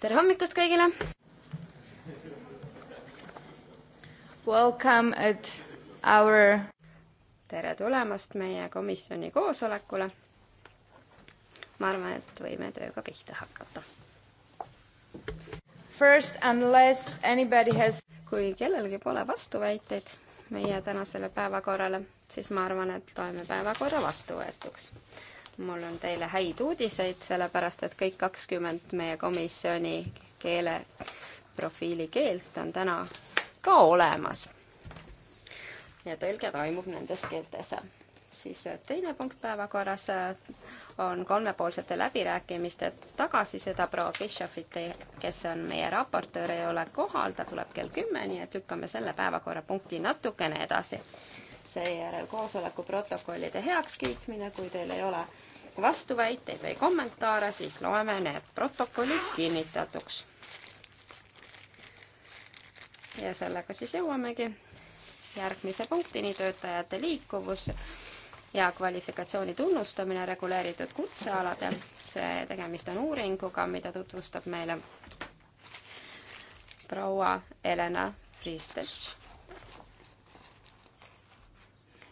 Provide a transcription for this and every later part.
tere hommikust kõigile! Welcome at our tere tulemast meie komisjoni koosolekule. ma arvan, et võime tööga pihta hakata. First, unless anybody has kui kellelgi pole vastuväiteid meie tänasele päevakorrale, siis ma arvan, et loeme päevakorra vastuvõetuks mul on teile häid uudiseid, sellepärast et kõik kakskümmend meie komisjoni keele profiili keelt on täna ka olemas. ja tõlge toimub nendes keeltes. siis äh, teine punkt päevakorras äh, on kolmepoolsete läbirääkimiste tagasiside proua Bischofit, kes on meie raportöör, ei ole kohal, ta tuleb kell kümme, nii et lükkame selle päevakorrapunkti natukene edasi seejärel koosoleku protokollide heakskiitmine, kui teil ei ole vastuväiteid või kommentaare, siis loeme need protokollid kinnitatuks. ja sellega siis jõuamegi järgmise punktini, töötajate liikuvus ja kvalifikatsiooni tunnustamine reguleeritud kutsealadel. see, tegemist on uuringuga, mida tutvustab meile proua Elena Fristech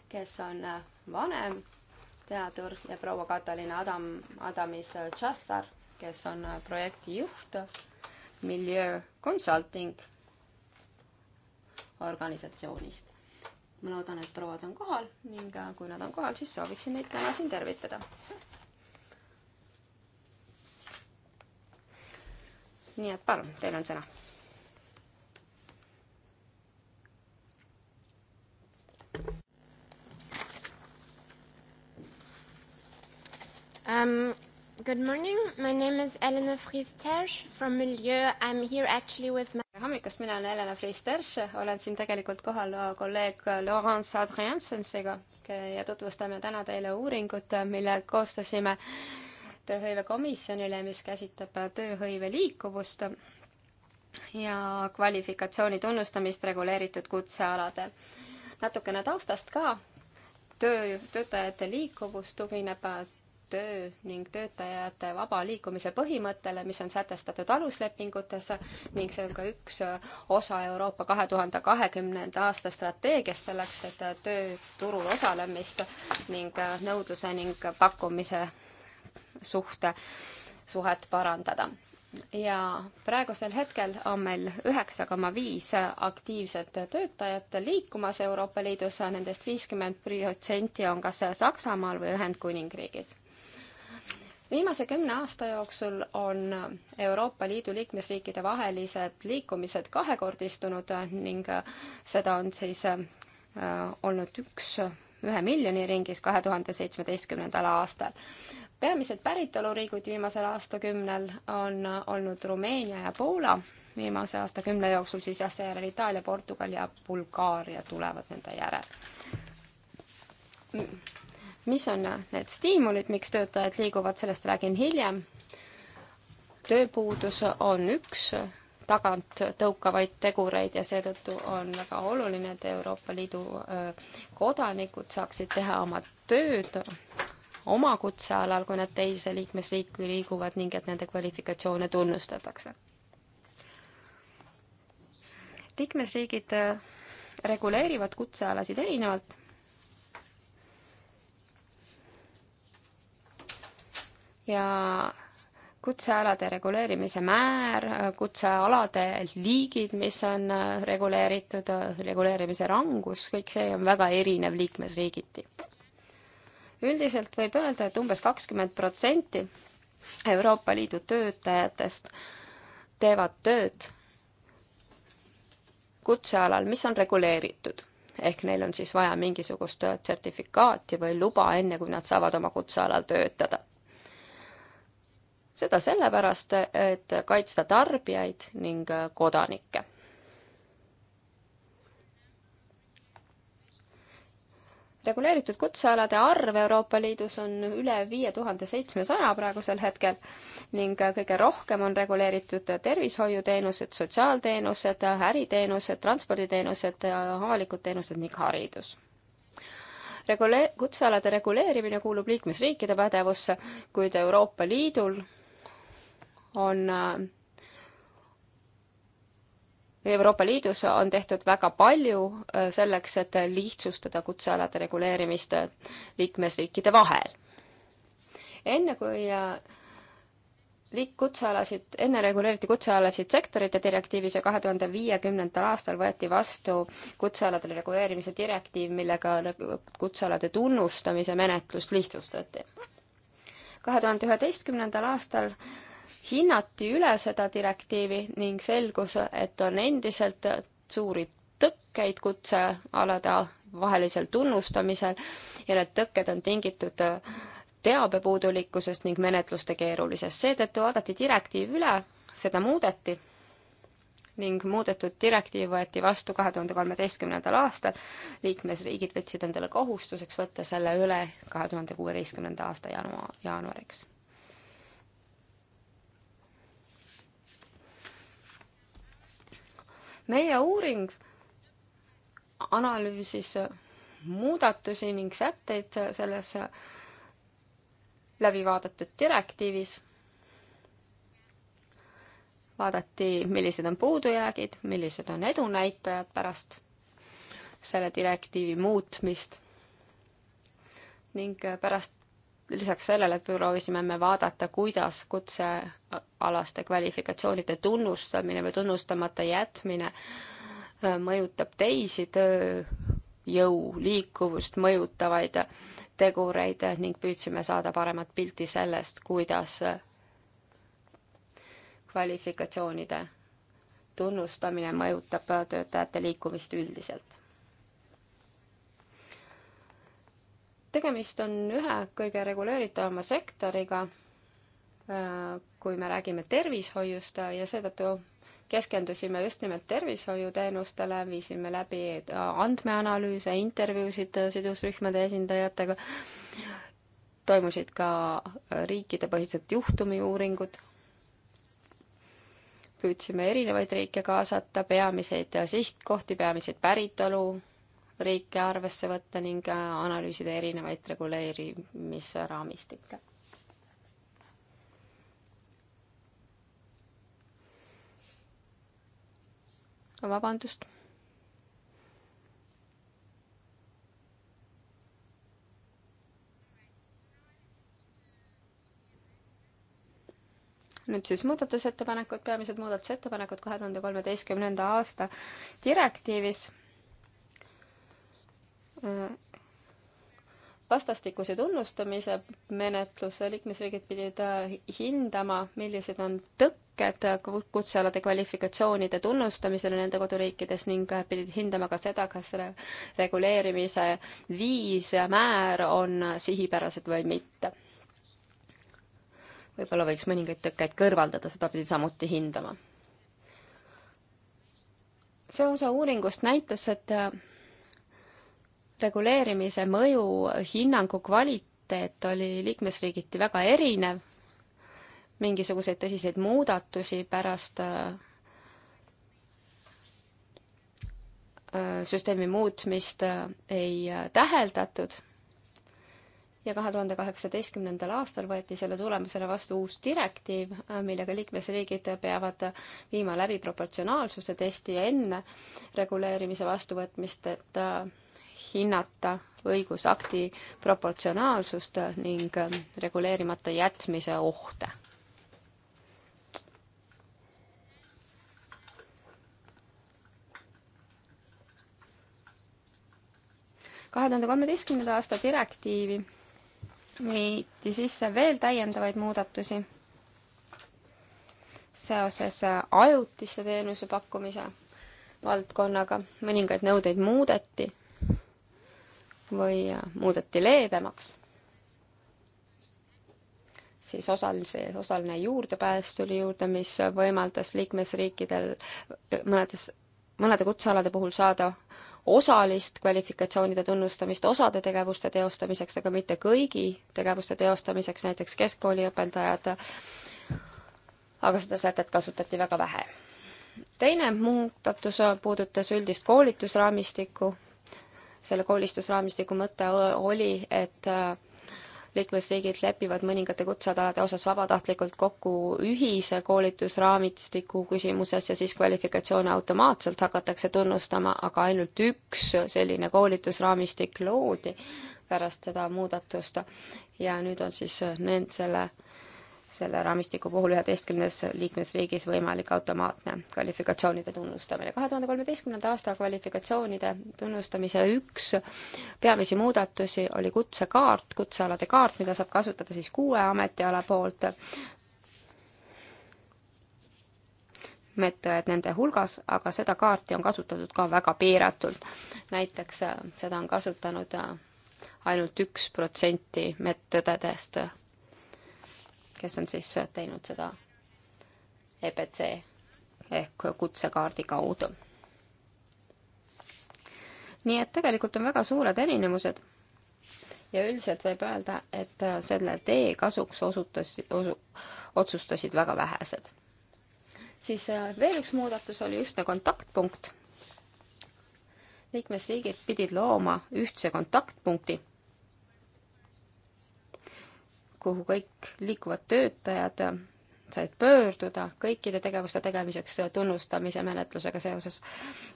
kes on äh, vanem teadur ja proua Kataliina Adam, Adamis äh, Tšassar, kes on äh, projektijuht Milieu Consulting organisatsioonist. ma loodan, et prouad on kohal ning kui nad on kohal, siis sooviksin neid täna siin tervitada. nii et palun, teil on sõna Um, good morning, my name is Elena Fristersch from Milieu, I am here actually with my hommikust, mina olen Elena Fristersch, olen siin tegelikult kohal äh, kolleeg äh, Laurence Adriansensiga ja tutvustame täna teile uuringut, äh, mille koostasime tööhõivekomisjonile, mis käsitleb tööhõive liikuvust ja kvalifikatsiooni tunnustamist reguleeritud kutsealadel. natukene taustast ka, töö, töötajate liikuvus tugineb töö ning töötajate vaba liikumise põhimõttele, mis on sätestatud aluslepingutes ning see on ka üks osa Euroopa kahe tuhande kahekümnenda aasta strateegiast selleks, et tööturul osalemist ning nõudluse ning pakkumise suhte, suhet parandada ja praegusel hetkel on meil üheksa koma viis aktiivset töötajat liikumas Euroopa Liidus nendest, nendest viiskümmend protsenti on kas Saksamaal või Ühendkuningriigis viimase kümne aasta jooksul on Euroopa Liidu liikmesriikide vahelised liikumised kahekordistunud ning seda on siis äh, olnud üks ühe miljoni ringis kahe tuhande seitsmeteistkümnendal aastal. peamised päritoluriigid viimasel aastakümnel on olnud Rumeenia ja Poola, viimase aastakümne jooksul siis jah, seejärel Itaalia, Portugal ja Bulgaaria tulevad nende järel mis on need stiimulid, miks töötajad liiguvad, sellest räägin hiljem. tööpuudus on üks tagant tõukavaid tegureid ja seetõttu on väga oluline, et Euroopa Liidu kodanikud saaksid teha oma tööd oma kutsealal, kui nad teise liikmesriiki liiguvad ning et nende kvalifikatsioone tunnustatakse. liikmesriigid reguleerivad kutsealasid erinevalt ja kutsealade reguleerimise määr, kutsealade liigid, mis on äh, reguleeritud, äh, reguleerimise rangus, kõik see on väga erinev liikmesriigiti. üldiselt võib öelda, et umbes kakskümmend protsenti Euroopa Liidu töötajatest teevad tööd kutsealal, mis on reguleeritud. ehk neil on siis vaja mingisugust äh, sertifikaati või luba, enne kui nad saavad oma kutsealal töötada seda sellepärast, et kaitsta tarbijaid ning kodanikke. reguleeritud kutsealade arv Euroopa Liidus on üle viie tuhande seitsmesaja praegusel hetkel ning kõige rohkem on reguleeritud tervishoiuteenused, sotsiaalteenused, äriteenused, transporditeenused, avalikud teenused ning haridus regule-, kutsealade reguleerimine kuulub liikmesriikide pädevusse, kuid Euroopa Liidul on äh, Euroopa Liidus on tehtud väga palju äh, selleks, et lihtsustada kutsealade reguleerimist äh, liikmesriikide vahel. enne kui liik-, kutsealasid, enne reguleeriti kutsealasid sektorite direktiivis ja kahe tuhande viiekümnendal aastal võeti vastu kutsealadele reguleerimise direktiiv, millega nagu kutsealade tunnustamise menetlust lihtsustati. kahe tuhande üheteistkümnendal aastal hinnati üle seda direktiivi ning selgus, et on endiselt suuri tõkkeid kutsealade vahelisel tunnustamisel ja need tõkked on tingitud teabe puudulikkusest ning menetluste keerulisest. seetõttu vaadati direktiiv üle, seda muudeti ning muudetud direktiiv võeti vastu kahe tuhande kolmeteistkümnendal aastal. liikmesriigid võtsid endale kohustuseks võtta selle üle kahe tuhande kuueteistkümnenda aasta janua-, jaanuariks meie uuring analüüsis muudatusi ning sätteid selles läbivaadatud direktiivis vaadati, millised on puudujäägid, millised on edunäitajad pärast selle direktiivi muutmist. ning pärast lisaks sellele proovisime me vaadata, kuidas kutsealaste kvalifikatsioonide tunnustamine või tunnustamata jätmine äh, mõjutab teisi tööjõu liikuvust mõjutavaid tegureid ning püüdsime saada paremat pilti sellest, kuidas kvalifikatsioonide tunnustamine mõjutab töötajate liikumist üldiselt tegemist on ühe kõige reguleeritavama sektoriga, äh, kui me räägime tervishoiust äh, ja seetõttu keskendusime just nimelt tervishoiuteenustele, viisime läbi äh, andmeanalüüse, intervjuusid sidusrühmade esindajatega, toimusid ka riikidepõhised juhtumiuuringud, püüdsime erinevaid riike kaasata, peamiseid sihtkohti, peamiseid päritolu riike arvesse võtta ning äh, analüüsida erinevaid reguleerimisraamistikke. vabandust nüüd siis muudatusettepanekud, peamised muudatusettepanekud kahe tuhande kolmeteistkümnenda aasta direktiivis vastastikuse tunnustamise menetlus, liikmesriigid pidid äh, hindama, millised on tõkked kutsealade kvalifikatsioonide tunnustamisele nende koduriikides ning äh, pidid hindama ka seda, kas selle reguleerimise viis ja määr on sihipärased või mitte. võib-olla võiks mõningaid tõkkeid kõrvaldada, seda pidi samuti hindama. see osa uuringust näitas, et äh, reguleerimise mõju hinnangu kvaliteet oli liikmesriigiti väga erinev, mingisuguseid tõsiseid muudatusi pärast äh, äh, süsteemi muutmist äh, ei täheldatud ja kahe tuhande kaheksateistkümnendal aastal võeti selle tulemusena vastu uus direktiiv, millega liikmesriigid peavad viima läbi proportsionaalsuse testi enne reguleerimise vastuvõtmist, et hinnata õigusakti proportsionaalsust ning ähm, reguleerimata jätmise ohte. kahe tuhande kolmeteistkümnenda aasta direktiivi viidi sisse veel täiendavaid muudatusi seoses äh, ajutise teenuse pakkumise valdkonnaga, mõningaid nõudeid muudeti või äh, muudeti leebemaks, siis osalise, osaline juurdepääs tuli juurde, mis võimaldas liikmesriikidel äh, mõnedes, mõnede kutsealade puhul saada osalist kvalifikatsioonide tunnustamist osade tegevuste teostamiseks, aga mitte kõigi tegevuste teostamiseks, näiteks keskkooliõpetajad, aga seda sätet kasutati väga vähe. teine muudatus puudutas üldist koolitusraamistikku selle koolistusraamistiku mõte oli, et äh, liikmesriigid lepivad mõningate kutsealade osas vabatahtlikult kokku ühise koolitusraamistiku küsimuses ja siis kvalifikatsioone automaatselt hakatakse tunnustama, aga ainult üks selline koolitusraamistik loodi pärast seda muudatust. ja nüüd on siis äh, nend-, selle selle raamistiku puhul üheteistkümnes liikmesriigis võimalik automaatne kvalifikatsioonide tunnustamine. kahe tuhande kolmeteistkümnenda aasta kvalifikatsioonide tunnustamise üks peamisi muudatusi oli kutsekaart, kutsealade kaart, mida saab kasutada siis kuue ametiala poolt, medõed nende hulgas, aga seda kaarti on kasutatud ka väga piiratult. näiteks äh, seda on kasutanud äh, ainult üks protsenti medõdedest kes on siis teinud seda EBC ehk kutsekaardi kaudu. nii et tegelikult on väga suured erinevused ja üldiselt võib öelda, et selle tee kasuks osutas osu,, otsustasid väga vähesed. siis äh, veel üks muudatus oli ühtne kontaktpunkt. liikmesriigid pidid looma ühtse kontaktpunkti kuhu kõik liikuvad töötajad said pöörduda kõikide tegevuste tegemiseks tunnustamise menetlusega seoses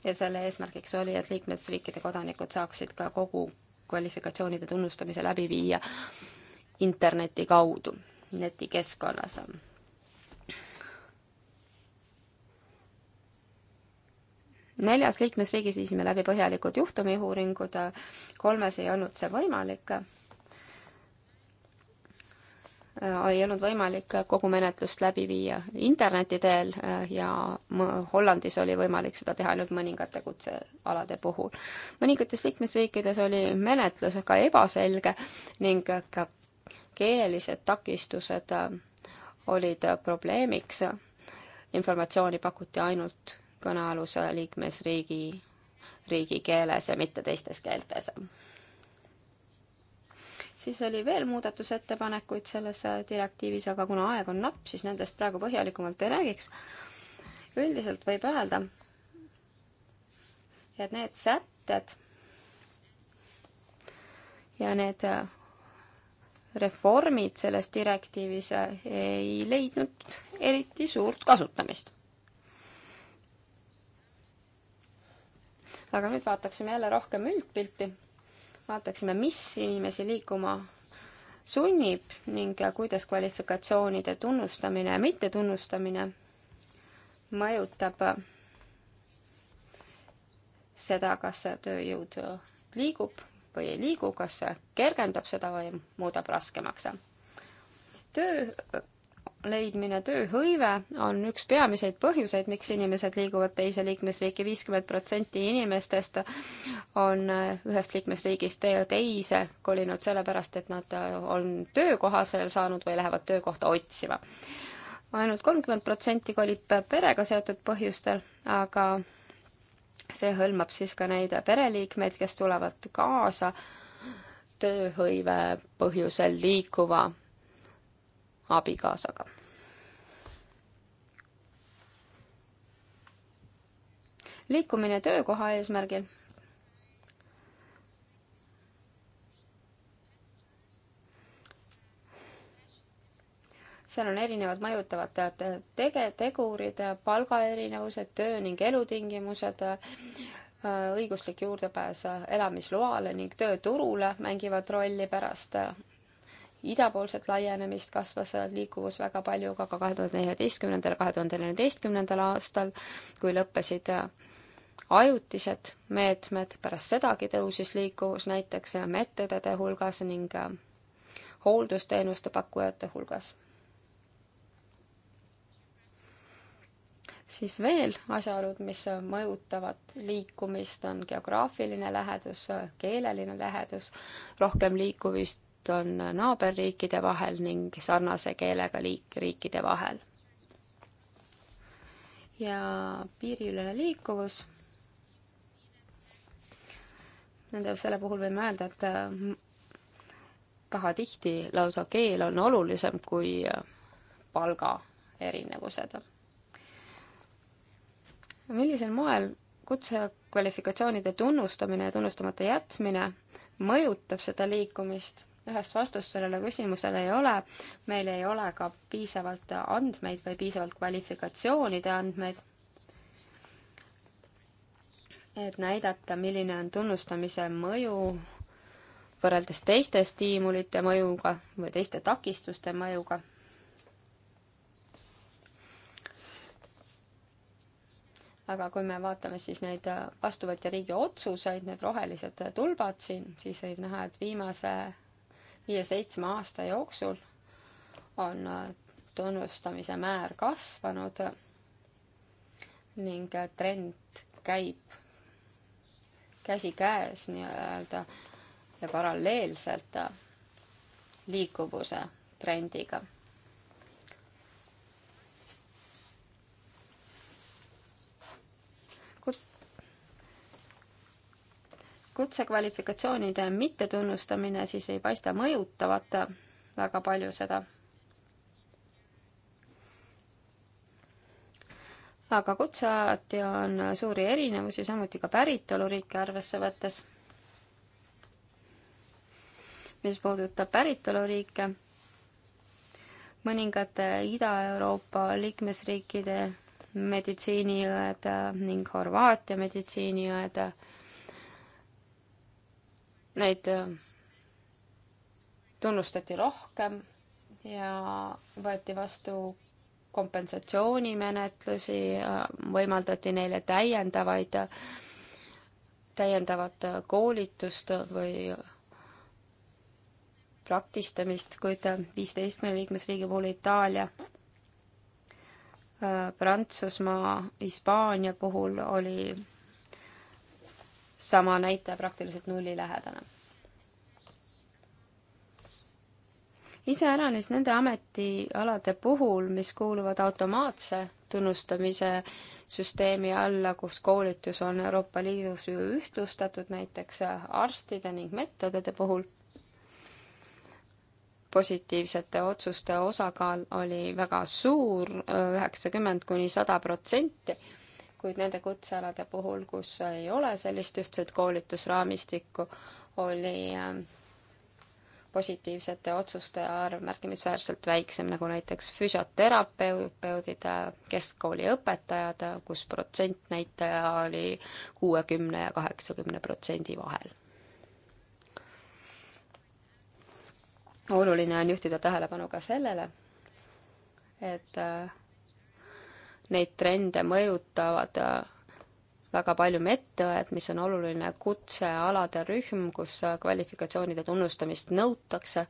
ja selle eesmärgiks oli, et liikmesriikide kodanikud saaksid ka kogu kvalifikatsioonide tunnustamise läbi viia interneti kaudu, netikeskkonnas. neljas liikmesriigis viisime läbi põhjalikud juhtumiuuringud, kolmes ei olnud see võimalik Äh, ei olnud võimalik äh, kogu menetlust läbi viia interneti teel äh, ja Hollandis oli võimalik seda teha ainult mõningate kutsealade puhul. mõningates liikmesriikides oli menetlus ka ebaselge ning ka keelelised takistused olid probleemiks. informatsiooni pakuti ainult kõnealuse liikmesriigi riigikeeles ja mitte teistes keeltes siis oli veel muudatusettepanekuid selles äh, direktiivis, aga kuna aeg on napp, siis nendest praegu põhjalikumalt ei räägiks. üldiselt võib öelda, et need sätted ja need äh, reformid selles direktiivis äh, ei leidnud eriti suurt kasutamist. aga nüüd vaataksime jälle rohkem üldpilti vaataksime, mis inimesi liikuma sunnib ning kuidas kvalifikatsioonide tunnustamine ja mittetunnustamine mõjutab seda, kas tööjõud liigub või ei liigu, kas see kergendab seda või muudab raskemaks. töö leidmine, tööhõive on üks peamiseid põhjuseid, miks inimesed liiguvad teise liikmesriiki, viiskümmend protsenti inimestest on ühest liikmesriigist teise kolinud sellepärast, et nad on töökoha seal saanud või lähevad töökohta otsima. ainult kolmkümmend protsenti kolib perega seotud põhjustel, aga see hõlmab siis ka neid pereliikmeid, kes tulevad kaasa tööhõive põhjusel liikuva abikaasaga. liikumine töökoha eesmärgil. seal on erinevad mõjutavad tege-, tegurid, palgaerinevused, töö ning elutingimused, õiguslik juurdepääs elamisloale ning tööturule mängivad rolli pärast idapoolset laienemist kasvas liikuvus väga palju ka kahe tuhande neljateistkümnendal, kahe tuhande neljateistkümnendal aastal, kui lõppesid ajutised meetmed, pärast sedagi tõusis liikuvus näiteks medõdede hulgas ning äh, hooldusteenuste pakkujate hulgas. siis veel asjaolud, mis mõjutavad liikumist, on geograafiline lähedus, keeleline lähedus, rohkem liikumist on naaberriikide vahel ning sarnase keelega liik-, riikide vahel. ja piiriülene liikuvus nende, selle puhul võime öelda, et äh, pahatihti lausa keel on olulisem kui äh, palgaerinevused. millisel moel kutsekvalifikatsioonide tunnustamine ja tunnustamata jätmine mõjutab seda liikumist? ühest vastust sellele küsimusele ei ole, meil ei ole ka piisavalt andmeid või piisavalt kvalifikatsioonide andmeid et näidata, milline on tunnustamise mõju võrreldes teiste stiimulite mõjuga või teiste takistuste mõjuga. aga kui me vaatame siis neid vastuvõtja riigi otsuseid, need rohelised tulbad siin, siis võib näha, et viimase viie-seitsme aasta jooksul on tunnustamise määr kasvanud ning trend käib käsikäes nii-öelda ja paralleelselt liikuvuse trendiga. kutsekvalifikatsioonide mittetunnustamine siis ei paista mõjutavat väga palju seda aga kutsealati on suuri erinevusi, samuti ka päritoluriike arvesse võttes. mis puudutab päritoluriike, mõningate Ida-Euroopa liikmesriikide meditsiiniõed ning Horvaatia meditsiiniõed, neid tunnustati rohkem ja võeti vastu kompensatsioonimenetlusi, võimaldati neile täiendavaid, täiendavat koolitust või praktistamist, kuid viieteistkümne liikmesriigi puhul Itaalia, Prantsusmaa, Hispaania puhul oli sama näitaja praktiliselt nullilähedane iseäranis nende ametialade puhul, mis kuuluvad automaatse tunnustamise süsteemi alla, kus koolitus on Euroopa Liidus ju ühtlustatud, näiteks arstide ning medõdede puhul. positiivsete otsuste osakaal oli väga suur, üheksakümmend kuni sada protsenti, kuid nende kutsealade puhul, kus ei ole sellist ühtset koolitusraamistikku, oli äh, positiivsete otsuste arv märkimisväärselt väiksem, nagu näiteks füsioterapeudid, keskkooli õpetajad, kus protsentnäitaja oli kuuekümne ja kaheksakümne protsendi vahel. oluline on juhtida tähelepanu ka sellele, et äh, neid trende mõjutavad äh, väga palju medõed, mis on oluline kutsealade rühm, kus kvalifikatsioonide tunnustamist nõutakse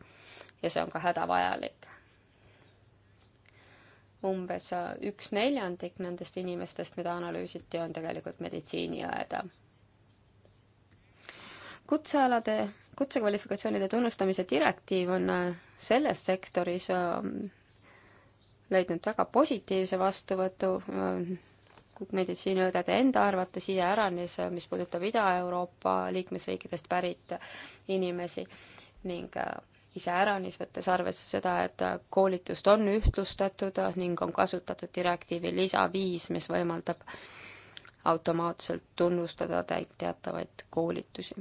ja see on ka hädavajalik. umbes üks neljandik nendest inimestest, mida analüüsiti, on tegelikult meditsiiniõed. kutsealade, kutsekvalifikatsioonide tunnustamise direktiiv on selles sektoris ähm, leidnud väga positiivse vastuvõtu ähm, meditsiiniõdede enda arvates, iseäranis, mis puudutab Ida-Euroopa liikmesriikidest pärit inimesi ning äh, iseäranis, võttes arvesse seda, et äh, koolitust on ühtlustatud äh, ning on kasutatud direktiivi lisa viis, mis võimaldab automaatselt tunnustada teatavaid koolitusi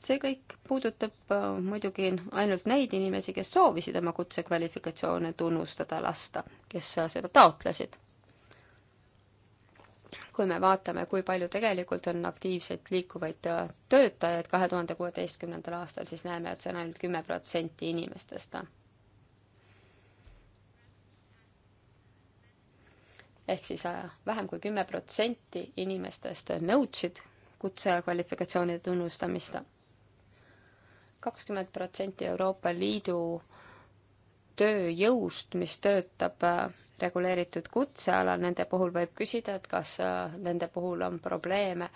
see kõik puudutab äh, muidugi ainult neid inimesi, kes soovisid oma kutsekvalifikatsioone tunnustada lasta, kes seda taotlesid. kui me vaatame, kui palju tegelikult on aktiivseid liikuvaid äh, töötajaid kahe tuhande kuueteistkümnendal aastal, siis näeme, et see on ainult kümme protsenti inimestest. ehk siis äh, vähem kui kümme protsenti inimestest nõudsid kutsekvalifikatsioonide tunnustamist kakskümmend protsenti Euroopa Liidu tööjõust, mis töötab äh, reguleeritud kutsealal, nende puhul võib küsida, et kas äh, nende puhul on probleeme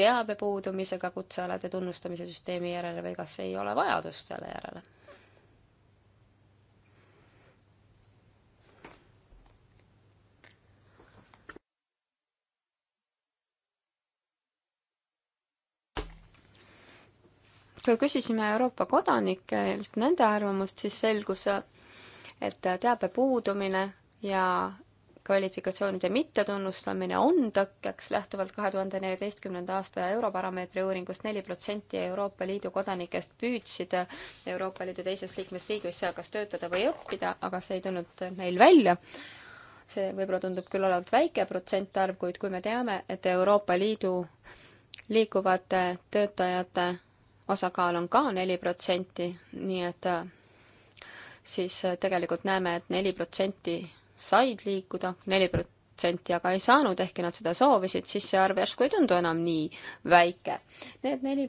teabe puudumisega kutsealade tunnustamise süsteemi järele või kas ei ole vajadust selle järele. kui küsisime Euroopa kodanikelt nende arvamust, siis selgus, et teabe puudumine ja kvalifikatsioonide mittetunnustamine on tõkkeks lähtuvalt kahe tuhande neljateistkümnenda aasta Europarameetri uuringust neli protsenti Euroopa Liidu kodanikest püüdsid Euroopa Liidu teises liikmesriigis kas töötada või õppida, aga see ei tulnud neil välja. see võib-olla tundub küll olevat väike protsentarv, kuid kui me teame, et Euroopa Liidu liikuvate töötajate osakaal on ka neli protsenti, nii et äh, siis äh, tegelikult näeme et, et neli protsenti said liikuda, neli protsenti aga ei saanud, ehkki nad seda soovisid, siis see arv järsku ei tundu enam nii väike. Need neli,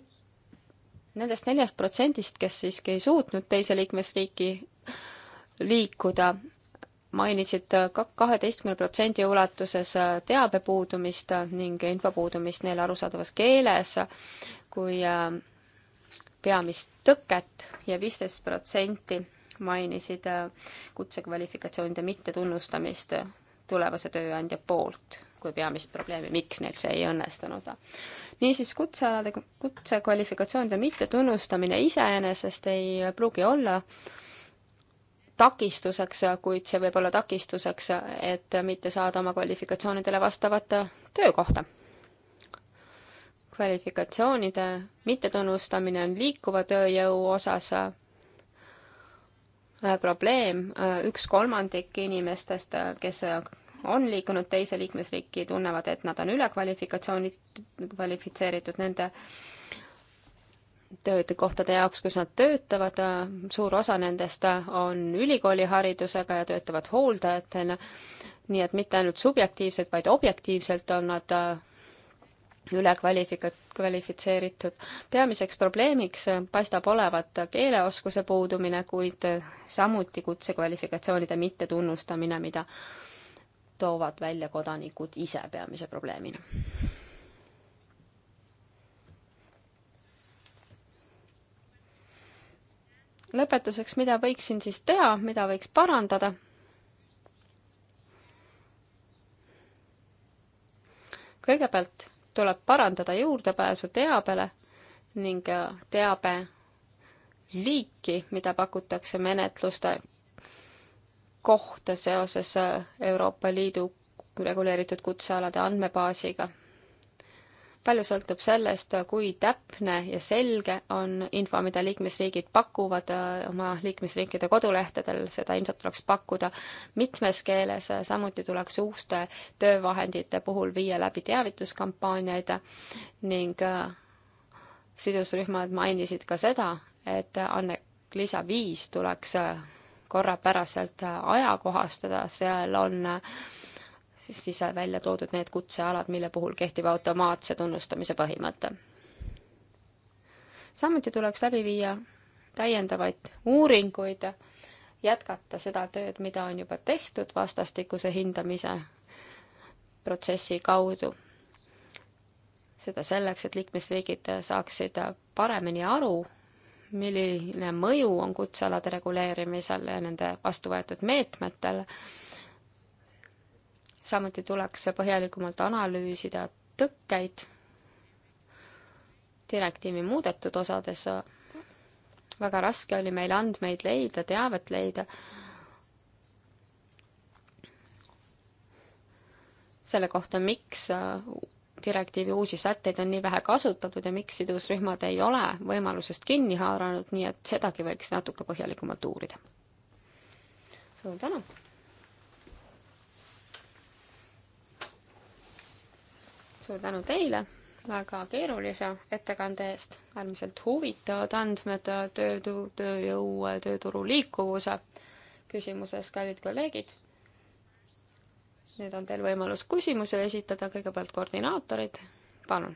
nendest neljast protsendist, kes siiski ei suutnud teise liikmesriiki liikuda, mainisid kaheteistkümne protsendi ulatuses äh, teabe puudumist ning info puudumist neile arusaadavas keeles, kui peamist tõket ja viisteist protsenti mainisid äh, kutsekvalifikatsioonide mittetunnustamist tulevase tööandja poolt kui peamist probleemi, miks neil see ei õnnestunud. niisiis, kutsealade, kutsekvalifikatsioonide mittetunnustamine iseenesest ei pruugi olla takistuseks, kuid see võib olla takistuseks, et mitte saada oma kvalifikatsioonidele vastavat töökohta kvalifikatsioonide mittetunnustamine on liikuva tööjõu osas äh, probleem, äh, üks kolmandik inimestest, äh, kes on liikunud teise liikmesriiki, tunnevad, et nad on ülekvalifikatsioonid, kvalifitseeritud nende töökohtade jaoks, kus nad töötavad, suur osa nendest on ülikooliharidusega ja töötavad hooldajatena, nii et mitte ainult subjektiivselt, vaid objektiivselt on nad ülekvalifika-, kvalifitseeritud. peamiseks probleemiks paistab olevat keeleoskuse puudumine, kuid samuti kutsekvalifikatsioonide mittetunnustamine, mida toovad välja kodanikud ise peamise probleemina. lõpetuseks, mida võiksin siis teha, mida võiks parandada kõigepealt tuleb parandada juurdepääsu teabele ning äh, teabe liiki, mida pakutakse menetluste kohta seoses äh, Euroopa Liidu reguleeritud kutsealade andmebaasiga palju sõltub sellest, kui täpne ja selge on info, mida liikmesriigid pakuvad äh, oma liikmesriikide kodulehtedel, seda ilmselt tuleks pakkuda mitmes keeles, samuti tuleks uuste töövahendite puhul viia läbi teavituskampaaniaid ning äh, sidusrühmad mainisid ka seda, et Anne-Liisa viis tuleks äh, korrapäraselt ajakohastada, seal on äh, siis sise välja toodud need kutsealad, mille puhul kehtib automaatse tunnustamise põhimõte. samuti tuleks läbi viia täiendavaid uuringuid, jätkata seda tööd, mida on juba tehtud vastastikuse hindamise protsessi kaudu. seda selleks, et liikmesriigid saaksid paremini aru, milline mõju on kutsealade reguleerimisel ja nende vastu võetud meetmetel samuti tuleks põhjalikumalt analüüsida tõkkeid direktiivi muudetud osades. väga raske oli meil andmeid leida, teavet leida. selle kohta, miks direktiivi uusi sätteid on nii vähe kasutatud ja miks sidusrühmad ei ole võimalusest kinni haaranud, nii et sedagi võiks natuke põhjalikumalt uurida. suur tänu! suur tänu teile väga keerulise ettekande eest, äärmiselt huvitavad andmed töötu-, tööjõu, tööturu liikuvuse küsimuses, kallid kolleegid. nüüd on teil võimalus küsimusi esitada, kõigepealt koordinaatorid, palun.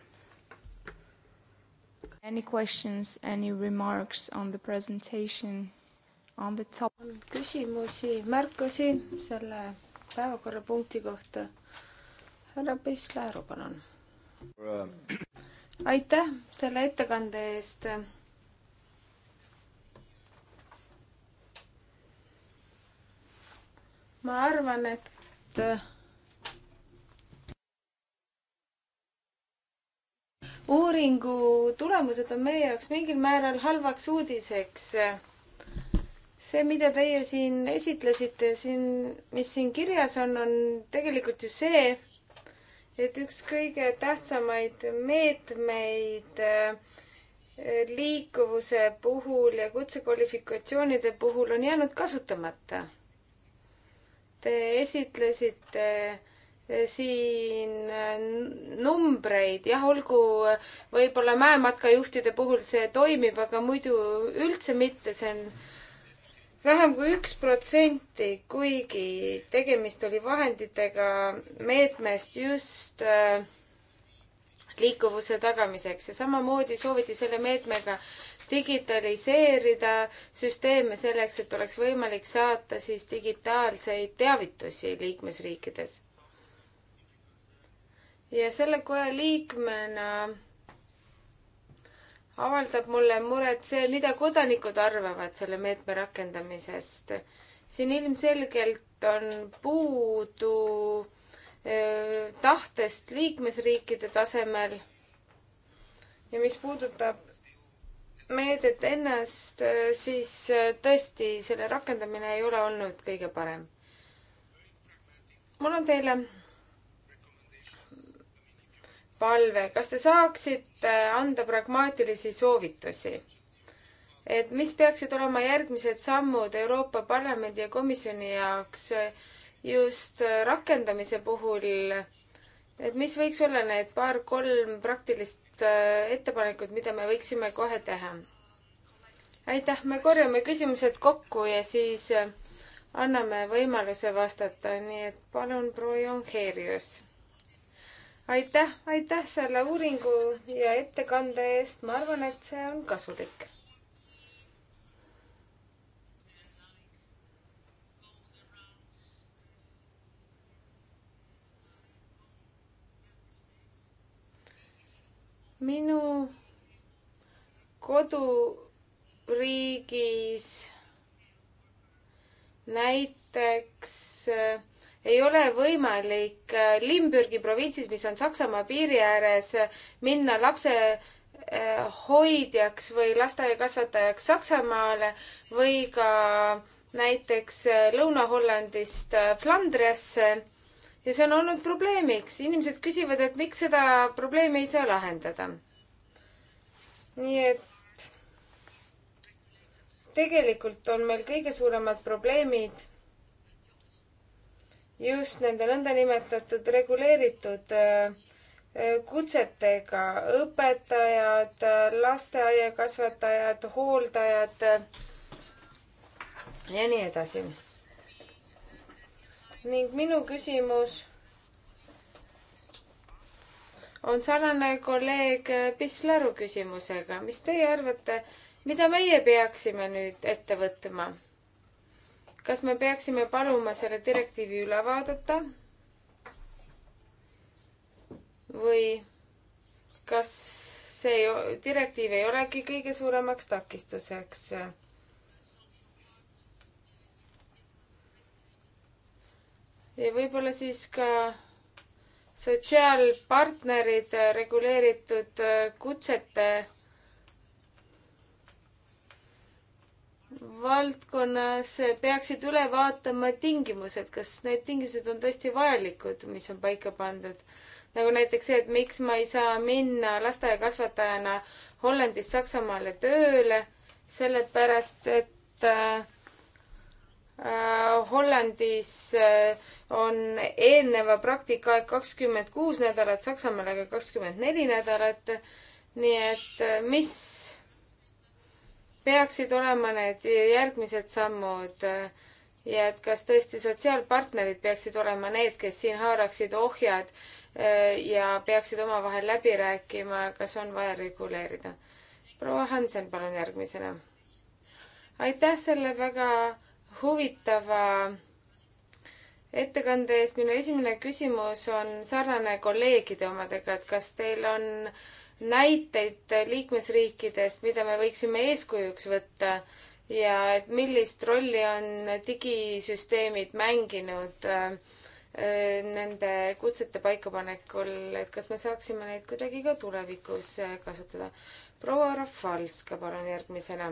Any questions, any remarks on the presentation on the top? küsimusi, märkusi selle päevakorrapunkti kohta härra Pislaru, palun. aitäh selle ettekande eest. ma arvan, et uuringu tulemused on meie jaoks mingil määral halvaks uudiseks. see, mida teie siin esitlesite, siin, mis siin kirjas on, on tegelikult ju see, et üks kõige tähtsamaid meetmeid äh, liikuvuse puhul ja kutsekvalifikatsioonide puhul on jäänud kasutamata. Te esitlesite äh, siin äh, numbreid, jah, olgu võib-olla mäematkajuhtide puhul see toimib, aga muidu üldse mitte, see on vähem kui üks protsenti, kuigi tegemist oli vahenditega meetmest just äh, liikuvuse tagamiseks ja samamoodi sooviti selle meetmega digitaliseerida süsteeme selleks, et oleks võimalik saata siis digitaalseid teavitusi liikmesriikides. ja selle koja liikmena avaldab mulle muret see, mida kodanikud arvavad selle meetme rakendamisest. siin ilmselgelt on puudu öö, tahtest liikmesriikide tasemel. ja mis puudutab meedet ennast, siis tõesti selle rakendamine ei ole olnud kõige parem. mul on teile palve, kas te saaksite anda pragmaatilisi soovitusi? et mis peaksid olema järgmised sammud Euroopa Parlamendi ja komisjoni jaoks just rakendamise puhul, et mis võiks olla need paar-kolm praktilist äh, ettepanekut, mida me võiksime kohe teha? aitäh, me korjame küsimused kokku ja siis äh, anname võimaluse vastata, nii et palun, proua Jongeerius aitäh, aitäh selle uuringu ja ettekande eest, ma arvan, et see on kasulik. minu koduriigis näiteks ei ole võimalik äh, Limburgi provintsis, mis on Saksamaa piiri ääres, minna lapse äh, hoidjaks või lasteaiakasvatajaks Saksamaale või ka näiteks äh, Lõuna-Hollandist Flandriasse. ja see on olnud probleemiks. inimesed küsivad, et miks seda probleemi ei saa lahendada. nii et tegelikult on meil kõige suuremad probleemid just nende nõndanimetatud reguleeritud äh, äh, kutsetega õpetajad, äh, lasteaiakasvatajad, hooldajad ja nii edasi. ning minu küsimus on sarnane kolleeg Pislaru küsimusega. mis teie arvate, mida meie peaksime nüüd ette võtma? kas me peaksime paluma selle direktiivi üle vaadata? või kas see direktiiv ei olegi kõige suuremaks takistuseks? ja võib-olla siis ka sotsiaalpartnerid äh, reguleeritud äh, kutsete valdkonnas peaksid üle vaatama tingimused, kas need tingimused on tõesti vajalikud, mis on paika pandud. nagu näiteks see, et miks ma ei saa minna lasteaiakasvatajana Hollandist Saksamaale tööle, sellepärast et äh, äh Hollandis äh, on eelneva praktika aeg kakskümmend kuus nädalat, Saksamaal aga kakskümmend neli nädalat. nii et äh, mis peaksid olema need järgmised sammud ja et kas tõesti sotsiaalpartnerid peaksid olema need, kes siin haaraksid ohjad eh, ja peaksid omavahel läbi rääkima, kas on vaja reguleerida. proua Hansen, palun järgmisena. aitäh selle väga huvitava ettekande eest. minu esimene küsimus on sarnane kolleegide omadega, et kas teil on äh, näiteid liikmesriikidest, mida me võiksime eeskujuks võtta ja et millist rolli on digisüsteemid mänginud äh, nende kutsete paikapanekul, et kas me saaksime neid kuidagi ka tulevikus äh, kasutada. proua Rafalska, palun järgmisena.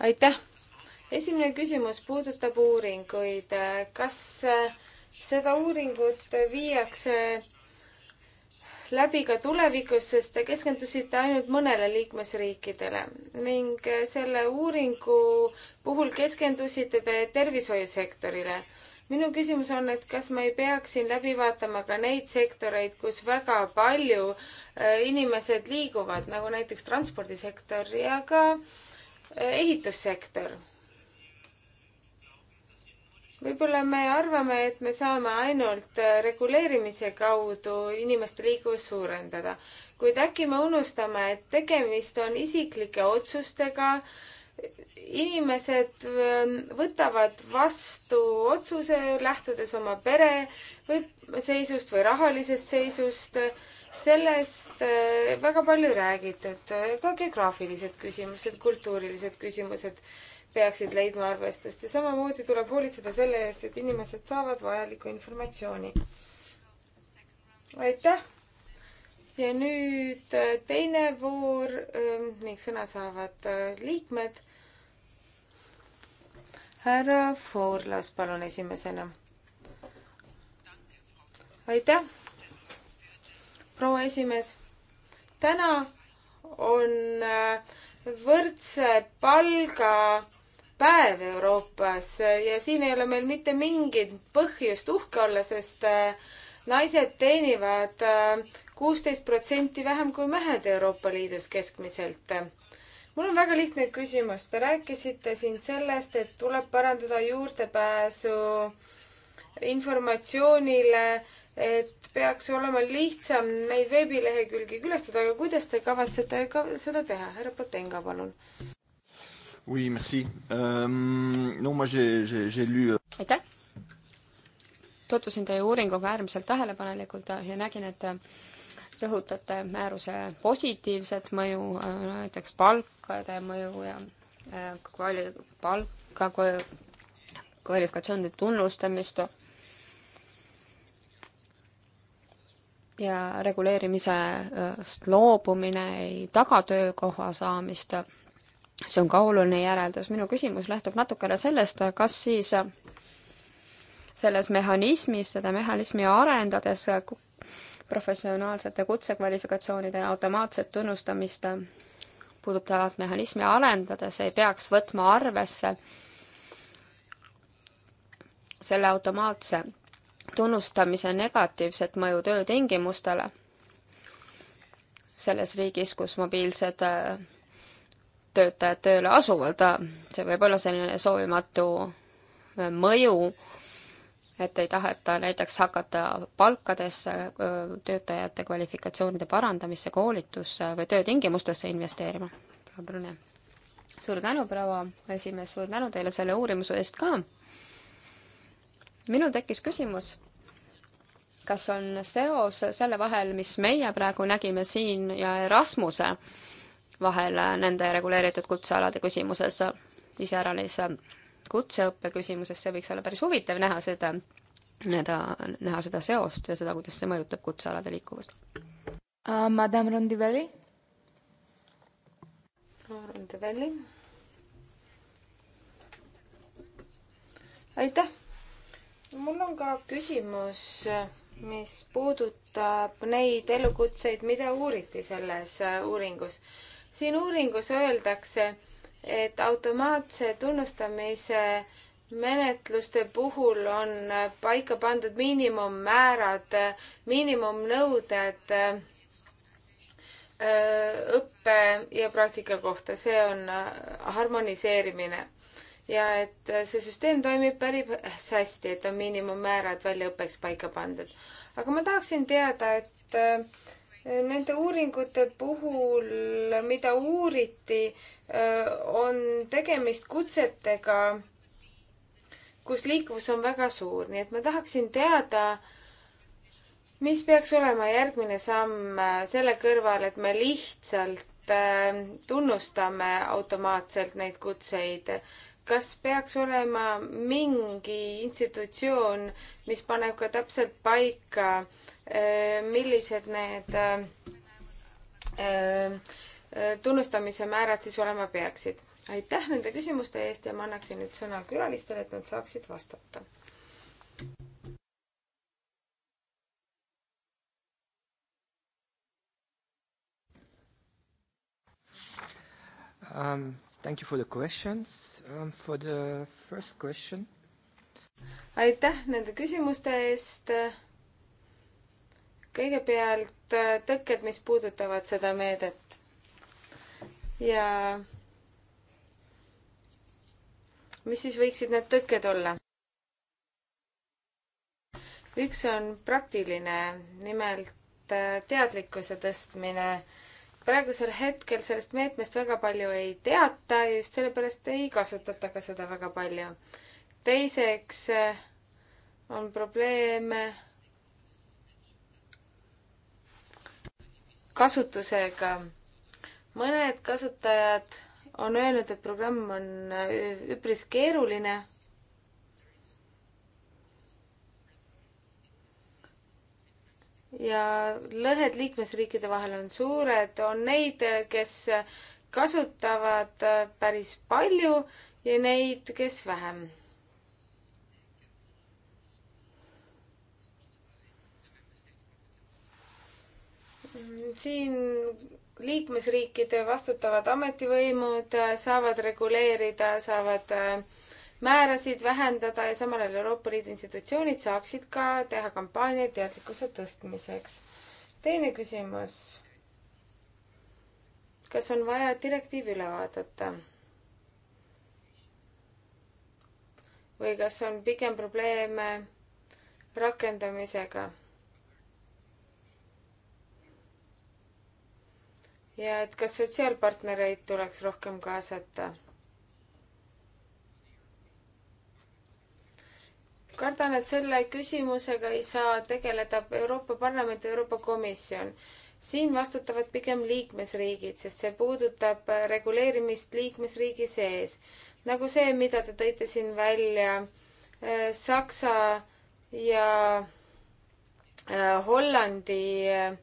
aitäh. esimene küsimus puudutab uuringuid. kas äh, seda uuringut viiakse läbi ka tulevikus, sest te keskendusite ainult mõnele liikmesriikidele ning äh, selle uuringu puhul keskendusite te tervishoiusektorile. minu küsimus on, et kas ma ei peaks siin läbi vaatama ka neid sektoreid, kus väga palju äh, inimesed liiguvad, nagu näiteks transpordisektor ja ka äh, ehitussektor võib-olla me arvame, et me saame ainult äh, reguleerimise kaudu inimeste liiklust suurendada, kuid äkki me unustame, et tegemist on isiklike otsustega. inimesed ähm, võtavad vastu otsuse, lähtudes oma pere või seisust või rahalisest seisust. sellest äh, väga palju räägitud, ka geograafilised küsimused, kultuurilised küsimused peaksid leidma arvestust ja samamoodi tuleb hoolitseda selle eest, et inimesed saavad vajalikku informatsiooni. aitäh! ja nüüd äh, teine voor ähm, ning sõna saavad äh, liikmed. härra Foorlas, palun esimesena. aitäh, proua esimees. täna on äh, võrdse palga päev Euroopas ja siin ei ole meil mitte mingit põhjust uhke olla, sest äh, naised teenivad äh, kuusteist protsenti vähem kui mehed Euroopa Liidus keskmiselt. mul on väga lihtne küsimus. Te rääkisite siin sellest, et tuleb parandada juurdepääsu informatsioonile, et peaks olema lihtsam neid veebilehekülgi külastada, aga kuidas te kavatsete ka seda teha? härra Potenga, palun. Oui, merci. Euh, non, ma j'ai, j'ai, j'ai lu... Euh, aitäh! tutvusin teie uuringuga äärmiselt tähelepanelikult ja nägin, et rõhutate määruse positiivset mõju, äh, näiteks palkade mõju ja äh, kvali-, palka, kvalifikatsioonide tunnustamist ja reguleerimisest loobumine ei taga töökoha saamist see on ka oluline järeldus. minu küsimus lähtub natukene sellest, kas siis selles mehhanismis, seda mehhanismi arendades professionaalsete kutsekvalifikatsioonide automaatset tunnustamist puudutavat mehhanismi arendades ei peaks võtma arvesse selle automaatse tunnustamise negatiivset mõju töötingimustele selles riigis, kus mobiilsed äh, töötajad tööle asuvad. see võib olla selline soovimatu mõju, et ei taheta näiteks hakata palkadesse, töötajate kvalifikatsioonide parandamisse, koolitusse või töötingimustesse investeerima. suur tänu, proua esimees, suur tänu teile selle uurimuse eest ka. minul tekkis küsimus, kas on seos selle vahel, mis meie praegu nägime siin ja Erasmuse vahel nende reguleeritud kutsealade küsimuses, iseäranis kutseõppe küsimuses, see võiks olla päris huvitav näha seda, näha, näha seda seost ja seda, kuidas see mõjutab kutsealade liikuvust uh,. Madame Rondivelli. Rondivelli. aitäh. mul on ka küsimus, mis puudutab neid elukutseid, mida uuriti selles uuringus siin uuringus öeldakse, et automaatse tunnustamise menetluste puhul on paika pandud miinimummäärad, miinimumnõuded äh, õppe ja praktika kohta, see on äh, harmoniseerimine. ja et äh, see süsteem toimib päris hästi, et on miinimummäärad väljaõppeks paika pandud. aga ma tahaksin teada, et Nende uuringute puhul, mida uuriti, on tegemist kutsetega, kus liikuvus on väga suur, nii et ma tahaksin teada, mis peaks olema järgmine samm selle kõrval, et me lihtsalt äh, tunnustame automaatselt neid kutseid kas peaks olema mingi institutsioon, mis paneb ka täpselt paika Äh, millised need äh, äh, tunnustamise määrad siis olema peaksid. aitäh nende küsimuste eest ja ma annaksin nüüd sõna külalistele, et nad saaksid vastata. Um, thank you for the questions. Um, for the first question. aitäh nende küsimuste eest kõigepealt äh, tõkked, mis puudutavad seda meedet. ja mis siis võiksid need tõkked olla? üks on praktiline, nimelt äh, teadlikkuse tõstmine. praegusel hetkel sellest meetmest väga palju ei teata ja just sellepärast ei kasutata ka seda väga palju. teiseks äh, on probleeme kasutusega. mõned kasutajad on öelnud, et programm on üpris keeruline. ja lõhed liikmesriikide vahel on suured, on neid, kes kasutavad päris palju ja neid, kes vähem siin liikmesriikide vastutavad ametivõimud äh, saavad reguleerida, saavad äh, määrasid vähendada ja samal ajal Euroopa Liidu institutsioonid saaksid ka teha kampaaniaid teadlikkuse tõstmiseks. teine küsimus. kas on vaja direktiiv üle vaadata? või kas on pigem probleeme rakendamisega? ja et kas sotsiaalpartnereid tuleks rohkem kaasata. kardan, et selle küsimusega ei saa tegeleda Euroopa Parlament ja Euroopa Komisjon. siin vastutavad pigem liikmesriigid, sest see puudutab reguleerimist liikmesriigi sees. nagu see, mida te tõite siin välja äh, Saksa ja äh, Hollandi äh,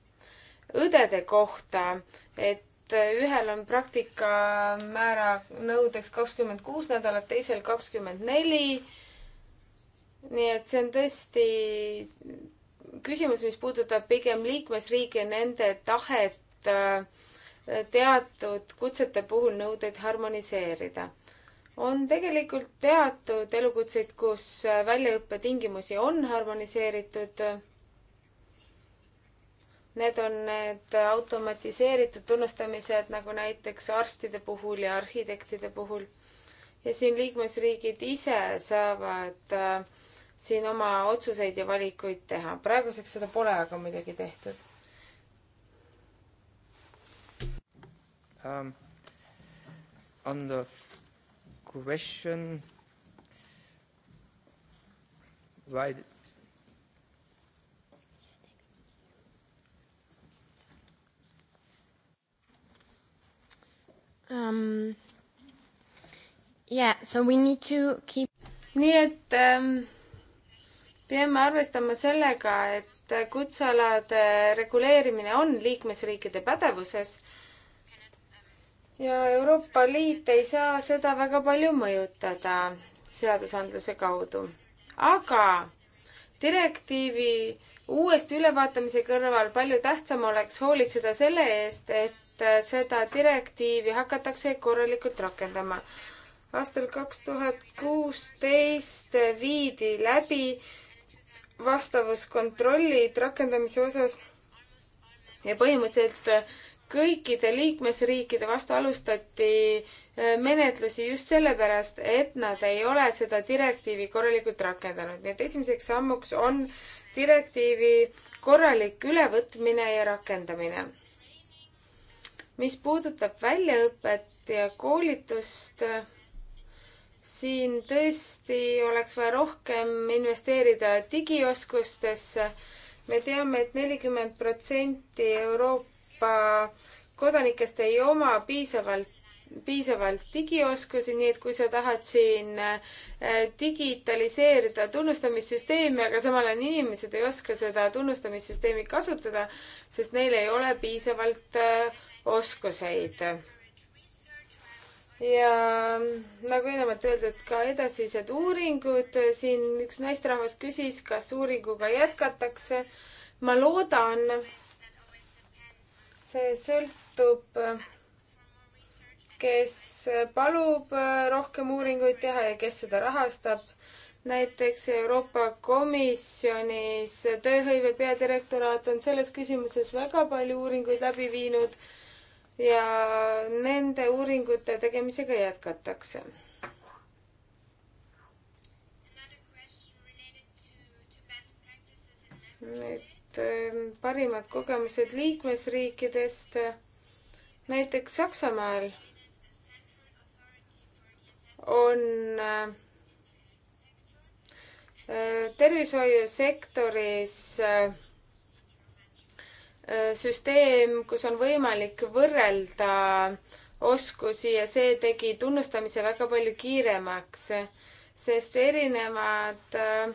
õdede kohta, et ühel on praktikamäära nõudeks kakskümmend kuus nädalat, teisel kakskümmend neli. nii et see on tõesti küsimus, mis puudutab pigem liikmesriike, nende tahet äh, teatud kutsete puhul nõudeid harmoniseerida. on tegelikult teatud elukutseid, kus väljaõppe tingimusi on harmoniseeritud Need on need automatiseeritud tunnustamised, nagu näiteks arstide puhul ja arhitektide puhul. ja siin liikmesriigid ise saavad äh, siin oma otsuseid ja valikuid teha. praeguseks seda pole aga muidugi tehtud um,. On the question why um,. Yeah, so we need to keep. nii et ähm, peame arvestama sellega, et kutsealade reguleerimine on liikmesriikide pädevuses ja Euroopa Liit ei saa seda väga palju mõjutada seadusandluse kaudu. aga direktiivi uuesti ülevaatamise kõrval palju tähtsam oleks hoolitseda selle eest, et et äh, seda direktiivi hakatakse korralikult rakendama. aastal kaks tuhat kuusteist viidi läbi vastavuskontrollid rakendamise osas ja põhimõtteliselt kõikide liikmesriikide vastu alustati äh, menetlusi just sellepärast, et nad ei ole seda direktiivi korralikult rakendanud. nii et esimeseks sammuks on direktiivi korralik ülevõtmine ja rakendamine mis puudutab väljaõpet ja koolitust, siin tõesti oleks vaja rohkem investeerida digioskustesse. me teame et, et nelikümmend protsenti Euroopa kodanikest ei oma piisavalt piisavalt digioskusi, nii et kui sa tahad siin äh, digitaliseerida tunnustamissüsteemi, aga samal ajal inimesed ei oska seda tunnustamissüsteemi kasutada, sest neil ei ole piisavalt äh, oskuseid. ja nagu eelnevalt öeldud, ka edasised uuringud, siin üks naisterahvas küsis, kas uuringuga jätkatakse. ma loodan, see sõltub, kes palub rohkem uuringuid teha ja kes seda rahastab näiteks Euroopa Komisjonis tööhõive peadirektoraat on selles küsimuses väga palju uuringuid läbi viinud ja nende uuringute tegemisega jätkatakse. nüüd ähm, parimad kogemused liikmesriikidest. näiteks Saksamaal on äh, äh, tervishoiusektoris äh, Äh, süsteem, kus on võimalik võrrelda oskusi ja see tegi tunnustamise väga palju kiiremaks, sest erinevad äh,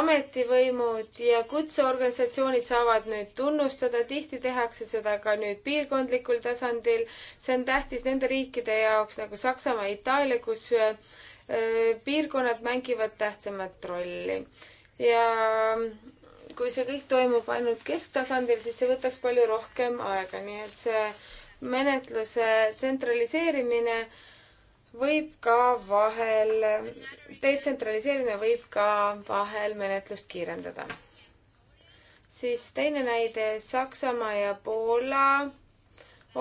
ametivõimud ja kutseorganisatsioonid saavad nüüd tunnustada, tihti tehakse seda ka nüüd piirkondlikul tasandil. see on tähtis nende riikide jaoks nagu Saksamaa, Itaalia, kus äh, piirkonnad mängivad tähtsamat rolli ja kui see kõik toimub ainult kesktasandil, siis see võtaks palju rohkem aega, nii et see menetluse tsentraliseerimine võib ka vahel, detsentraliseerimine võib ka vahel menetlust kiirendada. siis teine näide, Saksamaa ja Poola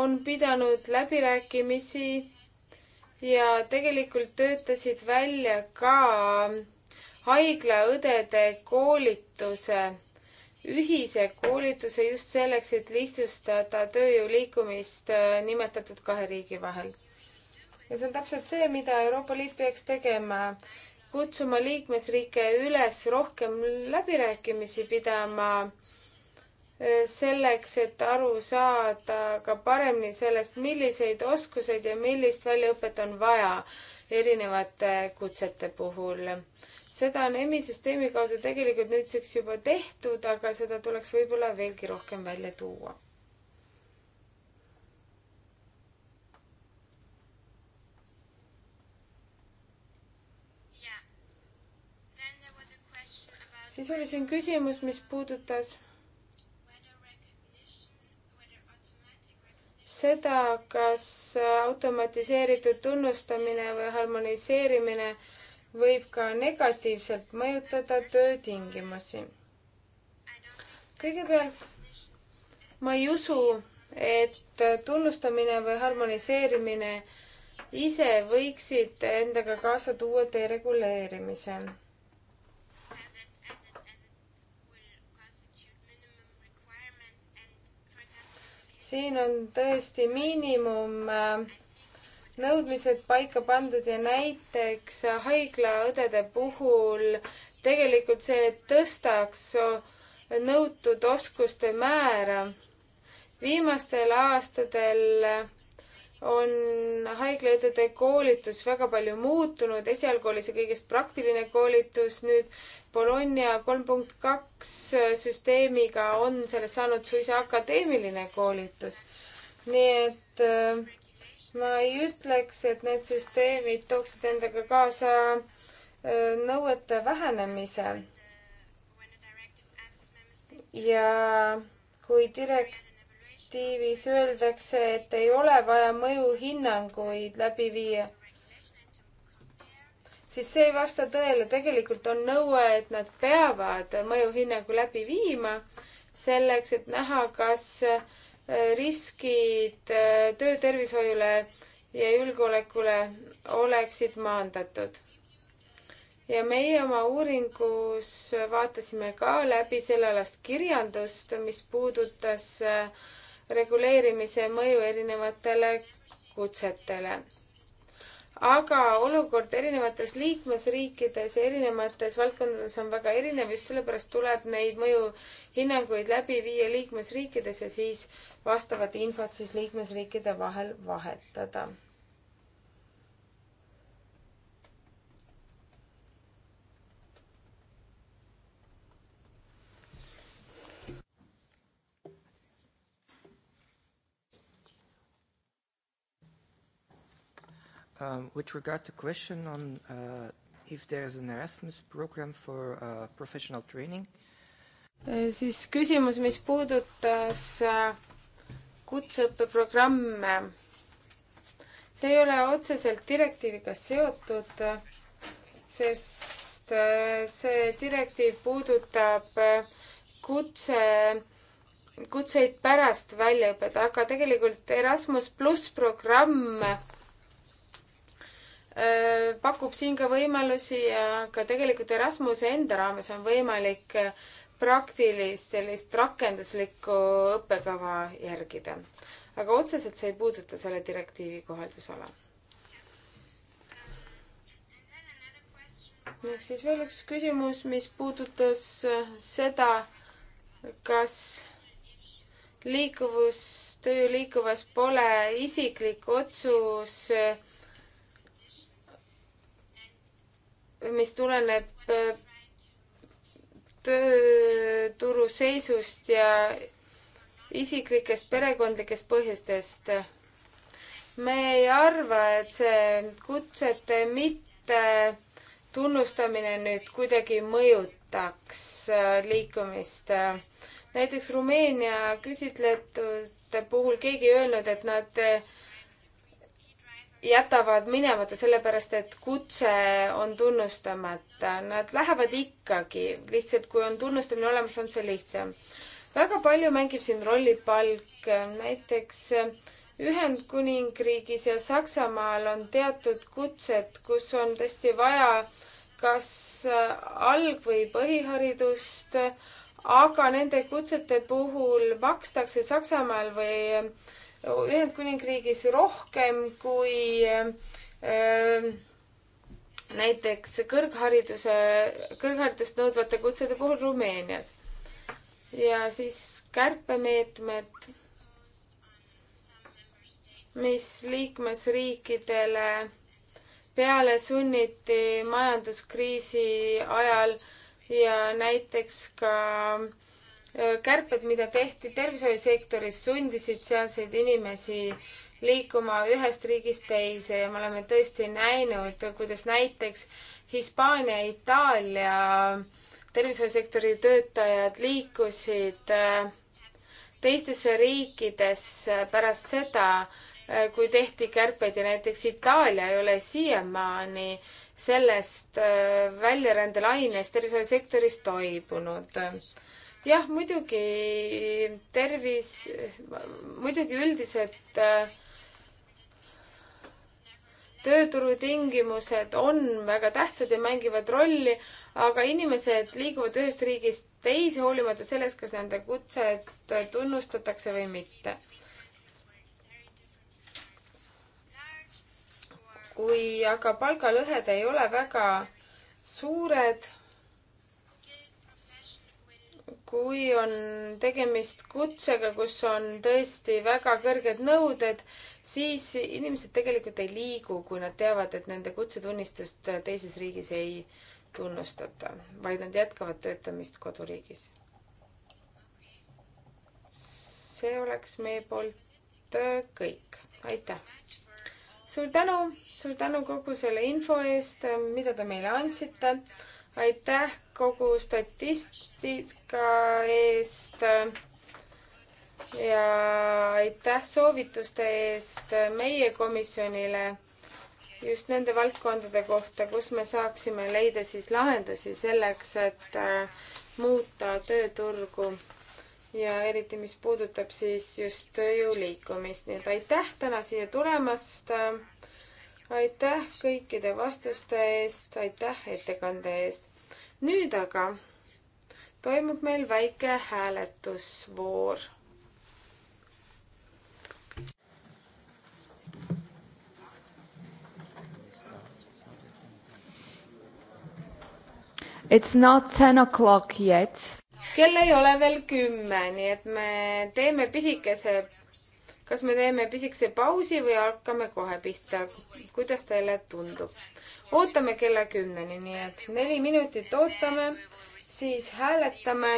on pidanud läbirääkimisi ja tegelikult töötasid välja ka haiglaõdede koolituse ühise koolituse just selleks, et lihtsustada tööjõu liikumist äh, nimetatud kahe riigi vahel. ja see on täpselt see, mida Euroopa Liit peaks tegema, kutsuma liikmesriike üles rohkem läbirääkimisi pidama äh, selleks, et aru saada ka paremini sellest, milliseid oskuseid ja millist väljaõpet on vaja erinevate kutsete puhul seda on EMI süsteemi kaudu tegelikult nüüdseks juba tehtud, aga seda tuleks võib-olla veelgi rohkem välja tuua. siis oli siin küsimus, mis puudutas seda, kas automatiseeritud tunnustamine või harmoniseerimine äh, võib ka negatiivselt mõjutada töötingimusi. kõigepealt ma ei usu, et tunnustamine või harmoniseerimine ise võiksid endaga kaasa tuua dereguleerimise. siin on tõesti miinimum äh, nõudmised paika pandud ja näiteks haiglaõdede puhul tegelikult see tõstaks nõutud oskuste määra. viimastel aastatel on haiglaõdede koolitus väga palju muutunud, esialgu oli see kõigest praktiline koolitus, nüüd Bologna kolm punkt kaks süsteemiga on sellest saanud suisa akadeemiline koolitus. nii et äh, ma ei ütleks, et need süsteemid tooksid endaga kaasa äh, nõuete vähenemise. ja kui direktiivis öeldakse, et ei ole vaja mõjuhinnanguid läbi viia, siis see ei vasta tõele. tegelikult on nõue, et nad peavad mõjuhinnangu läbi viima selleks, et näha, kas äh, riskid äh, töötervishoiule ja julgeolekule oleksid maandatud. ja meie oma uuringus vaatasime ka läbi sellealast kirjandust, mis puudutas äh, reguleerimise mõju erinevatele kutsetele aga olukord erinevates liikmesriikides ja erinevates valdkondades on väga erinev, just sellepärast tuleb neid mõjuhinnanguid läbi viia liikmesriikides ja siis vastavat infot siis liikmesriikide vahel vahetada. Um, with regard to question on uh, if there is an Erasmus program for uh, professional training, eh, siis küsimus, mis puudutas uh, kutseõppeprogramme. see ei ole otseselt direktiiviga seotud, sest äh, see direktiiv puudutab äh, kutse, kutseid pärast väljaõpet, aga tegelikult Erasmus pluss programm äh, pakub siin ka võimalusi ja ka tegelikult Erasmuse enda raames on võimalik äh, praktilist, sellist rakenduslikku õppekava järgida. aga otseselt see ei puuduta selle direktiivi kohaldusala. ehk siis veel üks küsimus, mis puudutas seda, kas liikuvus, töö liikuvas pole isiklik otsus mis tuleneb tööturu seisust ja isiklikest perekondlikest põhjustest. me ei arva, et see kutsete mitte tunnustamine nüüd kuidagi mõjutaks äh, liikumist. näiteks Rumeenia küsitletute puhul keegi ei öelnud, et nad jätavad minemata sellepärast, et kutse on tunnustamata. Nad lähevad ikkagi, lihtsalt kui on tunnustamine olemas, on see lihtsam. väga palju mängib siin rolli palk, näiteks äh, Ühendkuningriigis ja Saksamaal on teatud kutsed, kus on tõesti vaja kas äh, alg- või põhiharidust, aga nende kutsete puhul makstakse Saksamaal või äh, Ühendkuningriigis rohkem kui öö, ähm, näiteks kõrghariduse, kõrgharidust nõudvate kutsede puhul Rumeenias. ja siis kärpemeetmed, mis liikmesriikidele peale sunniti majanduskriisi ajal ja näiteks ka kärped, mida tehti tervishoiusektoris, sundisid sealseid inimesi liikuma ühest riigist teise ja me oleme tõesti näinud, kuidas näiteks Hispaania, Itaalia tervishoiusektori töötajad liikusid teistesse riikidesse pärast seda, kui tehti kärpeid ja näiteks Itaalia ei ole siiamaani sellest väljarändelainest tervishoiusektoris toibunud jah, muidugi tervis, muidugi üldiselt äh, tööturutingimused on väga tähtsad ja mängivad rolli, aga inimesed liiguvad ühest riigist teise, hoolimata sellest, kas nende kutset tunnustatakse või mitte kui aga palgalõhed ei ole väga suured, kui on tegemist kutsega, kus on tõesti väga kõrged nõuded, siis inimesed tegelikult ei liigu, kui nad teavad, et nende kutsetunnistust teises riigis ei tunnustata, vaid nad jätkavad töötamist koduriigis. see oleks meie poolt äh, kõik, aitäh! suur tänu, suur tänu kogu selle info eest, äh, mida te meile andsite aitäh kogu statistika eest ja aitäh soovituste eest meie komisjonile just nende valdkondade kohta, kus me saaksime leida siis lahendusi selleks, et äh, muuta tööturgu ja eriti, mis puudutab siis just tööjõu liikumist, nii et aitäh täna siia tulemast. Äh, aitäh kõikide vastuste eest, aitäh ettekande eest nüüd aga toimub meil väike hääletusvoor. It's not ten o'clock yet. kell ei ole veel kümme, nii et me teeme pisikese kas me teeme pisikese pausi või hakkame kohe pihta? kuidas teile tundub? ootame kella kümneni, nii et neli minutit ootame, siis hääletame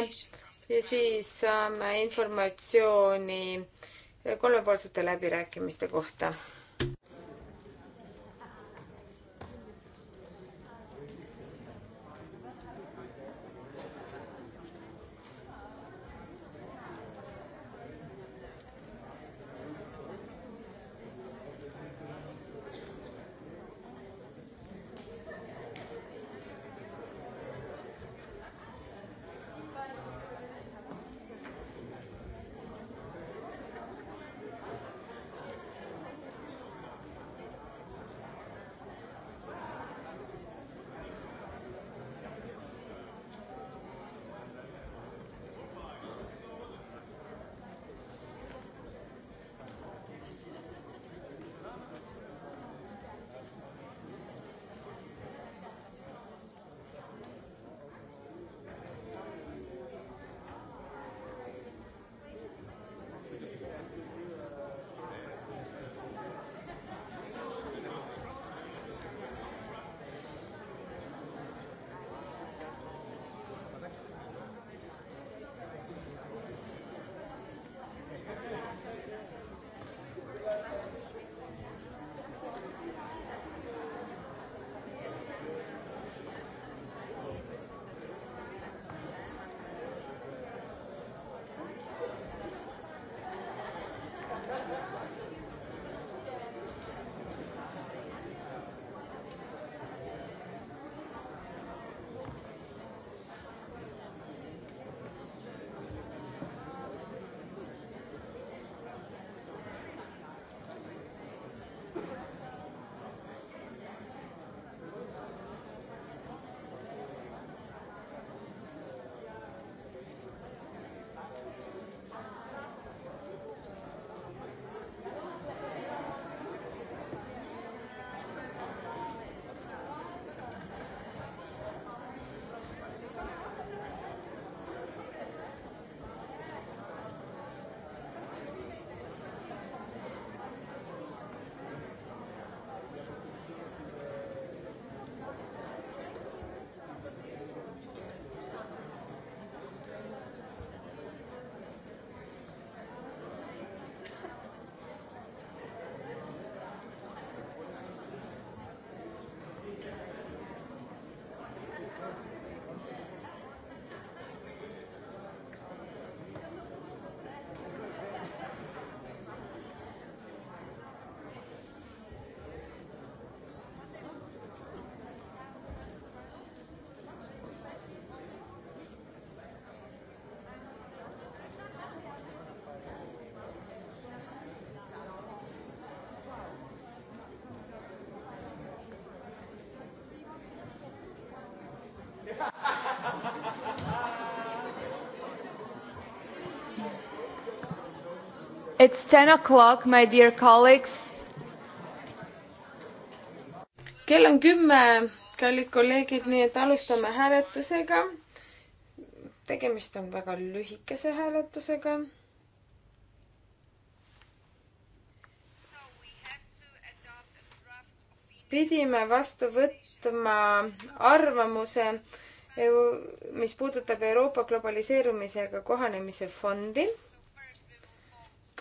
ja siis saame informatsiooni kolmepoolsete läbirääkimiste kohta It's ten o'clock, my dear colleagues. kell on kümme, kallid kolleegid, nii et alustame hääletusega. tegemist on väga lühikese hääletusega pidime vastu võtma arvamuse, mis puudutab Euroopa globaliseerumisega kohanemise fondi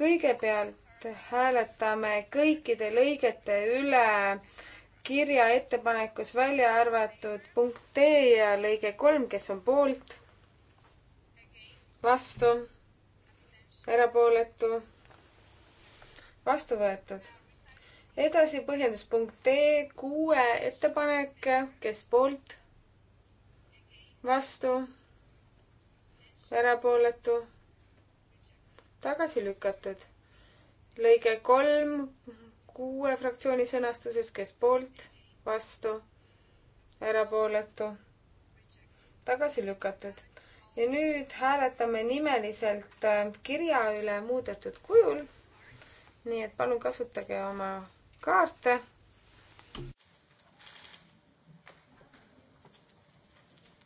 kõigepealt hääletame kõikide lõigete üle kirja ettepanekus välja arvatud punkt D ja lõige kolm, kes on poolt, vastu, erapooletu, vastu võetud edasi põhjenduspunkt D, kuue ettepanek, kes poolt, vastu, erapooletu, tagasi lükatud. lõige kolm kuue fraktsiooni sõnastuses, kes poolt, vastu, erapooletu, tagasi lükatud. ja nüüd hääletame nimeliselt äh, kirja üle muudetud kujul. nii et palun kasutage oma kaarte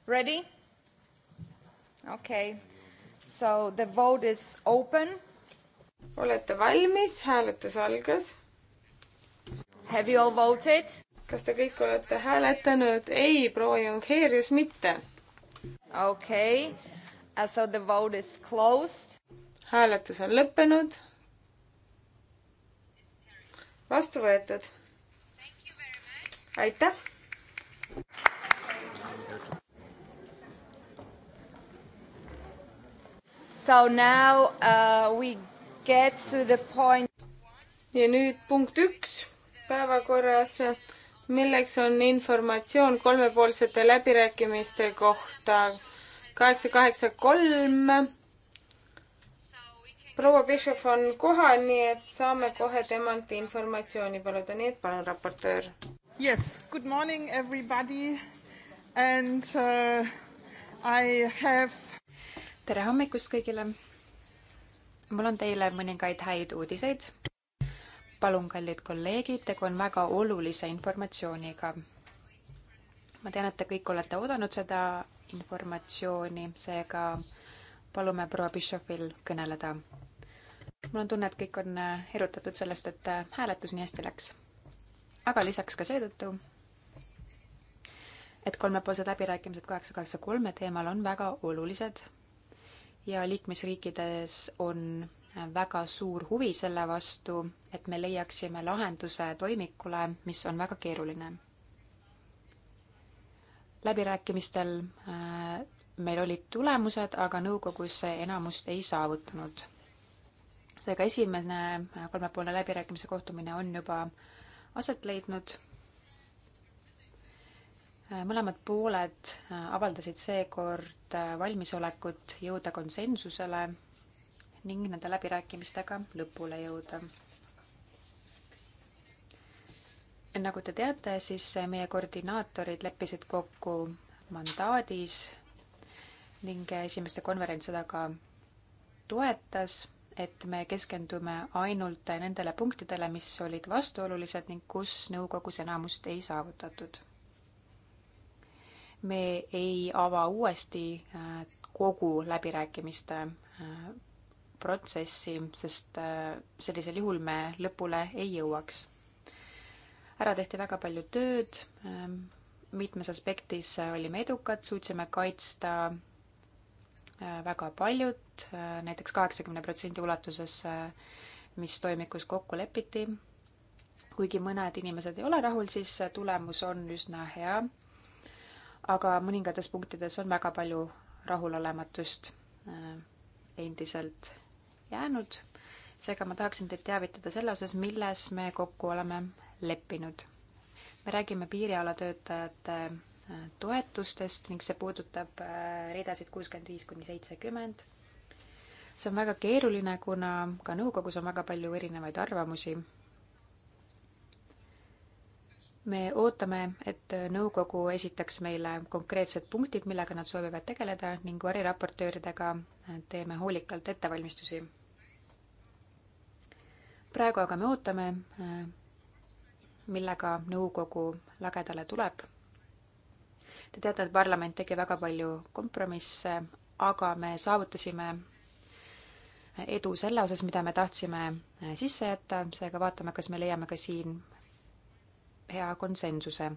Ready? Okay. So the vote is open. olete valmis, hääletus algas. Have you all voted? kas te kõik olete hääletanud? ei, proua Jungheerius mitte. okei okay., uh, so the vote is closed. hääletus on lõppenud. vastu võetud. aitäh So now uh, we get to the point. ja nüüd punkt üks päevakorras, milleks on informatsioon kolmepoolsete läbirääkimiste kohta kaheksa, kaheksa, kolm. proua Bischoff on kohal, nii et saame kohe temalt informatsiooni paluda, nii et palun, raportöör. Yes, good morning everybody and uh, I have tere hommikust kõigile. mul on teile mõningaid häid uudiseid. palun, kallid kolleegid, tegu on väga olulise informatsiooniga. ma tean, et te kõik olete oodanud seda informatsiooni, seega palume proua Bischofil kõneleda. mul on tunne, et kõik on erutatud sellest, et hääletus nii hästi läks. aga lisaks ka seetõttu, et kolmepoolsed läbirääkimised kaheksa, kaheksa, kolme teemal on väga olulised ja liikmesriikides on väga suur huvi selle vastu, et me leiaksime lahenduse toimikule, mis on väga keeruline. läbirääkimistel äh, meil olid tulemused, aga nõukogus see enamust ei saavutanud. seega esimene kolmepoolne läbirääkimise kohtumine on juba aset leidnud Äh, mõlemad pooled äh, avaldasid seekord äh, valmisolekut jõuda konsensusele ning nende läbirääkimistega lõpule jõuda. nagu te teate, siis meie koordinaatorid leppisid kokku mandaadis ning esimeste konverents seda ka toetas, et me keskendume ainult nendele punktidele, mis olid vastuolulised ning kus nõukogus enamust ei saavutatud me ei ava uuesti äh, kogu läbirääkimiste äh, protsessi, sest äh, sellisel juhul me lõpule ei jõuaks. ära tehti väga palju tööd, ähm, mitmes aspektis olime edukad, suutsime kaitsta väga paljut näiteks, näiteks kaheksakümne protsendi ulatuses, mis toimikus kokku lepiti. kuigi mõned inimesed ei ole rahul, siis tulemus on üsna hea aga mõningates punktides on väga palju rahulolematust äh, endiselt jäänud. seega ma tahaksin teid teavitada selle osas, milles me kokku oleme leppinud. me räägime piiriala töötajate äh, toetustest ning see puudutab äh, ridasid kuuskümmend viis kuni seitsekümmend. see on väga keeruline, kuna ka nõukogus on väga palju erinevaid arvamusi me ootame, et nõukogu esitaks meile konkreetsed punktid, millega nad soovivad tegeleda ning variraportööridega teeme hoolikalt ettevalmistusi. praegu aga me ootame, millega nõukogu lagedale tuleb. Te teate, et parlament tegi väga palju kompromisse, aga me saavutasime edu selle osas, mida me tahtsime sisse jätta, seega vaatame, kas me leiame ka siin hea konsensuse.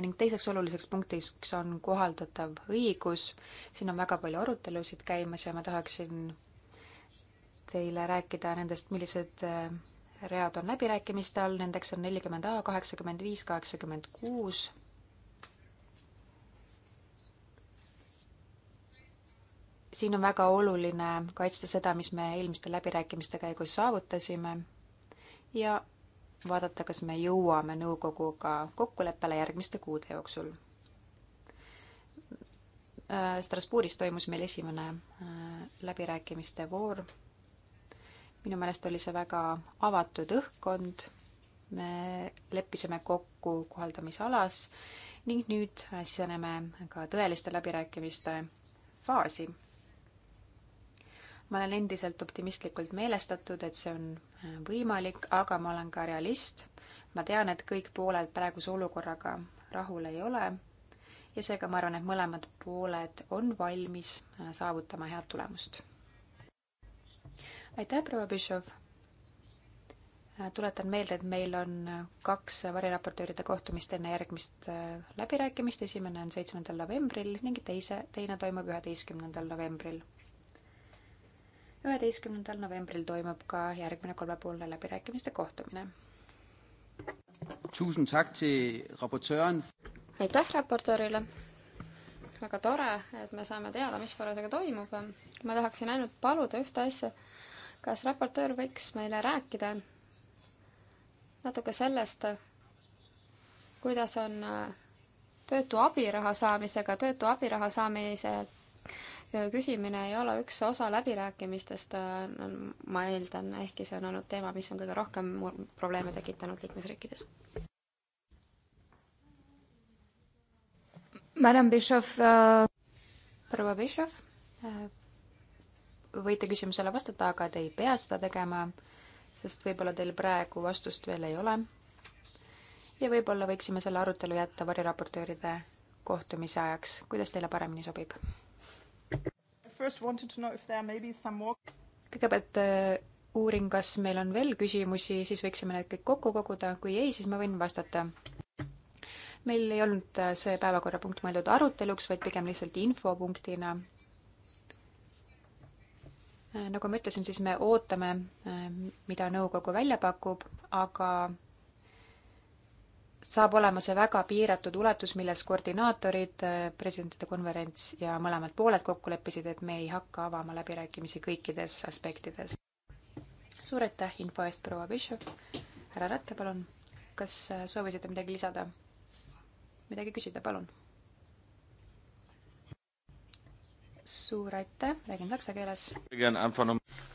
ning teiseks oluliseks punktiks on kohaldatav õigus, siin on väga palju arutelusid käimas ja ma tahaksin teile rääkida nendest, millised äh, read on läbirääkimiste all, nendeks on nelikümmend A, kaheksakümmend viis, kaheksakümmend kuus, siin on väga oluline kaitsta seda, mis me eelmiste läbirääkimiste käigus saavutasime ja vaadata, kas me jõuame nõukoguga kokkuleppele järgmiste kuude jooksul. Äh, Strasbourgis toimus meil esimene äh, läbirääkimiste voor. minu meelest oli see väga avatud õhkkond, me leppisime kokku kohaldamisalas ning nüüd siseneme ka tõeliste läbirääkimiste faasi ma olen endiselt optimistlikult meelestatud, et see on äh, võimalik, aga ma olen ka realist. ma tean, et kõik pooled praeguse olukorraga rahul ei ole ja seega ma arvan, et mõlemad pooled on valmis äh, saavutama head tulemust. aitäh, proua Püšov! Äh, tuletan meelde, et meil on kaks variraportööride kohtumist enne järgmist läbirääkimist, esimene on seitsmendal novembril ning teise, teine toimub üheteistkümnendal novembril üheteistkümnendal novembril toimub ka järgmine kolmepoolne läbirääkimiste kohtumine. aitäh raportöörile, väga tore, et me saame teada, mis parasjagu toimub. ma tahaksin ainult paluda ühte asja. kas raportöör võiks meile rääkida natuke sellest, kuidas on töötu abiraha saamisega, töötu abiraha saamise küsimine ei ole üks osa läbirääkimistest, ma eeldan, ehkki see on olnud teema, mis on kõige rohkem probleeme tekitanud liikmesriikides. Madam Bishop äh,, proua Bishop äh,, võite küsimusele vastata, aga te ei pea seda tegema, sest võib-olla teil praegu vastust veel ei ole. ja võib-olla võiksime selle arutelu jätta variraportööride kohtumise ajaks, kuidas teile paremini sobib kõigepealt äh, uurin, kas meil on veel küsimusi, siis võiksime need kõik kokku koguda, kui ei, siis ma võin vastata. meil ei olnud äh, see päevakorrapunkt mõeldud aruteluks, vaid pigem lihtsalt infopunktina. Äh, nagu ma ütlesin, siis me ootame, mida nõukogu välja pakub, aga saab olema see väga piiratud ulatus, milles koordinaatorid, eh, presidentide konverents ja mõlemad pooled kokku leppisid, et me ei hakka avama läbirääkimisi kõikides aspektides. suur aitäh info eest, proua Bishop. härra Ratta, palun, kas eh, soovisite midagi lisada? midagi küsida, palun? suur aitäh, räägin saksa keeles.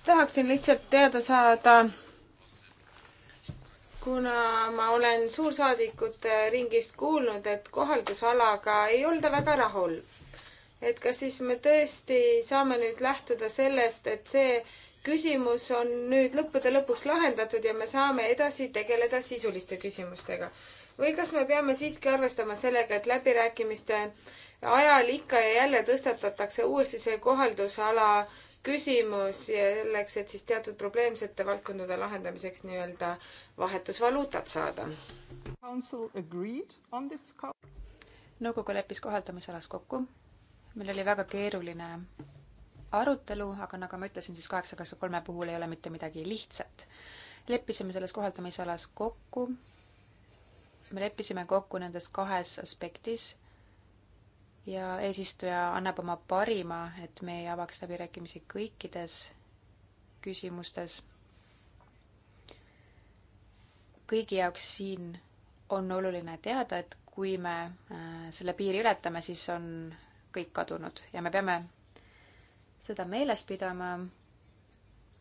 tahaksin lihtsalt teada saada kuna ma olen suursaadikute ringist kuulnud, et kohaldusalaga ei olda väga rahul. et kas siis me tõesti saame nüüd lähtuda sellest, et see küsimus on nüüd lõppude lõpuks lahendatud ja me saame edasi tegeleda sisuliste küsimustega. või kas me peame siiski arvestama sellega, et läbirääkimiste ajal ikka ja jälle tõstatatakse uuesti see kohaldusala küsimus selleks, et siis teatud probleemsete valdkondade lahendamiseks nii-öelda vahetusvaluutat saada. nõukogu leppis kohaldamisalas kokku. meil oli väga keeruline arutelu, aga nagu ma ütlesin, siis kaheksa kaheksa kolme puhul ei ole mitte midagi lihtsat. leppisime selles kohaldamisalas kokku. me leppisime kokku nendes kahes aspektis ja eesistuja annab oma parima, et me ei avaks läbirääkimisi kõikides küsimustes. kõigi jaoks siin on oluline teada, et kui me äh, selle piiri ületame, siis on kõik kadunud ja me peame seda meeles pidama,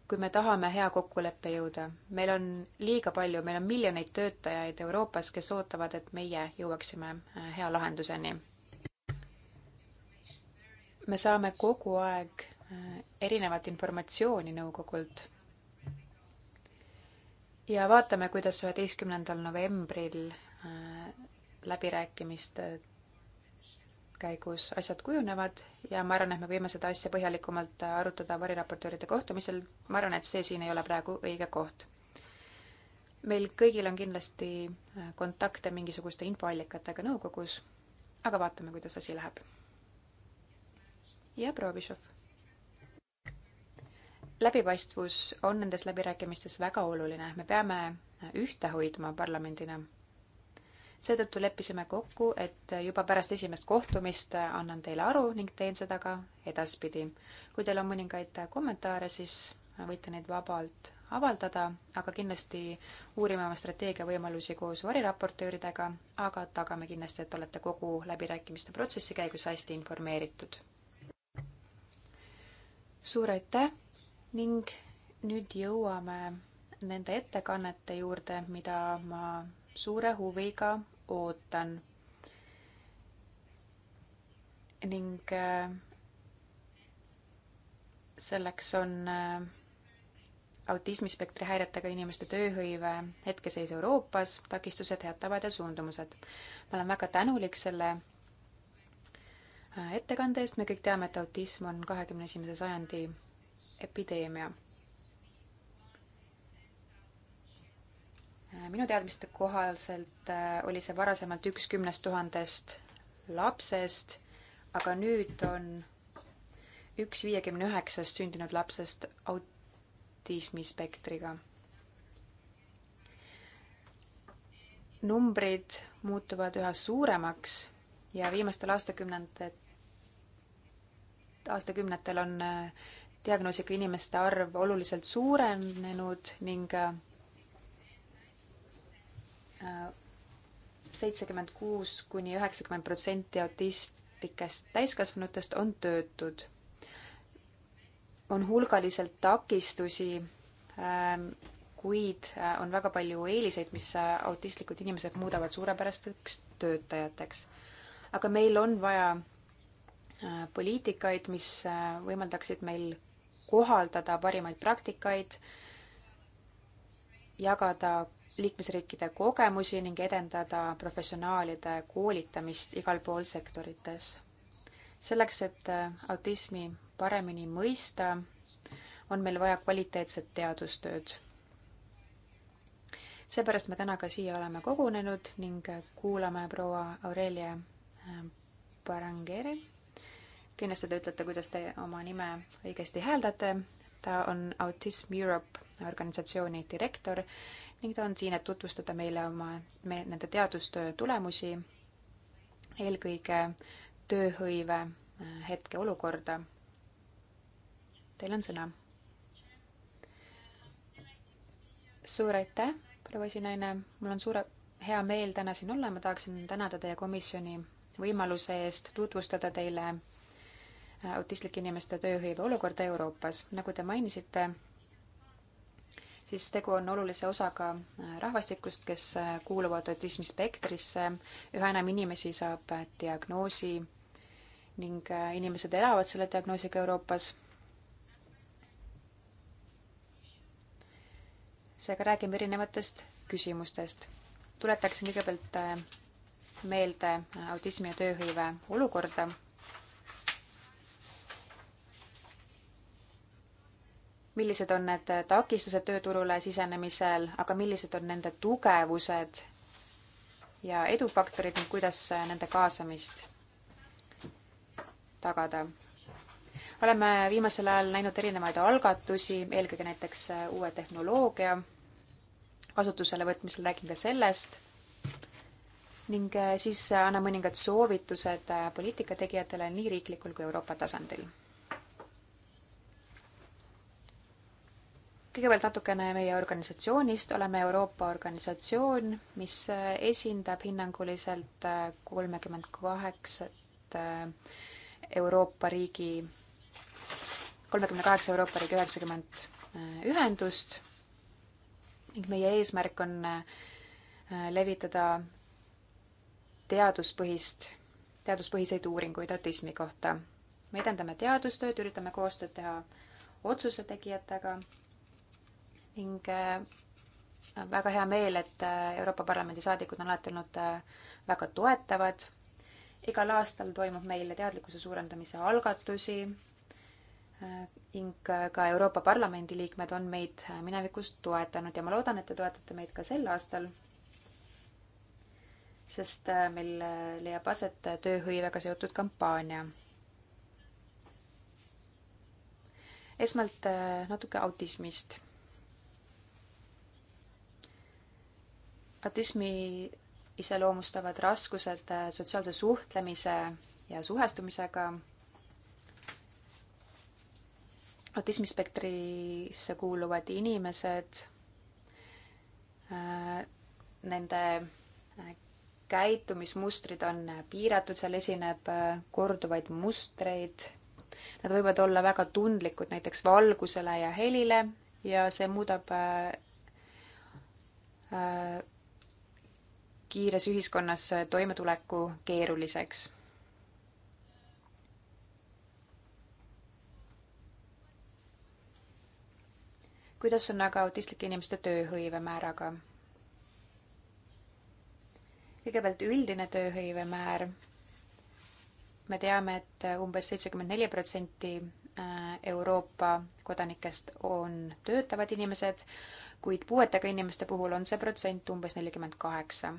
kui me tahame hea kokkuleppe jõuda. meil on liiga palju, meil on miljoneid töötajaid Euroopas, kes ootavad, et meie jõuaksime äh, hea lahenduseni me saame kogu aeg äh, erinevat informatsiooni nõukogult. ja vaatame, kuidas üheteistkümnendal novembril äh, läbirääkimiste käigus asjad kujunevad ja ma arvan, et me võime seda asja põhjalikumalt äh, arutada variraportööride kohtumisel. ma arvan, et see siin ei ole praegu õige koht. meil kõigil on kindlasti kontakte mingisuguste infoallikatega nõukogus, aga vaatame, kuidas asi läheb ja proua Bischoff. läbipaistvus on nendes läbirääkimistes väga oluline, me peame ühte hoidma parlamendina. seetõttu leppisime kokku, et juba pärast esimest kohtumist annan teile aru ning teen seda ka edaspidi. kui teil on mõningaid kommentaare, siis võite neid vabalt avaldada, aga kindlasti uurime oma strateegia võimalusi koos variraportööridega, aga tagame kindlasti, et olete kogu läbirääkimiste protsessi käigus hästi informeeritud suur aitäh ning nüüd jõuame nende ettekannete juurde, mida ma suure huviga ootan. ning äh, selleks on äh, autismispektri häiretega inimeste tööhõive hetkeseis Euroopas, takistused, head tavad ja suundumused. ma olen väga tänulik selle ettekande eest, me kõik teame, et autism on kahekümne esimese sajandi epideemia. minu teadmiste kohaselt äh, oli see varasemalt üks kümnest tuhandest lapsest, aga nüüd on üks viiekümne üheksast sündinud lapsest autismispektriga. numbrid muutuvad üha suuremaks ja viimastel aastakümnendatel aastakümnetel on äh, diagnoosiga inimeste arv oluliselt suurenenud ning äh, seitsekümmend kuus kuni üheksakümmend protsenti autistlikest täiskasvanutest on töötud. on hulgaliselt takistusi, ähm, kuid äh, on väga palju eeliseid, mis autistlikud inimesed muudavad suurepärasteks töötajateks. aga meil on vaja Äh, poliitikaid, mis äh, võimaldaksid meil kohaldada parimaid praktikaid, jagada liikmesriikide kogemusi ning edendada professionaalide koolitamist igal pool sektorites. selleks, et äh, autismi paremini mõista, on meil vaja kvaliteetset teadustööd. seepärast me täna ka siia oleme kogunenud ning kuulame proua Aurelia Barangeri kindlasti te ütlete, kuidas te oma nime õigesti hääldate. ta on Autism Europe organisatsiooni direktor ning ta on siin, et tutvustada meile oma, me, nende teadustöö tulemusi, eelkõige tööhõive äh, hetkeolukorda. Teil on sõna. suur aitäh, proua esinaine, mul on suure, hea meel täna siin olla, ma tahaksin tänada teie komisjoni võimaluse eest tutvustada teile Äh, autistlike inimeste tööhõive olukorda Euroopas. nagu te mainisite, siis tegu on olulise osaga äh, rahvastikust, kes äh, kuuluvad autismispektrisse. üha enam inimesi saab diagnoosi ning inimesed elavad selle diagnoosiga Euroopas. seega räägime erinevatest küsimustest. tuletaksin kõigepealt meelde autismi ja tööhõive olukorda millised on need takistused tööturule sisenemisel, aga millised on nende tugevused ja edufaktorid ning kuidas nende kaasamist tagada. oleme viimasel ajal näinud erinevaid algatusi, eelkõige näiteks uue tehnoloogia kasutusele võtmisel, räägin ka sellest. ning siis annan mõningad soovitused poliitikategijatele nii riiklikul kui Euroopa tasandil kõigepealt natukene meie organisatsioonist, oleme Euroopa organisatsioon, mis esindab hinnanguliselt kolmekümmend kaheksat äh, Euroopa riigi, kolmekümne kaheksa Euroopa riigi üheksakümmend äh, ühendust ning meie eesmärk on äh, levitada teaduspõhist, teaduspõhiseid uuringuid autismi kohta. me edendame teadustööd, üritame koostööd teha otsusetegijatega ning äh, väga hea meel, et äh, Euroopa Parlamendi saadikud on alati olnud äh, väga toetavad. igal aastal toimub meil teadlikkuse suurendamise algatusi ning ka Euroopa Parlamendi liikmed on meid minevikus toetanud ja ma loodan, et te toetate meid ka sel aastal. sest meil leiab aset tööhõivega seotud kampaania. esmalt natuke autismist autismi iseloomustavad raskused äh, sotsiaalse suhtlemise ja suhestumisega. autismispektrisse kuuluvad inimesed, äh, nende äh, käitumismustrid on piiratud, seal esineb korduvaid mustreid. Nad võivad olla väga tundlikud näiteks valgusele ja helile ja see muudab kiires ühiskonnas toimetuleku keeruliseks. kuidas on aga autistlike inimeste tööhõive määraga? kõigepealt üldine tööhõive määr. me teame, et umbes seitsekümmend neli protsenti äh, Euroopa kodanikest on töötavad inimesed, kuid puuetega inimeste puhul on see protsent umbes nelikümmend kaheksa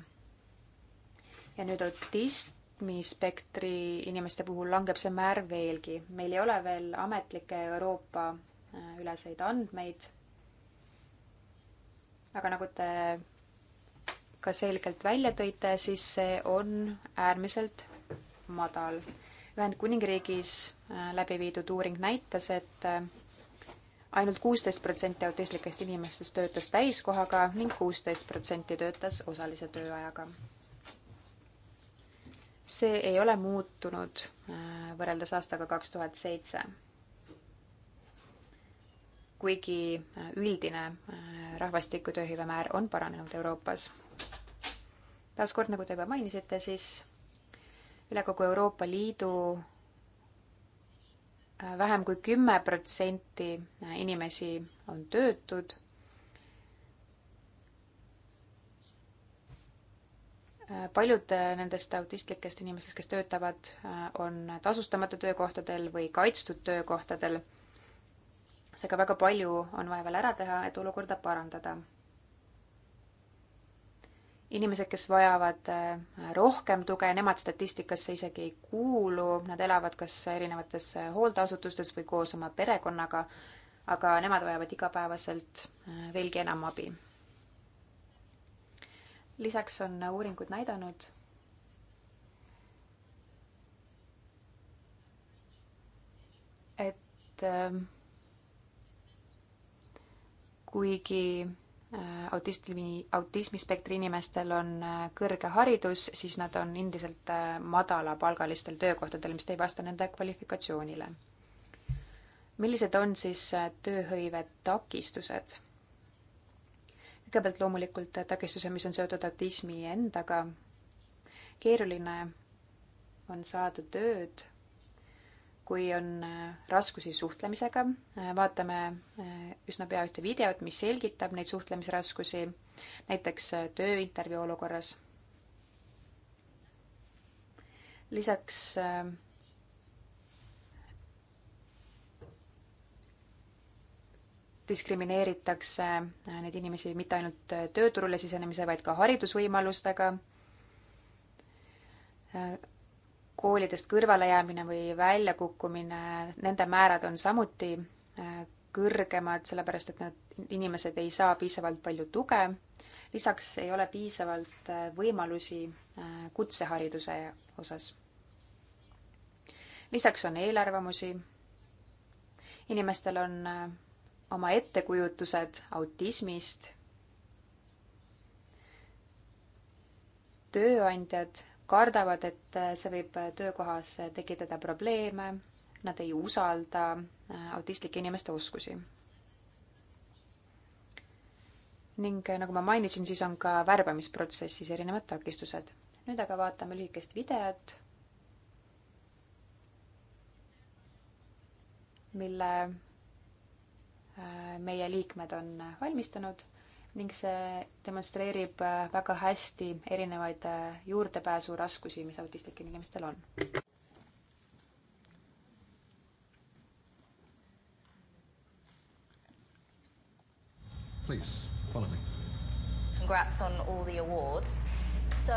ja nüüd autismispektri inimeste puhul langeb see määr veelgi. meil ei ole veel ametlikke Euroopa äh, üleseid andmeid. aga nagu te ka selgelt välja tõite, siis see on äärmiselt madal. Ühendkuningriigis äh, läbi viidud uuring näitas, et äh, ainult kuusteist protsenti autistlikest inimestest töötas täiskohaga ning kuusteist protsenti töötas osalise tööajaga see ei ole muutunud äh, võrreldes aastaga kaks tuhat seitse. kuigi äh, üldine äh, rahvastiku tööhõive määr on paranenud Euroopas. taaskord, nagu te juba mainisite, siis üle kogu Euroopa Liidu vähem kui kümme protsenti inimesi on töötud paljud äh, nendest autistlikest inimestest, kes töötavad, äh, on tasustamata töökohtadel või kaitstud töökohtadel. seega väga palju on vaja veel ära teha, et olukorda parandada. inimesed, kes vajavad äh, rohkem tuge, nemad statistikasse isegi ei kuulu, nad elavad kas erinevates hooldeasutustes või koos oma perekonnaga, aga nemad vajavad igapäevaselt veelgi enam abi lisaks on uuringud näidanud, et ähm, kuigi äh, autismi, autismispektri inimestel on äh, kõrge haridus, siis nad on endiselt äh, madalapalgalistel töökohtadel, mis ei vasta nende kvalifikatsioonile. millised on siis tööhõive takistused? kõigepealt loomulikult takistuse, mis on seotud autismi endaga. keeruline on saada tööd, kui on äh, raskusi suhtlemisega. Äh, vaatame äh, üsna pea ühte videot, mis selgitab neid suhtlemisraskusi, näiteks tööintervjuu olukorras. lisaks diskrimineeritakse neid inimesi mitte ainult tööturule sisenemise, vaid ka haridusvõimalustega, koolidest kõrvalejäämine või väljakukkumine, nende määrad on samuti äh, kõrgemad, sellepärast et need inimesed ei saa piisavalt palju tuge. lisaks ei ole piisavalt äh, võimalusi äh, kutsehariduse osas. lisaks on eelarvamusi. inimestel on oma ettekujutused autismist. tööandjad kardavad, et see võib töökohas tekitada probleeme, nad ei usalda äh, autistlike inimeste oskusi. ning äh, nagu ma mainisin, siis on ka värbamisprotsessis erinevad takistused. nüüd aga vaatame lühikest videot, mille Äh, meie liikmed on valmistanud ning see demonstreerib äh, väga hästi erinevaid äh, juurdepääsuraskusi, mis autistlikel inimestel on. Please follow me. Congrats on all the awards. So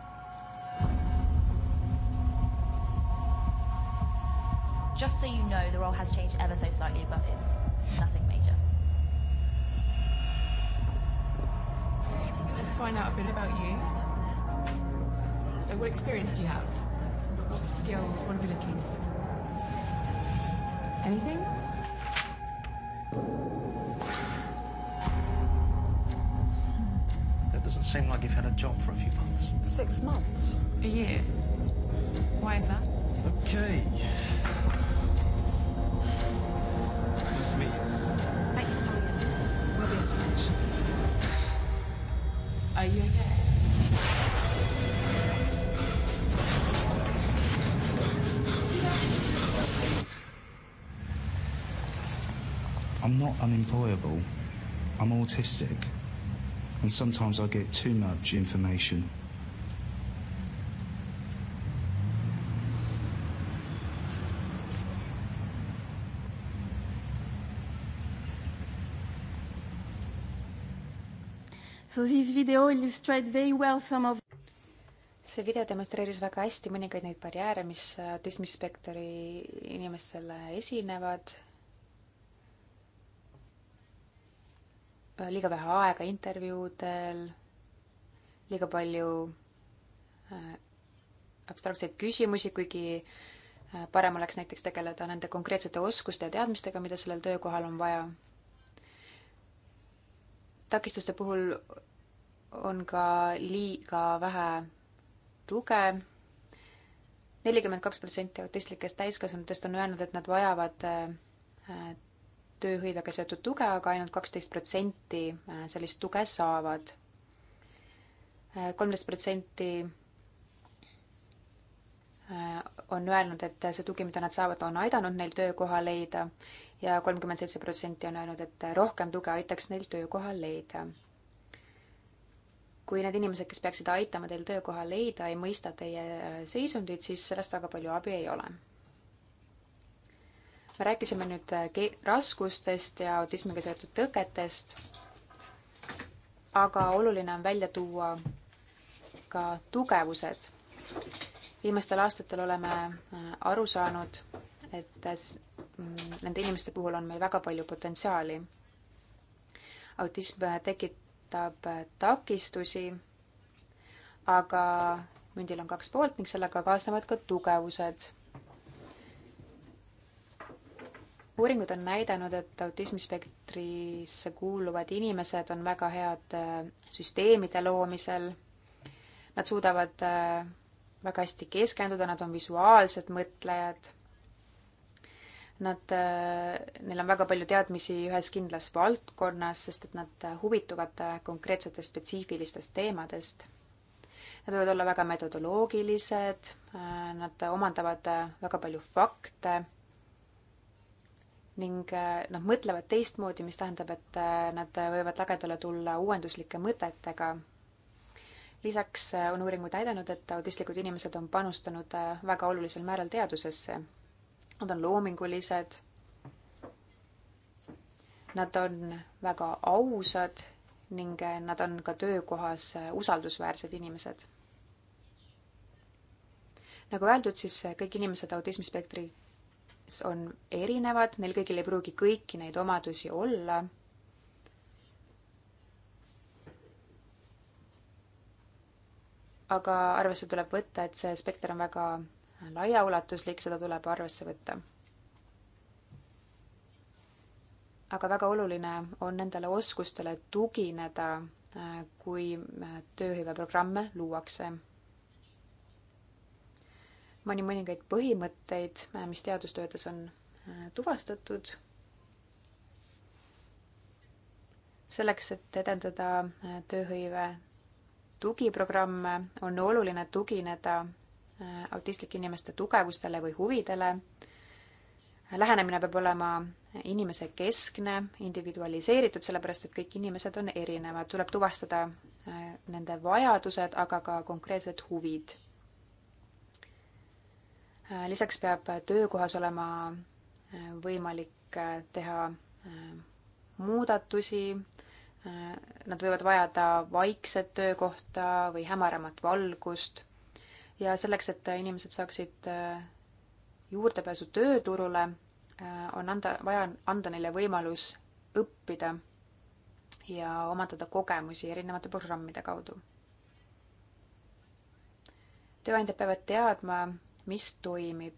role has changed ever so slightly, but it's nothing major. Let's find out a bit about you. So, what experience do you have? What skills? What abilities? Anything? Hmm. That doesn't seem like you've had a job for a few months. Six months? A year. Why is that? Okay me. Thanks for coming in. We'll be in touch. Are you okay? I'm not unemployable. I'm autistic. And sometimes I get too much information. So this video illustrates very well some of see video demonstreeris väga hästi mõningaid neid barjääre, mis autismispektri äh, inimestele esinevad. Äh, liiga vähe aega intervjuudel, liiga palju äh, abstraktseid küsimusi, kuigi parem oleks näiteks tegeleda nende konkreetsete oskuste ja teadmistega, mida sellel töökohal on vaja takistuste puhul on ka liiga vähe tuge. nelikümmend kaks protsenti autistlikest täiskasvanutest on öelnud, et nad vajavad äh, tööhõivega seotud tuge, aga ainult kaksteist protsenti äh, sellist tuge saavad. Äh, kolmteist protsenti on öelnud, et see tugi, mida nad saavad, on aidanud neil töökoha leida ja kolmkümmend seitse protsenti on öelnud, et rohkem tuge aitaks neil töökoha leida. kui need inimesed, kes peaksid aitama teil töökoha leida, ei mõista teie seisundit, siis sellest väga palju abi ei ole. me rääkisime nüüd raskustest ja autismiga seotud tõketest, aga oluline on välja tuua ka tugevused. viimastel aastatel oleme äh, aru saanud, et Mm, nende inimeste puhul on meil väga palju potentsiaali. autism tekitab äh, takistusi, aga mündil on kaks poolt ning sellega kaasnevad ka tugevused. uuringud on näidanud, et autismispektrisse kuuluvad inimesed on väga head äh, süsteemide loomisel. Nad suudavad äh, väga hästi keskenduda, nad on visuaalsed mõtlejad Nad, äh, neil on väga palju teadmisi ühes kindlas valdkonnas, sest et nad huvituvad äh, konkreetsetest spetsiifilistest teemadest. Nad võivad olla väga metodoloogilised, äh, nad omandavad väga palju fakte ning nad noh, mõtlevad teistmoodi, mis tähendab, et nad võivad lagedale tulla uuenduslike mõtetega. lisaks on uuringud näidanud, et autistlikud inimesed on panustanud väga olulisel määral teadusesse Nad on loomingulised. Nad on väga ausad ning nad on ka töökohas usaldusväärsed inimesed. nagu öeldud, siis kõik inimesed autismispektris on erinevad, neil kõigil ei pruugi kõiki neid omadusi olla. aga arvesse tuleb võtta, et see spekter on väga laiaulatuslik, seda tuleb arvesse võtta. aga väga oluline on nendele oskustele tugineda, kui tööhõiveprogramme luuakse. ma nii mõningaid põhimõtteid, mis teadustöödes on äh, tuvastatud. selleks, et edendada äh, tööhõive tugiprogramme, on oluline tugineda Äh, autistlike inimeste tugevustele või huvidele. lähenemine peab olema inimesekeskne, individualiseeritud, sellepärast et kõik inimesed on erinevad, tuleb tuvastada äh, nende vajadused, aga ka konkreetsed huvid. Äh, lisaks peab töökohas olema võimalik teha muudatusi, nad võivad vajada vaikset töökohta või hämaramat valgust ja selleks, et inimesed saaksid äh, juurdepääsu tööturule, äh, on anda, vaja anda neile võimalus õppida ja omandada kogemusi erinevate programmide kaudu. tööandjad peavad teadma, mis toimib.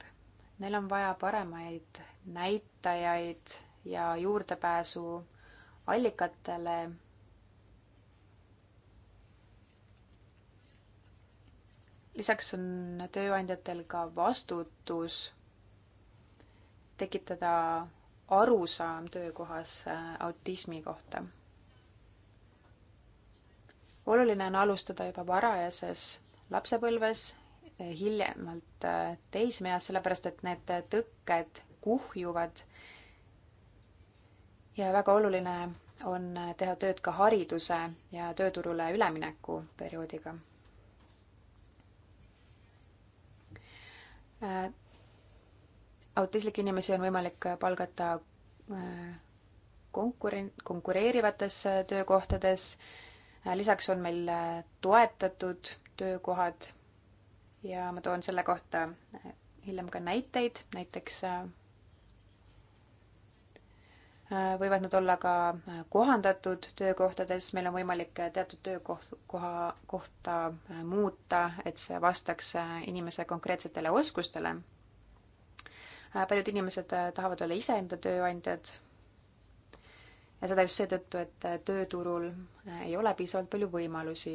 Neil on vaja paremaid näitajaid ja juurdepääsu allikatele lisaks on tööandjatel ka vastutus tekitada arusaam töökohas äh, autismi kohta. oluline on alustada juba varajases lapsepõlves, äh, hiljemalt äh, teismeeas, sellepärast et need tõkked kuhjuvad. ja väga oluline on teha tööd ka hariduse ja tööturule ülemineku perioodiga Äh, autistlikke inimesi on võimalik äh, palgata äh, konkuren-, konkureerivates töökohtades. lisaks on meil toetatud töökohad ja ma toon selle kohta hiljem ka näiteid, näiteks Äh, võivad nad olla ka äh, kohandatud töökohtades, meil on võimalik äh, teatud töökoht, koha, kohta muuta, et see vastaks inimese konkreetsetele oskustele. paljud inimesed tahavad olla iseenda tööandjad ja seda just seetõttu, et tööturul ei ole piisavalt palju võimalusi.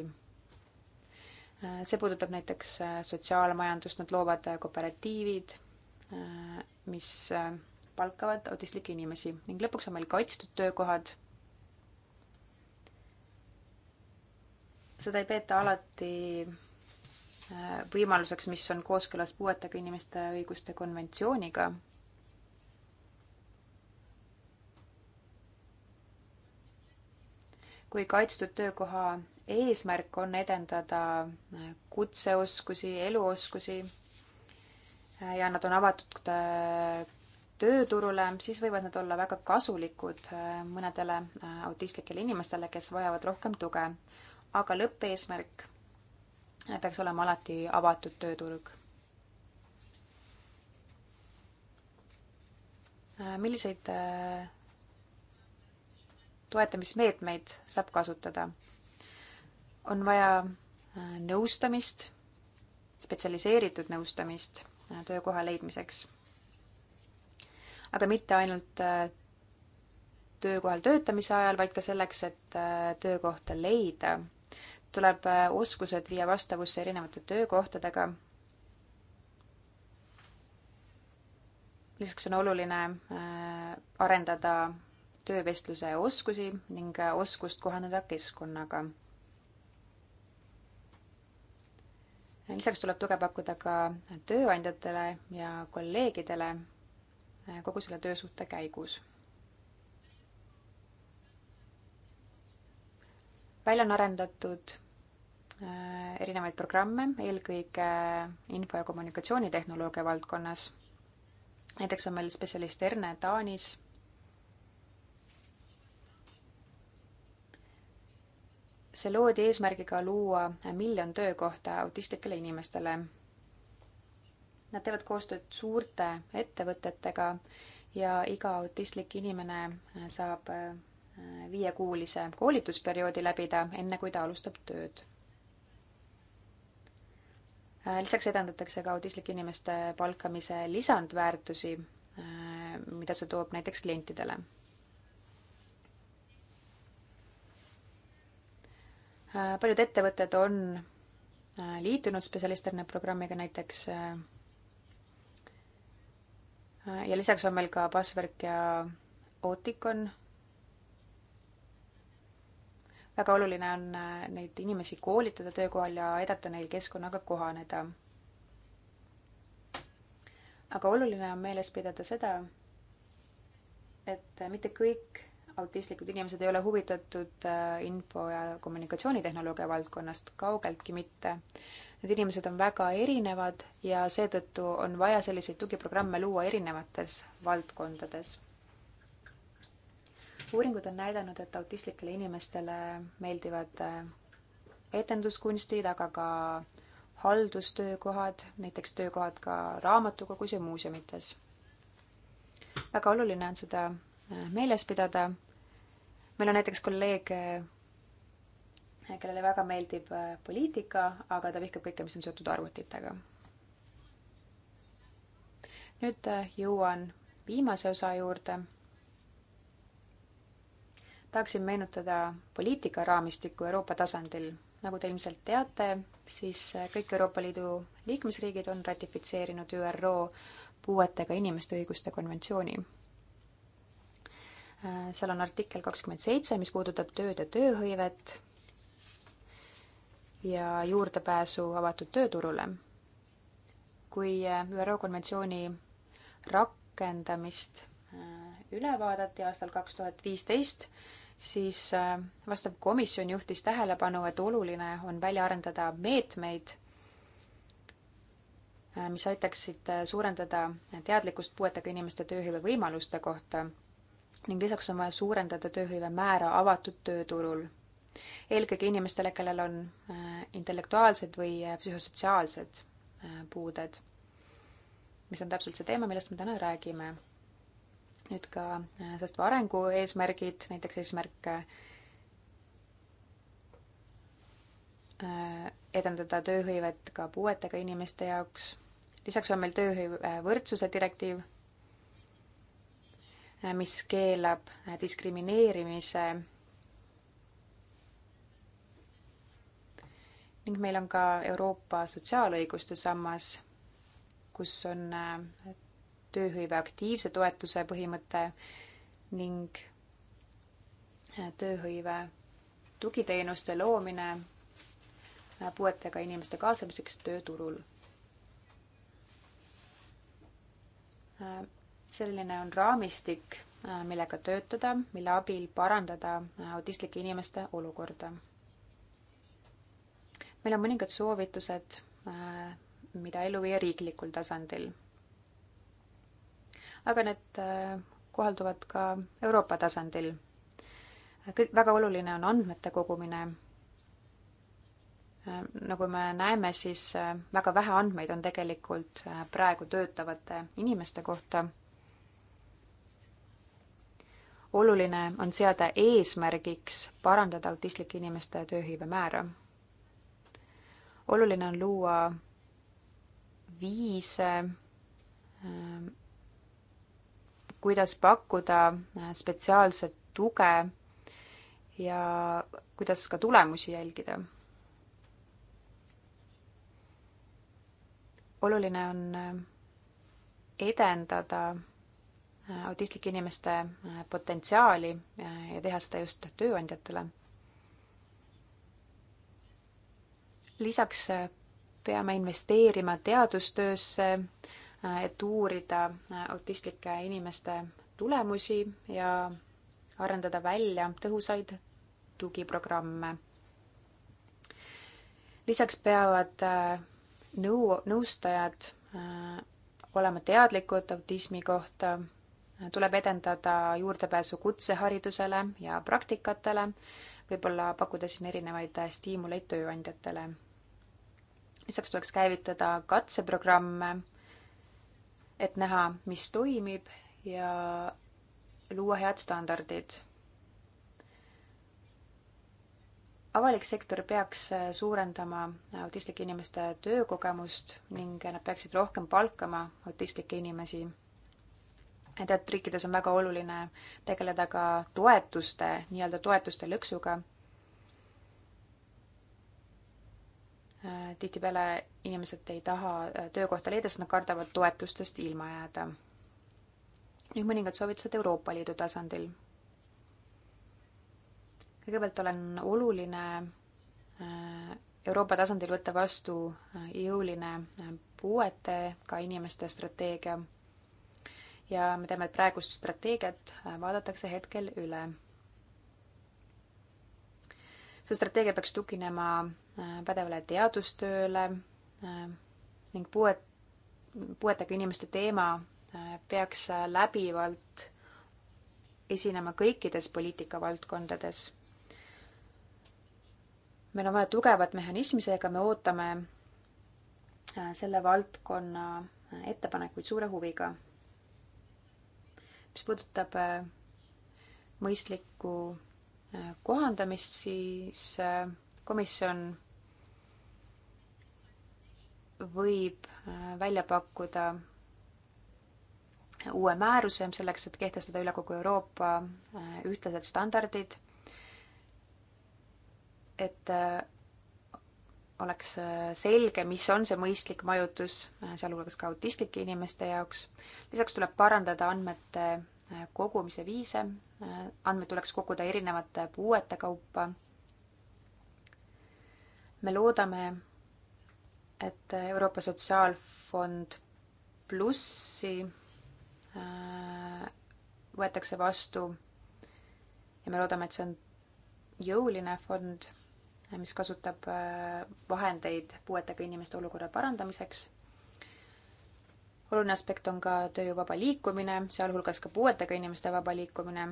see puudutab näiteks sotsiaalmajandust, nad loovad kooperatiivid, mis palkavad autistlikke inimesi ning lõpuks on meil kaitstud töökohad. seda ei peeta alati äh, võimaluseks, mis on kooskõlas puuetega inimeste õiguste konventsiooniga kui kaitstud töökoha eesmärk on edendada äh, kutseoskusi, eluoskusi äh, ja nad on avatud tööturule, siis võivad nad olla väga kasulikud äh, mõnedele äh, autistlikele inimestele, kes vajavad rohkem tuge. aga lõppeesmärk äh, peaks olema alati avatud tööturg. milliseid toetamismeetmeid saab kasutada? on vaja nõustamist, spetsialiseeritud nõustamist töökoha leidmiseks aga mitte ainult äh, töökohal töötamise ajal, vaid ka selleks, et äh, töökohta leida. tuleb äh, oskused viia vastavusse erinevate töökohtadega. lisaks on oluline arendada töövestluse oskusi ning oskust kohaneda keskkonnaga. lisaks tuleb tuge pakkuda ka tööandjatele ja kolleegidele Äh, kogu selle töösuhte käigus. välja on arendatud äh, erinevaid programme, eelkõige info- ja kommunikatsioonitehnoloogia valdkonnas. näiteks on meil spetsialist Erne Taanis see loodi eesmärgiga luua miljon töökohta autistlikele inimestele Nad teevad koostööd suurte ettevõtetega ja iga autistlik inimene saab äh, viiekuulise koolitusperioodi läbida, enne kui ta alustab tööd. Äh, lisaks edendatakse ka autistlike inimeste palkamise lisandväärtusi, äh, mida see toob näiteks klientidele paljud ettevõtted on liitunud spetsialisterne programmiga, näiteks ja lisaks on meil ka Passwerk ja Oticon. väga oluline on äh, neid inimesi koolitada töökohal ja aidata neil keskkonnaga kohaneda. aga oluline on meeles pidada seda, et äh, mitte kõik autistlikud inimesed ei ole huvitatud äh, info- ja kommunikatsioonitehnoloogia valdkonnast, kaugeltki mitte. Need inimesed on väga erinevad ja seetõttu on vaja selliseid tugiprogramme luua erinevates valdkondades. uuringud on näidanud, et autistlikele inimestele meeldivad äh, etenduskunstid, aga ka haldustöökohad, näiteks töökohad ka raamatukogus ja muuseumites. väga oluline on seda äh, meeles pidada. meil on näiteks kolleeg äh, kellele väga meeldib äh, poliitika, aga ta vihkab kõike, mis on seotud arvutitega. nüüd äh, jõuan viimase osa juurde. tahaksin meenutada poliitikaraamistikku Euroopa tasandil. nagu te ilmselt teate, siis äh, kõik Euroopa Liidu liikmesriigid on ratifitseerinud ÜRO puuetega inimeste õiguste konventsiooni seal on artikkel kakskümmend seitse, mis puudutab tööd ja tööhõivet ja juurdepääsu avatud tööturule. kui ÜRO konventsiooni rakendamist äh, üle vaadati aastal kaks tuhat viisteist, siis äh, vastav komisjon juhtis tähelepanu, et oluline on välja arendada meetmeid, äh, mis aitaksid suurendada teadlikkust puuetega inimeste tööhõive võimaluste kohta ning lisaks on vaja suurendada tööhõive määra avatud tööturul eelkõige inimestele, kellel on äh, intellektuaalsed või äh, psühhosotsiaalsed äh, puuded, mis on täpselt see teema, millest me täna räägime. nüüd ka säästva arengu eesmärgid, näiteks eesmärk edendada tööhõivet ka puuetega inimeste jaoks. lisaks on meil tööhõive võrdsuse direktiiv, mis keelab diskrimineerimise ning meil on ka Euroopa sotsiaalõiguste sammas, kus on äh, tööhõive aktiivse toetuse põhimõte ning äh, tööhõive tugiteenuste loomine äh, puuetega inimeste kaasamiseks tööturul. selline on raamistik, millega töötada, mille abil parandada autistlike inimeste olukorda meil on mõningad soovitused, äh, mida ellu viia riiklikul tasandil. aga need äh, kohalduvad ka Euroopa tasandil. kõik, väga oluline on andmete kogumine. Äh, nagu me näeme, siis väga vähe andmeid on tegelikult praegu töötavate inimeste kohta. oluline on seada eesmärgiks parandada autistlike inimeste tööhõive määra oluline on luua viise, ähm, kuidas pakkuda äh, spetsiaalset tuge ja kuidas ka tulemusi jälgida. oluline on äh, edendada äh, autistlike inimeste potentsiaali ja teha seda just tööandjatele lisaks äh, peame investeerima teadustöösse, äh, et uurida äh, autistlike inimeste tulemusi ja arendada välja tõhusaid tugiprogramme. lisaks peavad nõu, nõustajad olema teadlikud autismi kohta, tuleb edendada juurdepääsu kutseharidusele ja praktikatele, võib-olla pakkuda siin erinevaid stiimuleid tööandjatele lisaks tuleks käivitada katseprogramme, et näha, mis toimib ja luua head standardid. avalik sektor peaks suurendama autistlike inimeste töökogemust ning nad peaksid rohkem palkama autistlikke inimesi teatud riikides on väga oluline tegeleda ka toetuste, nii-öelda toetuste lõksuga. tihtipeale inimesed ei taha äh, töökohta leida, sest nad kardavad toetustest ilma jääda. nüüd mõningad soovitused Euroopa Liidu tasandil. kõigepealt olen oluline äh, Euroopa tasandil võtta vastu äh, jõuline puuetega inimeste strateegia ja me teame, et praegust strateegiat vaadatakse hetkel üle see strateegia peaks tuginema äh, pädevale teadustööle äh, ning puuet, puuetega inimeste teema äh, peaks läbivalt esinema kõikides poliitikavaldkondades. meil on vaja tugevat mehhanismi, seega me ootame selle valdkonna ettepanekuid suure huviga. mis puudutab mõistlikku kohandamist, siis äh, komisjon võib äh, välja pakkuda uue määruse selleks, et kehtestada üle kogu Euroopa äh, ühtlased standardid, et oleks selge, mis on see mõistlik majutus, sealhulgas ka autistlike inimeste jaoks. lisaks tuleb parandada andmete Äh, kogumise viise, äh, andmeid tuleks koguda erinevate puuete kaupa. me loodame, et Euroopa Sotsiaalfond plussi äh, võetakse vastu ja me loodame, et see on jõuline fond, mis kasutab vahendeid puuetega inimeste olukorra parandamiseks oluline aspekt on ka tööjõu vaba liikumine, sealhulgas ka puuetega inimeste vaba liikumine.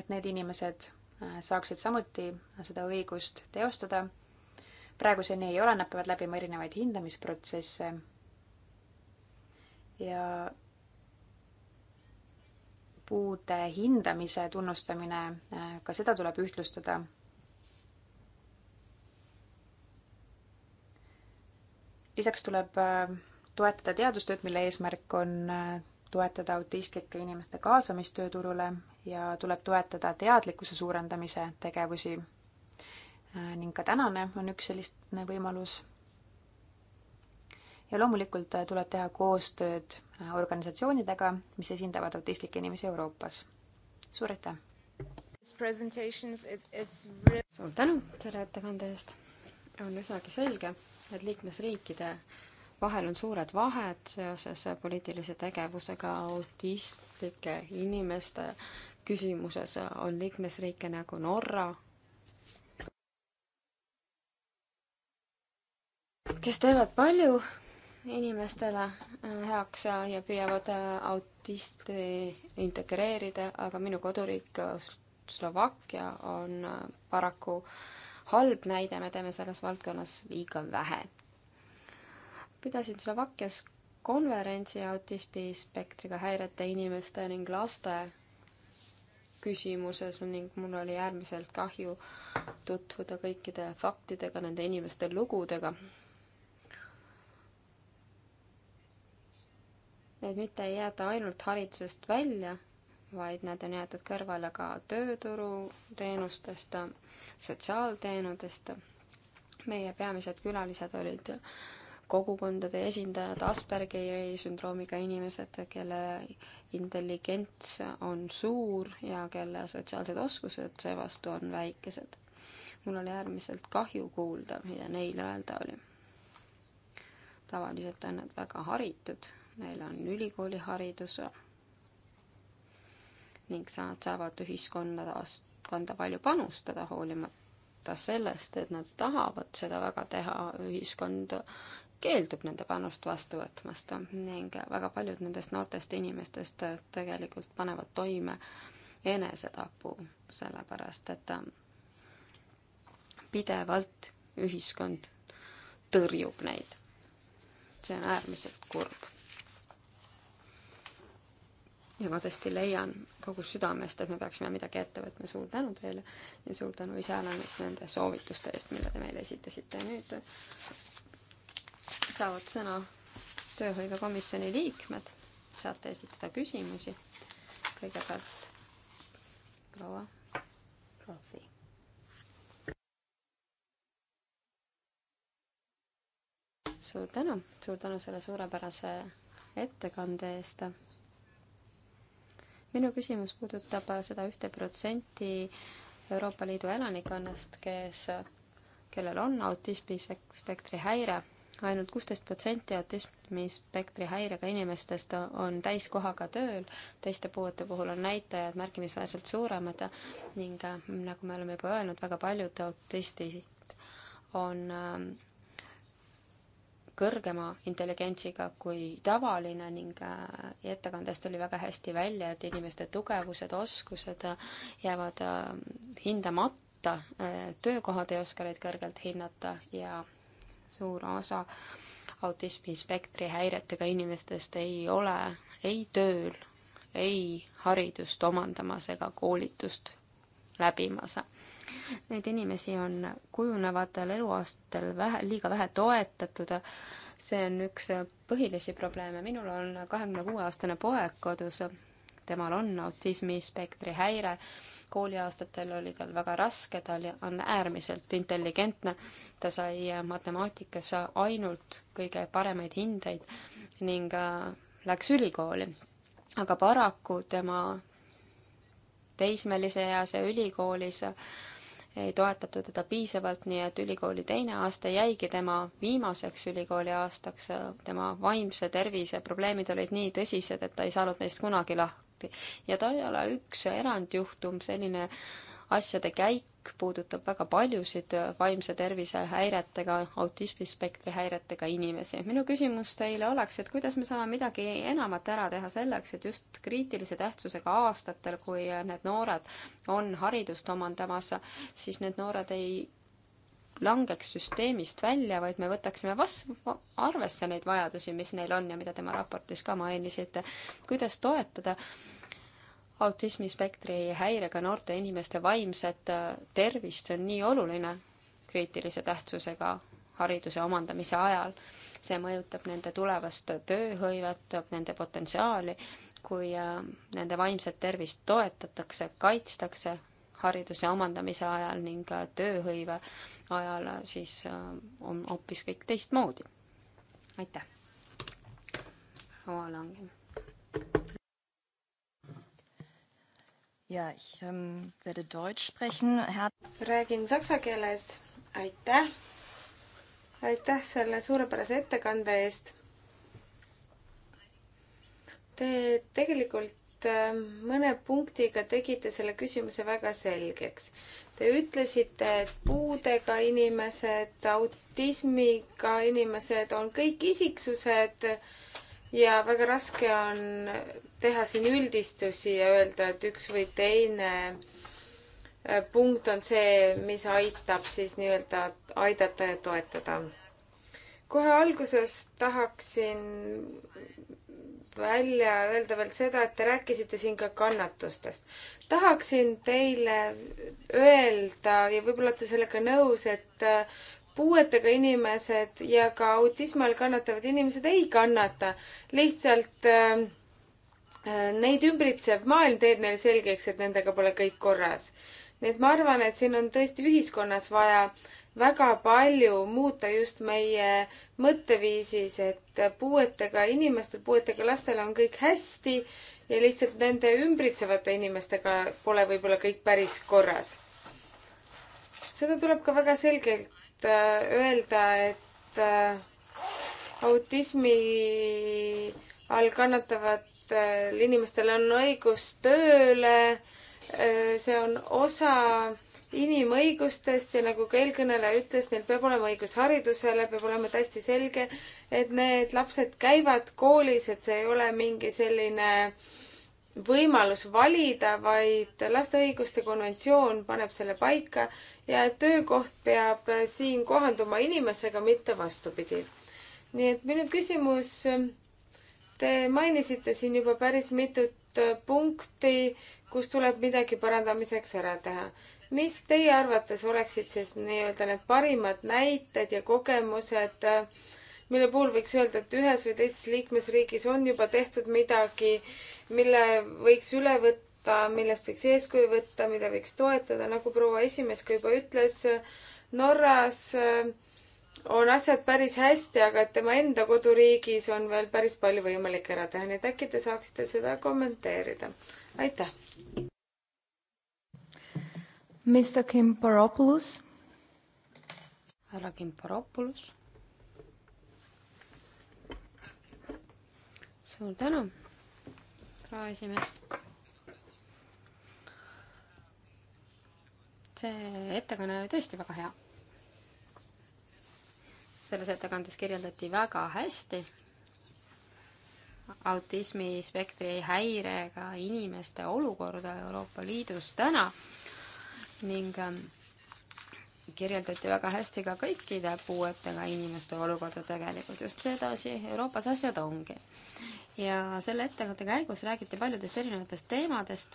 et need inimesed äh, saaksid samuti seda õigust teostada. praeguseni ei ole, nad peavad läbima erinevaid hindamisprotsesse. ja puude hindamise tunnustamine, äh, ka seda tuleb ühtlustada lisaks tuleb äh, toetada teadustööd, mille eesmärk on äh, toetada autistlike inimeste kaasamist tööturule ja tuleb toetada teadlikkuse suurendamise tegevusi. Äh, ning ka tänane on üks selline võimalus. ja loomulikult äh, tuleb teha koostööd organisatsioonidega, mis esindavad autistlikke inimesi Euroopas. suur aitäh! suur tänu selle ettekande eest! on üsnagi selge, et liikmesriikide vahel on suured vahed seoses poliitilise tegevusega autistlike inimeste küsimuses on liikmesriike nagu Norra, kes teevad palju inimestele äh, heaks ja, ja püüavad äh, autisti integreerida, aga minu koduriik äh, Slovakkia on paraku halb näide, me teeme selles valdkonnas liiga vähe pidasin Slovakkias konverentsi autismispektriga häirete inimeste ning laste küsimuses ning mul oli äärmiselt kahju tutvuda kõikide faktidega, nende inimeste lugudega. et mitte ei jäeta ainult haridusest välja, vaid nad on jäetud kõrvale ka tööturuteenustest, sotsiaalteenudest. meie peamised külalised olid kogukondade esindajad, Aspergeri sündroomiga inimesed, kelle intelligents on suur ja kelle sotsiaalsed oskused seevastu on väikesed. mul oli äärmiselt kahju kuulda, mida neil öelda oli. tavaliselt on nad väga haritud, neil on ülikooliharidus ning nad saavad ühiskonda taas kanda palju panustada, hoolimata sellest, et nad tahavad seda väga teha, ühiskond keeldub nende panust vastu võtmast ning väga paljud nendest noortest inimestest tegelikult panevad toime enesetapu, sellepärast et pidevalt ühiskond tõrjub neid. see on äärmiselt kurb. ja ma tõesti leian kogu südamest, et me peaksime midagi ette võtma. suur tänu teile ja suur tänu iseäranis nende soovituste eest, mille te meile esitasite. nüüd saavad sõna tööhõivekomisjoni liikmed, saate esitada küsimusi. kõigepealt proua Rootsi. suur tänu, suur tänu selle suurepärase ettekande eest. minu küsimus puudutab seda ühte protsenti Euroopa Liidu elanikkonnast, kes, kellel on autismispektri häire ainult kuusteist protsenti autismispektri häirega inimestest on täiskohaga tööl, teiste puuete puhul on näitajad märkimisväärselt suuremad ning mm, nagu me oleme juba öelnud, väga paljud autistid on mm, kõrgema intelligentsiga kui tavaline ning äh, ettekandes tuli väga hästi välja, et inimeste tugevused, oskused jäävad mm, hindamata, äh, töökohad ei oska neid kõrgelt hinnata ja suur osa autismispektri häiretega inimestest ei ole ei tööl, ei haridust omandamas ega koolitust läbimas. Neid inimesi on kujunevatel eluaastatel vähe, liiga vähe toetatud, see on üks põhilisi probleeme, minul on kahekümne kuue aastane poeg kodus, temal on autismispektri häire kooliaastatel oli tal väga raske, ta oli, on äärmiselt intelligentne, ta sai äh, matemaatikas ainult kõige paremaid hindeid ning äh, läks ülikooli. aga paraku tema teismelise eas ja ülikoolis äh, ei toetatud teda piisavalt, nii et ülikooli teine aasta jäigi tema viimaseks ülikooli aastaks. tema vaimse tervise probleemid olid nii tõsised, et ta ei saanud neist kunagi lah-, raporti ja ta ei ole üks erandjuhtum, selline asjade käik puudutab väga paljusid vaimse tervise häiretega, autismispektri häiretega inimesi. minu küsimus teile oleks, et kuidas me saame midagi enamat ära teha selleks, et just kriitilise tähtsusega aastatel, kui need noored on haridust omandamas, siis need noored ei langeks süsteemist välja, vaid me võtaksime vas-, arvesse neid vajadusi, mis neil on ja mida tema raportis ka mainisite, kuidas toetada äh, autismispektri häirega noorte inimeste vaimset äh, tervist on nii oluline kriitilise tähtsusega hariduse omandamise ajal. see mõjutab nende tulevast tööhõivet, nende potentsiaali, kui äh, nende vaimset tervist toetatakse, kaitstakse hariduse omandamise ajal ning äh, tööhõive ajal, siis on hoopis kõik teistmoodi. aitäh! Hoa Langen ja ich ähm, werde Deutsch sprechen. Her räägin saksa keeles. aitäh. aitäh selle suurepärase ettekande eest. Te tegelikult äh, mõne punktiga tegite selle küsimuse väga selgeks. Te ütlesite, et puudega inimesed, autismiga inimesed on kõik isiksused äh, ja väga raske on teha siin üldistusi ja öelda, et üks või teine äh, punkt on see, mis aitab siis nii-öelda aidata ja toetada. kohe alguses tahaksin välja öelda veel seda, et te rääkisite siin ka kannatustest. tahaksin teile öelda ja võib-olla olete sellega nõus, et äh, puuetega inimesed ja ka autismi all kannatavad inimesed ei kannata. lihtsalt äh, äh, neid ümbritsev maailm teeb neile selgeks, et nendega pole kõik korras. nii et ma arvan, et siin on tõesti ühiskonnas vaja väga palju muuta just meie mõtteviisis, et puuetega inimestel, puuetega lastel on kõik hästi ja lihtsalt nende ümbritsevate inimestega pole võib-olla kõik päris korras seda tuleb ka väga selgelt Äh, öelda, et äh, autismi all kannatavatel inimestel on õigus tööle, äh, see on osa inimõigustest ja nagu ka eelkõneleja ütles, neil peab olema õigus haridusele, peab olema täiesti selge, et need lapsed käivad koolis, et see ei ole mingi selline äh, võimalus valida, vaid laste õiguste konventsioon paneb selle paika ja töökoht peab siin kohanduma inimesega, mitte vastupidi. nii et minu küsimus, te mainisite siin juba päris mitut punkti, kus tuleb midagi parandamiseks ära teha. mis teie arvates oleksid siis nii-öelda need parimad näited ja kogemused äh, mille puhul võiks öelda, et ühes või teises liikmesriigis on juba tehtud midagi, mille võiks üle võtta, millest võiks eeskuju võtta, mida võiks toetada, nagu proua esimees ka juba ütles, Norras äh, on asjad päris hästi, aga et tema enda koduriigis on veel päris palju võimalik ära teha, nii et äkki te saaksite seda kommenteerida. aitäh. Mr Kim Poropoulos. härra Kim Poropoulos suur tänu, proua esimees. see ettekanne oli tõesti väga hea. selles ettekandes kirjeldati väga hästi autismispektri häirega inimeste olukorda Euroopa Liidus täna ning ähm, kirjeldati väga hästi ka kõikide puuetega inimeste olukorda tegelikult, just sedasi Euroopas asjad ongi ja selle ettekande käigus räägiti paljudest erinevatest teemadest,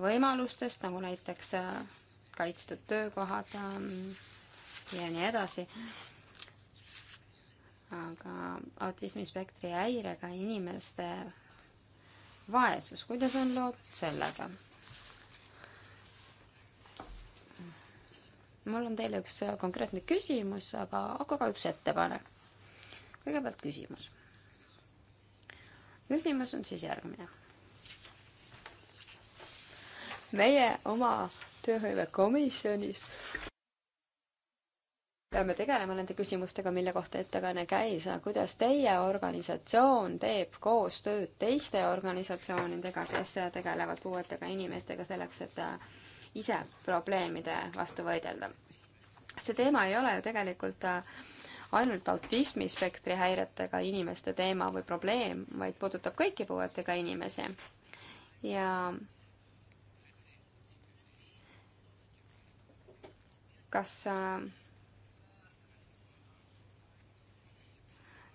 võimalustest, nagu näiteks äh, kaitstud töökohad ähm, ja nii edasi. aga autismispektri häirega inimeste vaesus, kuidas on lood sellega? mul on teile üks konkreetne küsimus, aga, aga ka üks ettepanek kõigepealt küsimus. küsimus on siis järgmine. meie oma tööhõivekomisjonis peame tegelema nende küsimustega, mille kohta ettekanne käis, kuidas teie organisatsioon teeb koostööd teiste organisatsioonidega, kes tegelevad puuetega inimestega selleks, et ise probleemide vastu võidelda. see teema ei ole ju tegelikult äh, ainult autismispektri häiretega inimeste teema või probleem, vaid puudutab kõiki puuetega inimesi. ja kas äh,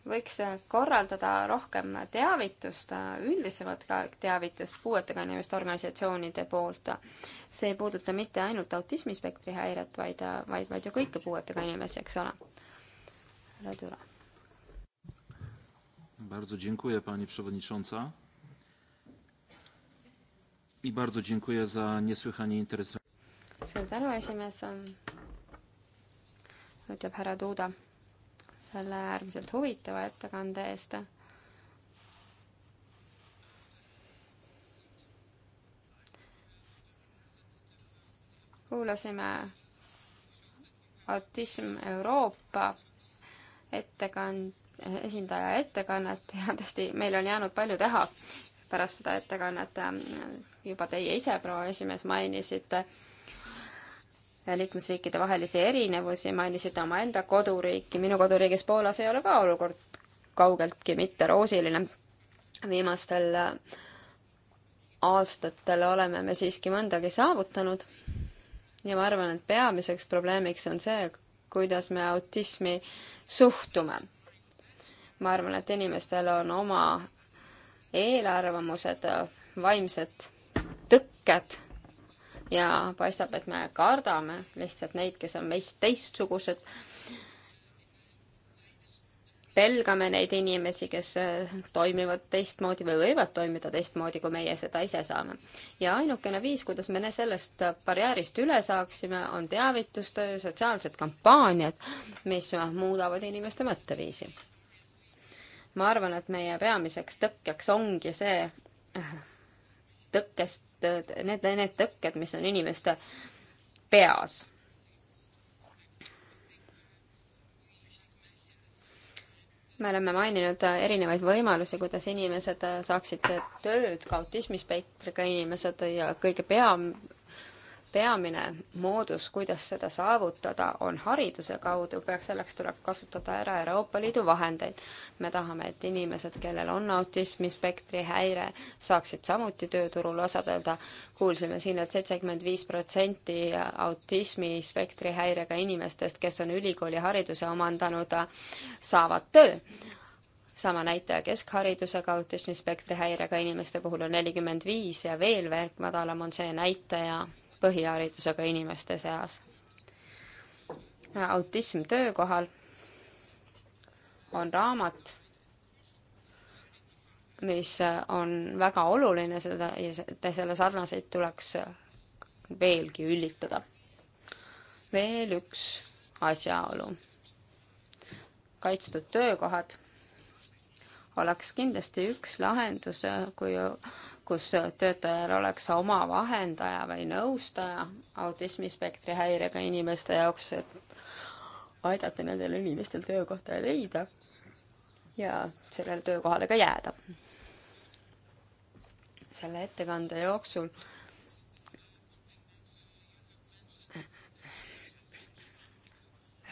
võiks korraldada rohkem teavitust, äh, üldisemat ka teavitust puuetega inimeste organisatsioonide poolt. see ei puuduta mitte ainult autismispektri häiret, vaid, äh, vaid, vaid ju kõiki puuetega inimesi, eks ole härra Türa. Bardzo dziękuję pani przewodnicząca i bardzo dziękuję za niesłychanie interesujące. Suur tänu, esimees, ütleb härra Duda selle äärmiselt huvitava ettekande eest. kuulasime Autism Euroopa ettekand-, esindaja ettekannet ja tõesti, meil on jäänud palju teha pärast seda ettekannet. Äh, juba teie ise, proua esimees, mainisite liikmesriikide vahelisi erinevusi, mainisite omaenda koduriiki, minu koduriigis Poolas ei ole ka olukord kaugeltki mitte roosiline. viimastel äh, aastatel oleme me siiski mõndagi saavutanud ja ma arvan, et peamiseks probleemiks on see, kuidas me autismi suhtume. ma arvan, et inimestel on oma eelarvamused, vaimsed tõkked ja paistab, et me kardame lihtsalt neid, kes on meist teistsugused pelgame neid inimesi, kes äh, toimivad teistmoodi või võivad toimida teistmoodi, kui meie seda ise saame. ja ainukene viis, kuidas me sellest barjäärist üle saaksime, on teavitustöö, sotsiaalsed kampaaniad, mis muudavad inimeste mõtteviisi. ma arvan, et meie peamiseks tõkkeks ongi see äh, tõkkest, need, need tõkked, mis on inimeste peas me oleme maininud äh, erinevaid võimalusi, kuidas inimesed äh, saaksid tööd, ka autismispektriga inimesed ja kõige peam-, peamine moodus, kuidas seda saavutada, on hariduse kaudu, peaks selleks tuleb kasutada ära Euroopa Liidu vahendeid. me tahame, et inimesed, kellel on autismispektri häire, saaksid samuti tööturul osaleda. kuulsime siin et, et seitsekümmend viis protsenti autismispektri häirega inimestest, kes on ülikoolihariduse omandanud, saavad töö sama näitaja keskharidusega autismispektri häirega inimeste puhul on nelikümmend viis ja veel madalam on see näitaja põhiharidusega inimeste seas. autism töökohal on raamat, mis on väga oluline, seda ja selle sarnaseid tuleks veelgi üllitada. veel üks asjaolu. kaitstud töökohad oleks kindlasti üks lahendus, kui kus töötajal oleks oma vahendaja või nõustaja autismispektri häirega inimeste jaoks, et aidata nendel inimestel töökohta leida ja sellele töökohale ka jääda. selle ettekande jooksul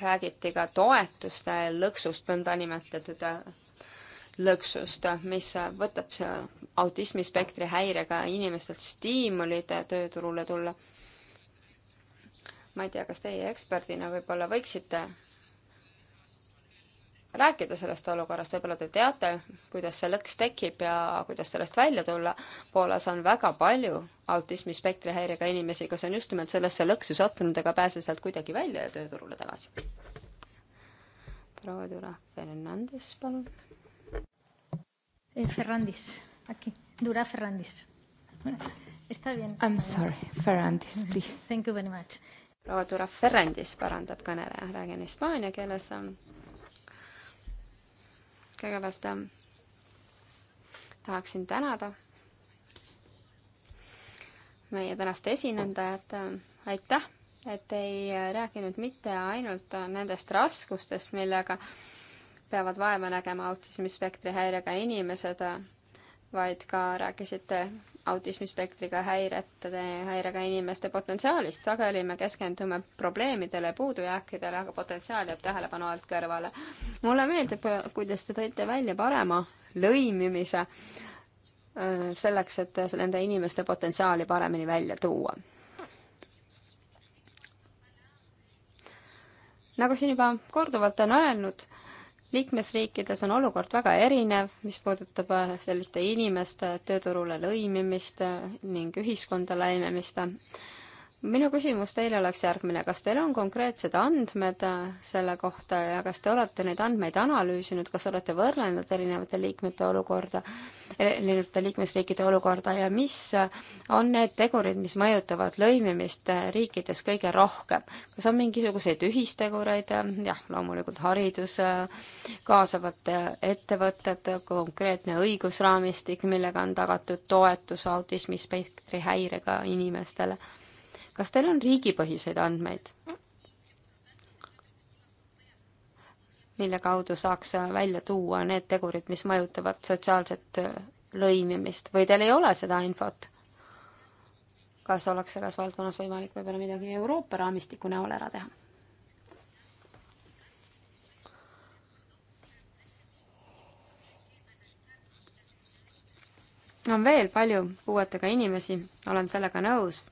räägiti ka toetuste lõksust nõndanimetatud lõksust, mis võtab autismispektri häirega inimestelt stiimulid tööturule tulla. ma ei tea, kas teie eksperdina võib-olla võiksite rääkida sellest olukorrast, võib-olla te teate, kuidas see lõks tekib ja kuidas sellest välja tulla. Poolas on väga palju autismispektri häirega inimesi, kes on just nimelt sellesse lõksu sattunud ega pääse sealt kuidagi välja ja tööturule tagasi. proua Tura Fernandes, palun eh, Ferrandis, aquí, Dura Ferrandis. Está bien. I m sorry, Ferrandis, please. Thank you very much. proua Dura Ferrandis parandab kõneleja, räägin hispaania keeles. Ähm. kõigepealt ähm, tahaksin tänada meie tänast esinendajat, ähm. aitäh, et ei äh, rääkinud mitte ainult äh, nendest raskustest, millega peavad vaeva nägema autismispektri häirega inimesed, vaid ka rääkisite autismispektriga häirete, häirega inimeste potentsiaalist. sageli me keskendume probleemidele, puudujääkidele, aga potentsiaal jääb tähelepanu alt kõrvale. mulle meeldib, kuidas te tõite välja parema lõimimise selleks, et nende inimeste potentsiaali paremini välja tuua. nagu siin juba korduvalt on öelnud liikmesriikides on olukord väga erinev, mis puudutab äh, selliste inimeste tööturule lõimimist äh, ning ühiskonda lõimimist minu küsimus teile oleks järgmine, kas teil on konkreetsed andmed äh, selle kohta ja kas te olete neid andmeid analüüsinud, kas olete võrrelnud erinevate liikmete olukorda, erinevate liikmesriikide olukorda ja mis äh, on need tegurid, mis mõjutavad lõimimist äh, riikides kõige rohkem? kas on mingisuguseid ühistegureid, jah, loomulikult haridus, kaasavad ettevõtted, konkreetne õigusraamistik, millega on tagatud toetus autismispektri häirega inimestele kas teil on riigipõhiseid andmeid? mille kaudu saaks välja tuua need tegurid, mis mõjutavad sotsiaalset äh, lõimimist või teil ei ole seda infot? kas oleks selles valdkonnas võimalik võib-olla midagi Euroopa raamistiku näol ära teha? on veel palju puuetega inimesi, olen sellega nõus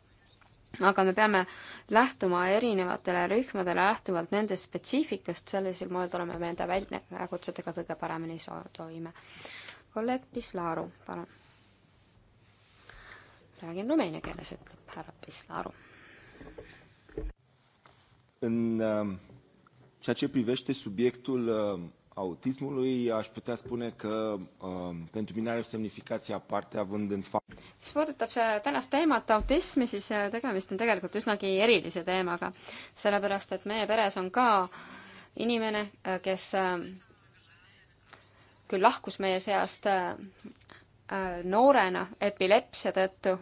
aga me peame lähtuma erinevatele rühmadele lähtuvalt nende spetsiifikast, sellisel moel tuleme me enda väljakutsetega kõige paremini toime. kolleeg Pislaru, palun. räägin rumeenia keeles, ütleb härra Pislaru. În uh, ceea ce privește subiectul uh, autismului, aș putea spune că uh, pentru mine are o semnificație aparte, având în fapt... mis puudutab tänast teemat, autismi, siis äh, tegemist on tegelikult üsnagi erilise teemaga, sellepärast et meie peres on ka inimene, äh, kes äh, küll lahkus meie seast noorena epilepsia tõttu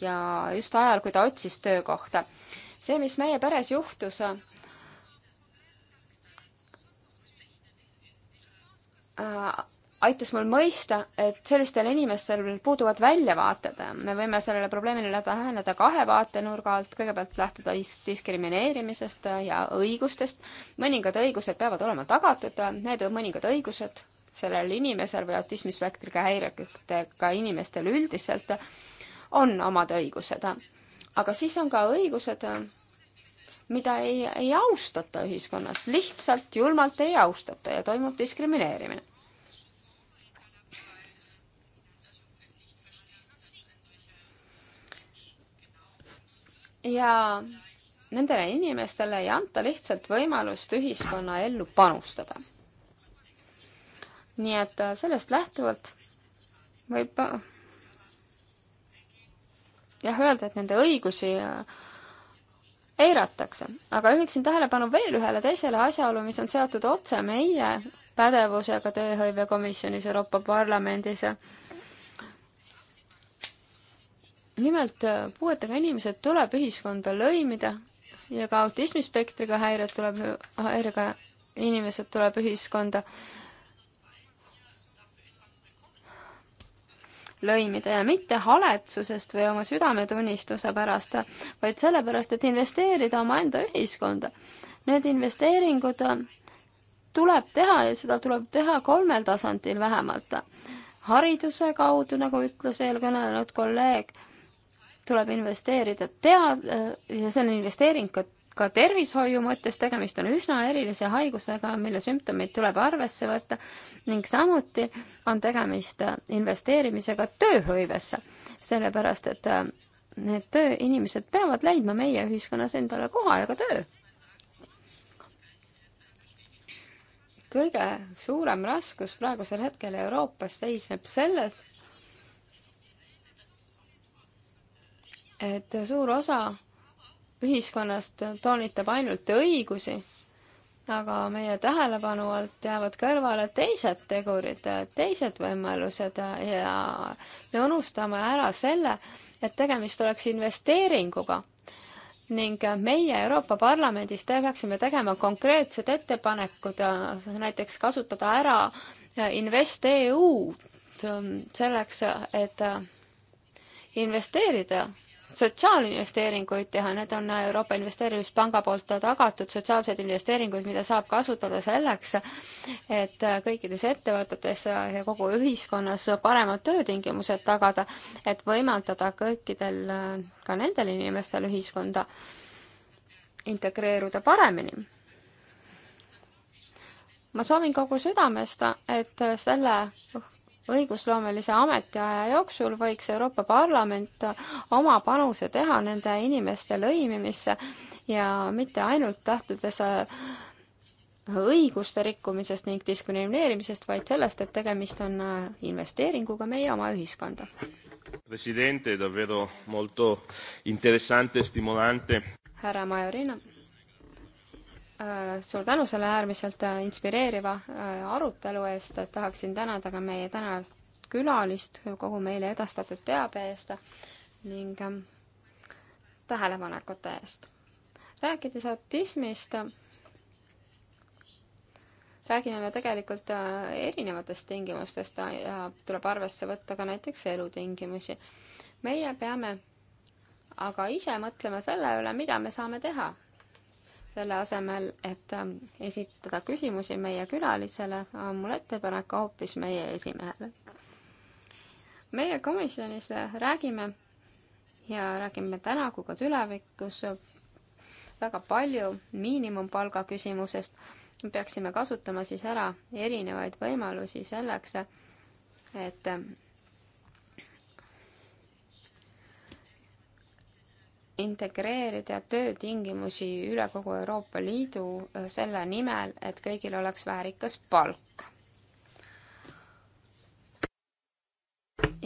ja just ajal, kui ta otsis töökohta. see, mis meie peres juhtus, Äh, aitas mul mõista, et sellistel inimestel puuduvad väljavaated. me võime sellele probleemile läheneda kahe vaatenurga alt, kõigepealt lähtuda diskrimineerimisest ja õigustest. mõningad õigused peavad olema tagatud, need mõningad õigused sellel inimesel või autismispektriga häiretega inimestel üldiselt on omad õigused. aga siis on ka õigused, mida ei, ei austata ühiskonnas, lihtsalt julmalt ei austata ja toimub diskrimineerimine. ja nendele inimestele ei anta lihtsalt võimalust ühiskonna ellu panustada. nii et äh, sellest lähtuvalt võib äh, jah öelda, et nende õigusi äh, eiratakse. aga juhiksin tähelepanu veel ühele teisele asjaolu, mis on seotud otse meie pädevusega Tööhõivekomisjonis Euroopa Parlamendis. nimelt puuetega inimesed tuleb ühiskonda lõimida ja ka autismispektriga häired tuleb, häirega inimesed tuleb ühiskonda lõimida ja mitte haletsusest või oma südametunnistuse pärast, vaid sellepärast, et investeerida omaenda ühiskonda. Need investeeringud tuleb teha ja seda tuleb teha kolmel tasandil vähemalt. hariduse kaudu, nagu ütles eelkõnelenud kolleeg, tuleb investeerida tead- ja see on investeering ka ka tervishoiu mõttes tegemist on üsna erilise haigusega, mille sümptomeid tuleb arvesse võtta ning samuti on tegemist investeerimisega tööhõivesse, sellepärast et äh, need tööinimesed peavad leidma meie ühiskonnas endale koha ja ka töö. kõige suurem raskus praegusel hetkel Euroopas seisneb selles, et suur osa ühiskonnast toonitab ainult õigusi, aga meie tähelepanu alt jäävad kõrvale teised tegurid, teised võimalused ja me unustame ära selle, et tegemist oleks investeeringuga. ning meie Euroopa Parlamendis peaksime tegema konkreetsed ettepanekud, näiteks kasutada ära InvestEU-d selleks, et investeerida sotsiaalinvesteeringuid teha, need on Euroopa Investeerimispanga poolt tagatud sotsiaalsed investeeringud, mida saab kasutada selleks, et kõikides ettevõtetes ja kogu ühiskonnas paremad töötingimused tagada, et võimaldada kõikidel, ka nendel inimestel ühiskonda integreeruda paremini. ma soovin kogu südamest, et selle õigusloomelise ametiaja jooksul võiks Euroopa Parlament oma panuse teha nende inimeste lõimimisse ja mitte ainult lähtudes äh, õiguste rikkumisest ning diskrimineerimisest, vaid sellest, et tegemist on äh, investeeringuga meie oma ühiskonda. presidente, davvero molto interessante, e stimolante. härra Majorina Äh, suur tänu selle äärmiselt äh, inspireeriva äh, arutelu eest, tahaksin tänada ka meie tänast külalist kogu meile edastatud teabe eest ning ähm, tähelepanekute eest. rääkides autismist, räägime me tegelikult erinevatest tingimustest ja tuleb arvesse võtta ka näiteks elutingimusi. meie peame aga ise mõtlema selle üle, mida me saame teha selle asemel, et ähm, esitada küsimusi meie külalisele, on mul ettepanek hoopis meie esimehele. meie komisjonis räägime ja räägime täna kui ka tulevikus väga palju miinimumpalga küsimusest. me peaksime kasutama siis ära erinevaid võimalusi selleks, et integreerida töötingimusi üle kogu Euroopa Liidu äh, selle nimel, et kõigil oleks väärikas palk.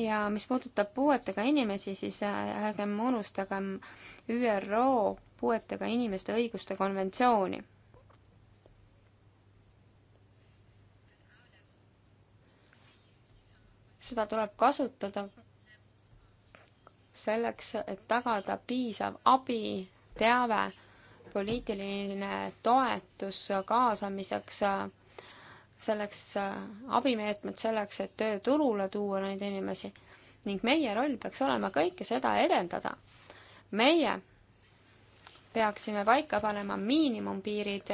ja mis puudutab puuetega inimesi, siis äh, ärgem unustagem ÜRO puuetega inimeste õiguste konventsiooni seda tuleb kasutada selleks, et tagada piisav abi, teave, poliitiline toetus kaasamiseks, selleks abimeetmed selleks, et tööturule tuua neid inimesi ning meie roll peaks olema kõike seda edendada. meie peaksime paika panema miinimumpiirid,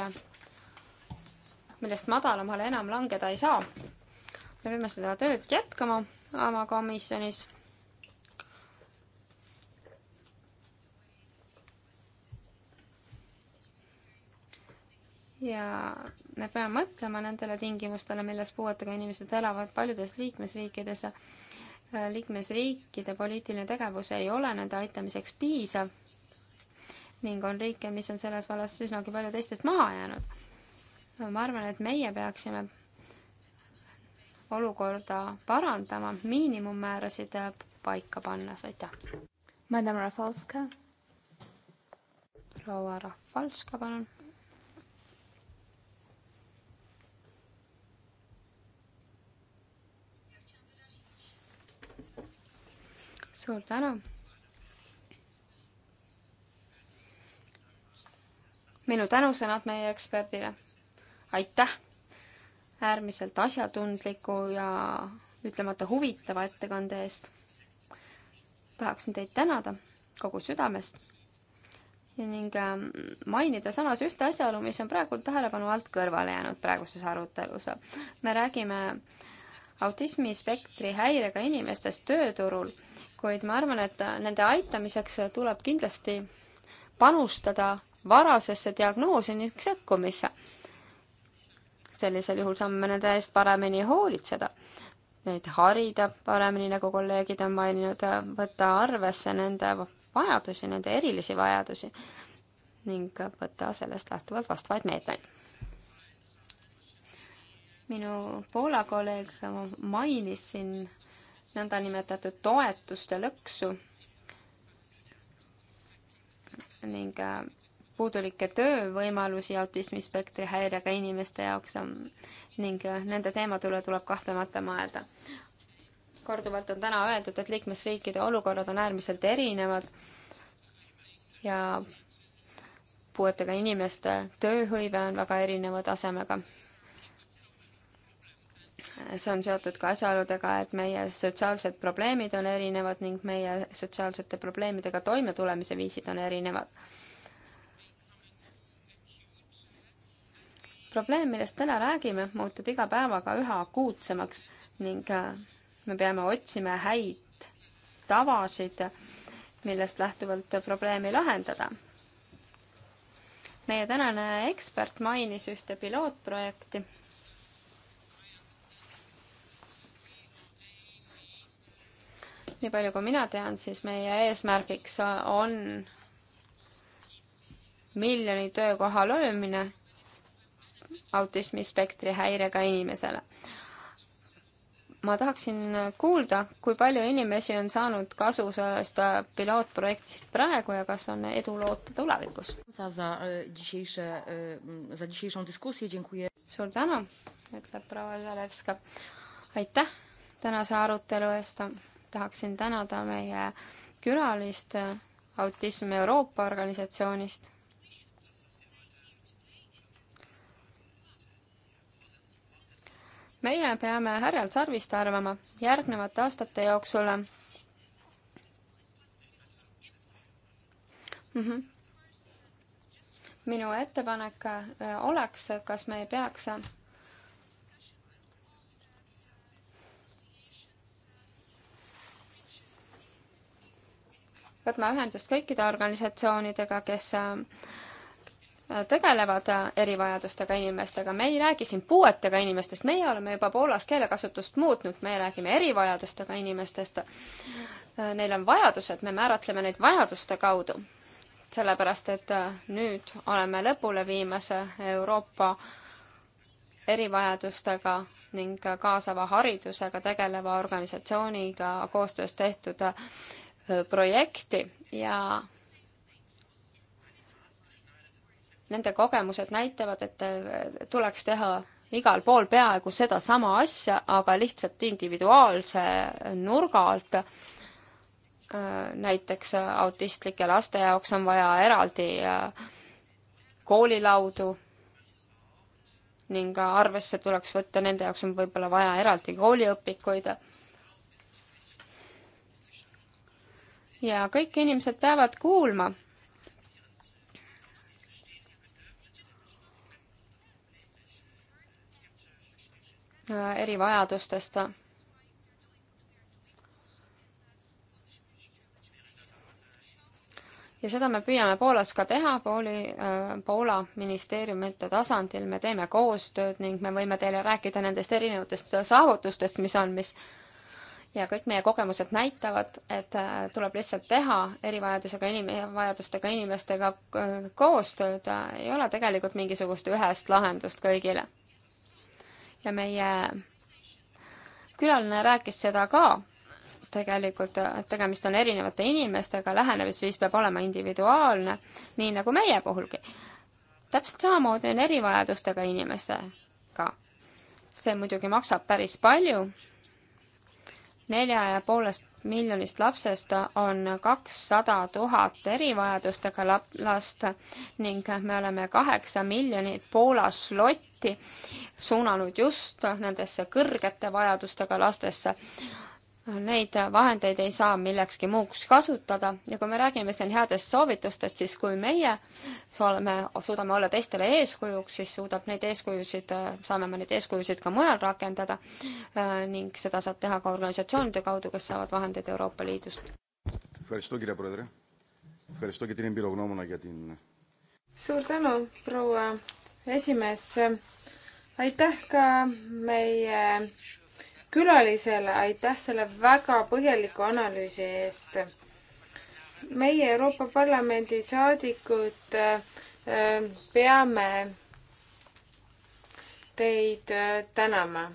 millest madalamale enam langeda ei saa. me peame seda tööd jätkama oma komisjonis ja me peame mõtlema nendele tingimustele, milles puuetega inimesed elavad paljudes liikmesriikides. liikmesriikide poliitiline tegevus ei ole nende aitamiseks piisav ning on riike, mis on selles vallas üsnagi palju teistest maha jäänud. ma arvan, et meie peaksime olukorda parandama, miinimummäärasid paika pannes, aitäh. Madam Rafalska. proua Rafalska, palun suur tänu. minu tänusõnad meie eksperdile. aitäh äärmiselt asjatundliku ja ütlemata huvitava ettekande eest. tahaksin teid tänada kogu südamest ning ähm, mainida samas ühte asjaolu, mis on praegu tähelepanu alt kõrvale jäänud praeguses arutelus. me räägime autismispektri häirega inimestest tööturul kuid ma arvan, et nende aitamiseks tuleb kindlasti panustada varasesse diagnoosi ning sekkumisse. sellisel juhul saame nende eest paremini hoolitseda, neid harida paremini, nagu kolleegid on maininud, võtta arvesse nende vajadusi, nende erilisi vajadusi ning võtta sellest lähtuvalt vastavaid meetmeid. minu Poola kolleeg mainis siin nõndanimetatud toetuste lõksu ning äh, puudulikke töövõimalusi autismispektri häirega inimeste jaoks ähm, ning äh, nende teemade üle tuleb kahtlemata mõelda. korduvalt on täna öeldud, et liikmesriikide olukorrad on äärmiselt erinevad ja puuetega inimeste tööhõive on väga erineva tasemega see on seotud ka asjaoludega, et meie sotsiaalsed probleemid on erinevad ning meie sotsiaalsete probleemidega toimetulemise viisid on erinevad. probleem, millest täna räägime, muutub iga päevaga üha akuutsemaks ning äh, me peame otsima häid tavasid, millest lähtuvalt probleemi lahendada. meie tänane ekspert mainis ühte pilootprojekti nii palju kui mina tean, siis meie eesmärgiks on miljoni töökoha löömine autismispektri häirega inimesele. ma tahaksin kuulda, kui palju inimesi on saanud kasu sellest pilootprojektist praegu ja kas on edulood tulevikus? E, e, suur tänu, ütleb proua Zalevska. aitäh tänase arutelu eest tahaksin tänada meie külalist Autism Euroopa organisatsioonist. meie peame härjal sarvist arvama järgnevate aastate jooksul mm. -hmm. minu ettepanek äh, oleks, kas me ei peaks võtma ühendust kõikide organisatsioonidega, kes äh, tegelevad äh, erivajadustega inimestega, me ei räägi siin puuetega inimestest, meie oleme juba Poolas keelekasutust muutnud, me räägime erivajadustega inimestest. Äh, neil on vajadused, me määratleme neid vajaduste kaudu. sellepärast, et nüüd oleme lõpule viimas Euroopa erivajadustega ning kaasava haridusega tegeleva organisatsiooniga koostöös tehtud projekti ja nende kogemused näitavad, et tuleks teha igal pool peaaegu sedasama asja, aga lihtsalt individuaalse nurga alt. näiteks autistlike laste jaoks on vaja eraldi koolilaudu ning arvesse tuleks võtta, nende jaoks on võib-olla vaja eraldi kooliõpikuid ja kõik inimesed peavad kuulma. erivajadustest ja seda me püüame Poolas ka teha, Pooli, äh, Poola ministeeriumite tasandil me teeme koostööd ning me võime teile rääkida nendest erinevatest saavutustest, mis on, mis ja kõik meie kogemused näitavad, et äh, tuleb lihtsalt teha erivajadusega inim-, vajadustega inimestega äh, koostööd, ei ole tegelikult mingisugust ühest lahendust kõigile. ja meie külaline rääkis seda ka, tegelikult, et äh, tegemist on erinevate inimestega, lähenemisviis peab olema individuaalne, nii nagu meie puhulgi. täpselt samamoodi on erivajadustega inimestega. see muidugi maksab päris palju nelja ja poolest miljonist lapsest on kakssada tuhat erivajadustega lap-, last ning me oleme kaheksa miljonit Poola slotti suunanud just nendesse kõrgete vajadustega lastesse neid vahendeid ei saa millekski muuks kasutada ja kui me räägime siin headest soovitustest, siis kui meie oleme, suudame olla teistele eeskujuks, siis suudab neid eeskujusid, saame me neid eeskujusid ka mujal rakendada äh, ning seda saab teha ka organisatsioonide kaudu, kes saavad vahendeid Euroopa Liidust. suur tänu, proua esimees. aitäh ka meie külalisele, aitäh selle väga põhjaliku analüüsi eest. meie Euroopa Parlamendi saadikud äh, peame teid äh, tänama.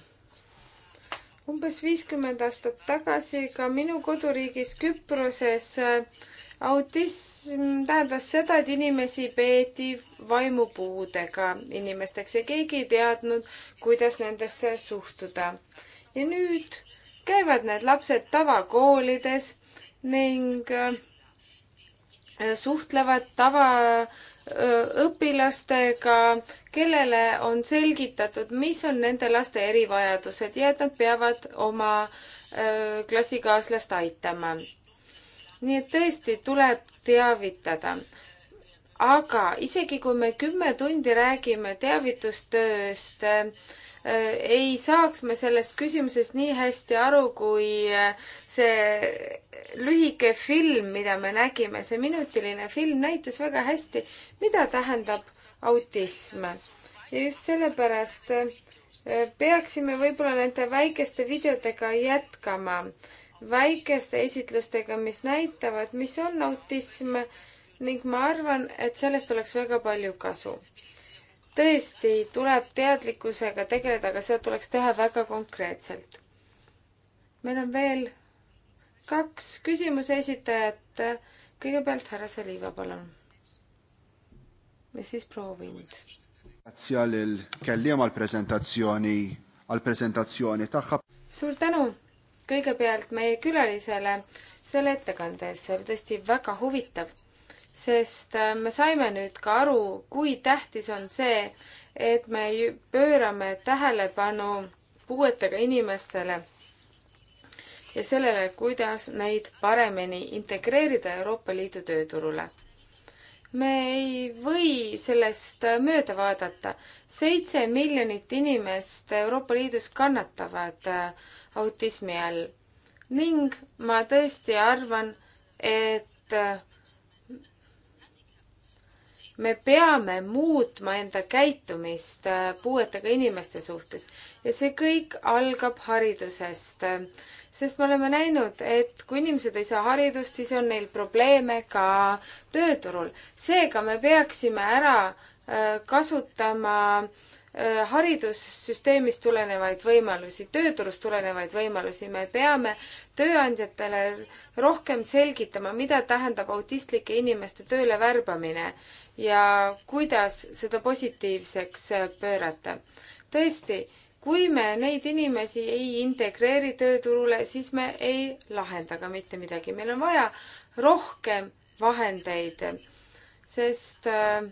umbes viiskümmend aastat tagasi ka minu koduriigis Küproses äh, autism tähendas seda, et inimesi peeti vaimupuudega inimesteks ja keegi ei teadnud, kuidas nendesse suhtuda ja nüüd käivad need lapsed tavakoolides ning äh, suhtlevad tavaõpilastega, äh, kellele on selgitatud, mis on nende laste erivajadused ja et nad peavad oma äh, klassikaaslast aitama. nii et tõesti tuleb teavitada aga isegi kui me kümme tundi räägime teavitustööst, Äh, ei saaks me sellest küsimusest nii hästi aru, kui äh, see lühike film, mida me nägime, see minutiline film näitas väga hästi, mida tähendab autism. ja just sellepärast äh, peaksime võib-olla nende väikeste videotega jätkama, väikeste esitlustega, mis näitavad, mis on autism ning ma arvan, et sellest oleks väga palju kasu tõesti tuleb teadlikkusega tegeleda, aga seda tuleks teha väga konkreetselt. meil on veel kaks küsimuse esitajat. kõigepealt härra Saliva, palun. ja siis proua Vind. suur tänu kõigepealt meie külalisele selle ettekande eest, see oli tõesti väga huvitav sest äh, me saime nüüd ka aru, kui tähtis on see, et me pöörame tähelepanu puuetega inimestele ja sellele, kuidas neid paremini integreerida Euroopa Liidu tööturule. me ei või sellest äh, mööda vaadata. seitse miljonit inimest Euroopa Liidus kannatavad äh, autismi all ning ma tõesti arvan, et me peame muutma enda käitumist äh, puuetega inimeste suhtes ja see kõik algab haridusest. sest me oleme näinud, et kui inimesed ei saa haridust, siis on neil probleeme ka tööturul. seega me peaksime ära äh, kasutama äh, Äh, haridussüsteemist tulenevaid võimalusi, tööturust tulenevaid võimalusi, me peame tööandjatele rohkem selgitama, mida tähendab autistlike inimeste tööle värbamine ja kuidas seda positiivseks äh, pöörata. tõesti, kui me neid inimesi ei integreeri tööturule, siis me ei lahenda ka mitte midagi, meil on vaja rohkem vahendeid, sest äh,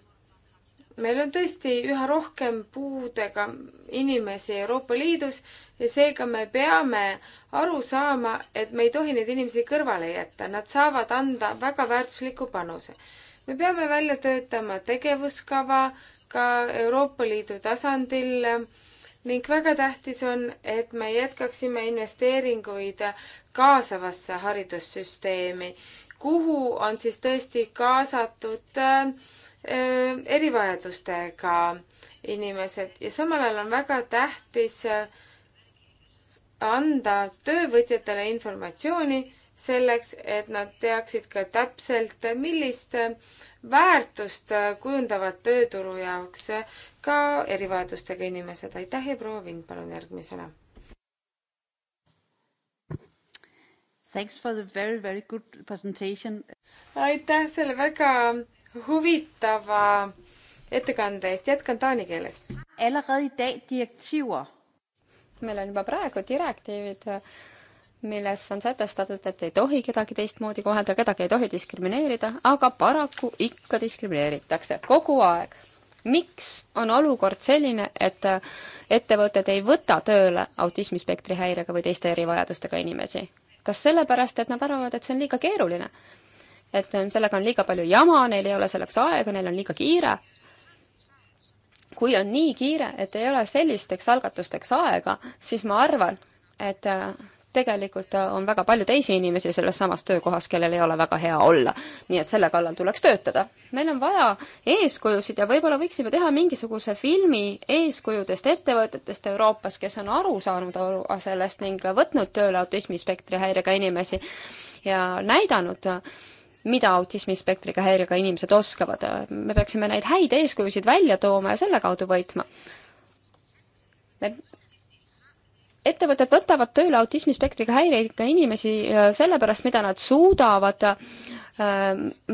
meil on tõesti üha rohkem puudega inimesi Euroopa Liidus ja seega me peame aru saama, et me ei tohi neid inimesi kõrvale jätta, nad saavad anda väga väärtusliku panuse. me peame välja töötama tegevuskava ka Euroopa Liidu tasandil ning väga tähtis on, et me jätkaksime investeeringuid kaasavasse haridussüsteemi, kuhu on siis tõesti kaasatud äh, erivajadustega inimesed ja samal ajal on väga tähtis äh, anda töövõtjatele informatsiooni selleks, et nad teaksid ka täpselt, millist äh, väärtust äh, kujundavad tööturu jaoks ka erivajadustega inimesed. aitäh ja proua Vind, palun järgmisena. Thanks for the very, very good presentation. aitäh selle väga huvitava ettekande eest, jätkan taani keeles. meil on juba praegu direktiivid, milles on sätestatud, et ei tohi kedagi teistmoodi kohelda, kedagi ei tohi diskrimineerida, aga paraku ikka diskrimineeritakse kogu aeg. miks on olukord selline, et ettevõtted ei võta tööle autismispektri häirega või teiste erivajadustega inimesi? kas sellepärast, et nad arvavad, et see on liiga keeruline? et ähm, sellega on liiga palju jama, neil ei ole selleks aega, neil on liiga kiire. kui on nii kiire, et ei ole sellisteks algatusteks aega, siis ma arvan, et äh, tegelikult äh, on väga palju teisi inimesi selles samas töökohas, kellel ei ole väga hea olla. nii et selle kallal tuleks töötada. meil on vaja eeskujusid ja võib-olla võiksime teha mingisuguse filmi eeskujudest ettevõtetest Euroopas, kes on aru saanud äh, sellest ning võtnud tööle autismispektri häirega inimesi ja näidanud mida autismispektriga häirega inimesed oskavad. me peaksime neid häid eeskujusid välja tooma ja selle kaudu võitma. me ettevõtted võtavad tööle autismispektriga häirega inimesi äh, sellepärast, mida nad suudavad, äh,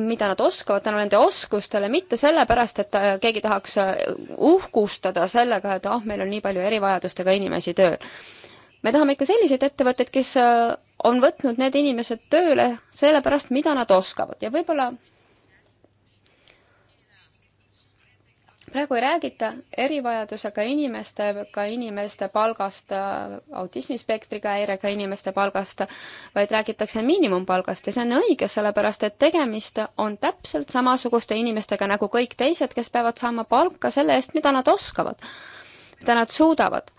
mida nad oskavad tänu nende oskustele, mitte sellepärast, et äh, keegi tahaks uhkustada sellega, et ah oh,, meil on nii palju erivajadustega inimesi tööl me tahame ikka selliseid ettevõtteid, kes äh, on võtnud need inimesed tööle sellepärast, mida nad oskavad ja võib-olla praegu ei räägita erivajadusega inimestega inimeste palgast, äh, autismispektriga häirega inimeste palgast, vaid räägitakse miinimumpalgast ja see on õige, sellepärast et tegemist on täpselt samasuguste inimestega nagu kõik teised, kes peavad saama palka selle eest, mida nad oskavad, mida nad suudavad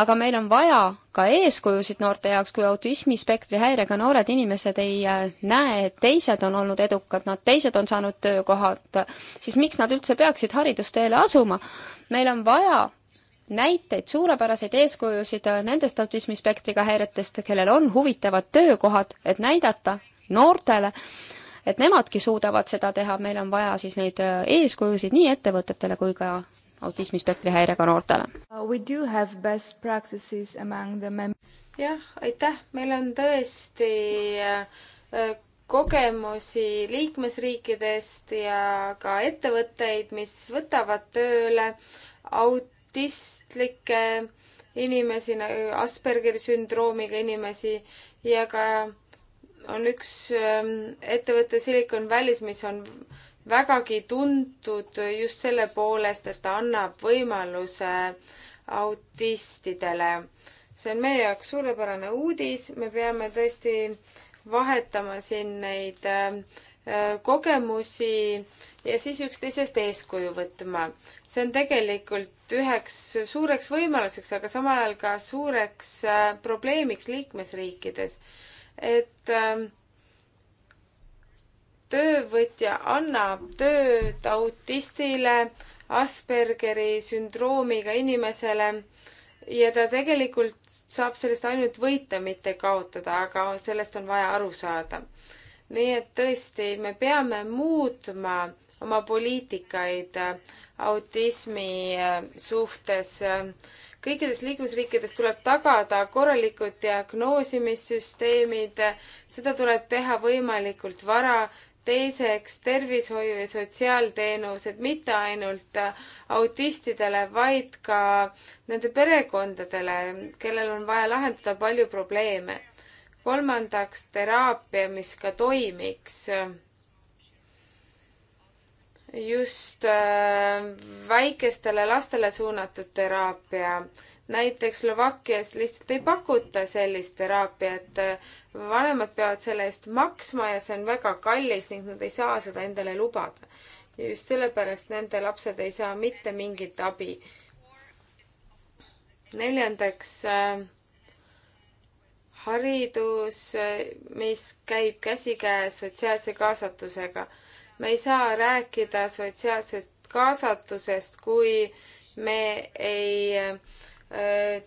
aga meil on vaja ka eeskujusid noorte jaoks, kui autismispektri häirega noored inimesed ei äh, näe, et teised on olnud edukad, nad teised on saanud töökohad, siis miks nad üldse peaksid haridusteele asuma? meil on vaja näiteid, suurepäraseid eeskujusid äh, nendest autismispektriga häiretest, kellel on huvitavad töökohad, et näidata noortele, et nemadki suudavad seda teha, meil on vaja siis neid äh, eeskujusid nii ettevõtetele kui ka autismispektri häirega noortele. Uh, jah, aitäh, meil on tõesti uh, uh, kogemusi liikmesriikidest ja ka ettevõtteid, mis võtavad tööle autistlikke inimesi, Aspergeri sündroomiga inimesi ja ka on üks um, ettevõte Silicon Valley's, mis on vägagi tuntud just selle poolest, et ta annab võimaluse autistidele. see on meie jaoks suurepärane uudis, me peame tõesti vahetama siin neid äh, kogemusi ja siis üksteisest eeskuju võtma. see on tegelikult üheks suureks võimaluseks, aga samal ajal ka suureks äh, probleemiks liikmesriikides. et äh, töövõtja annab tööd autistile, Aspergeri sündroomiga inimesele ja ta tegelikult saab sellest ainult võita, mitte kaotada, aga sellest on vaja aru saada. nii et tõesti, me peame muutma oma poliitikaid autismi äh, suhtes. kõikides liikmesriikides tuleb tagada korralikud diagnoosimissüsteemid, seda tuleb teha võimalikult vara, teiseks tervishoiu ja sotsiaalteenused mitte ainult autistidele, vaid ka nende perekondadele, kellel on vaja lahendada palju probleeme. kolmandaks teraapia, mis ka toimiks just äh, väikestele lastele suunatud teraapia. näiteks Slovakkias lihtsalt ei pakuta sellist teraapiat. vanemad peavad selle eest maksma ja see on väga kallis ning nad ei saa seda endale lubada. ja just sellepärast nende lapsed ei saa mitte mingit abi. neljandaks äh, haridus, äh, mis käib käsikäes sotsiaalse kaasatusega me ei saa rääkida sotsiaalsest kaasatusest, kui me ei äh,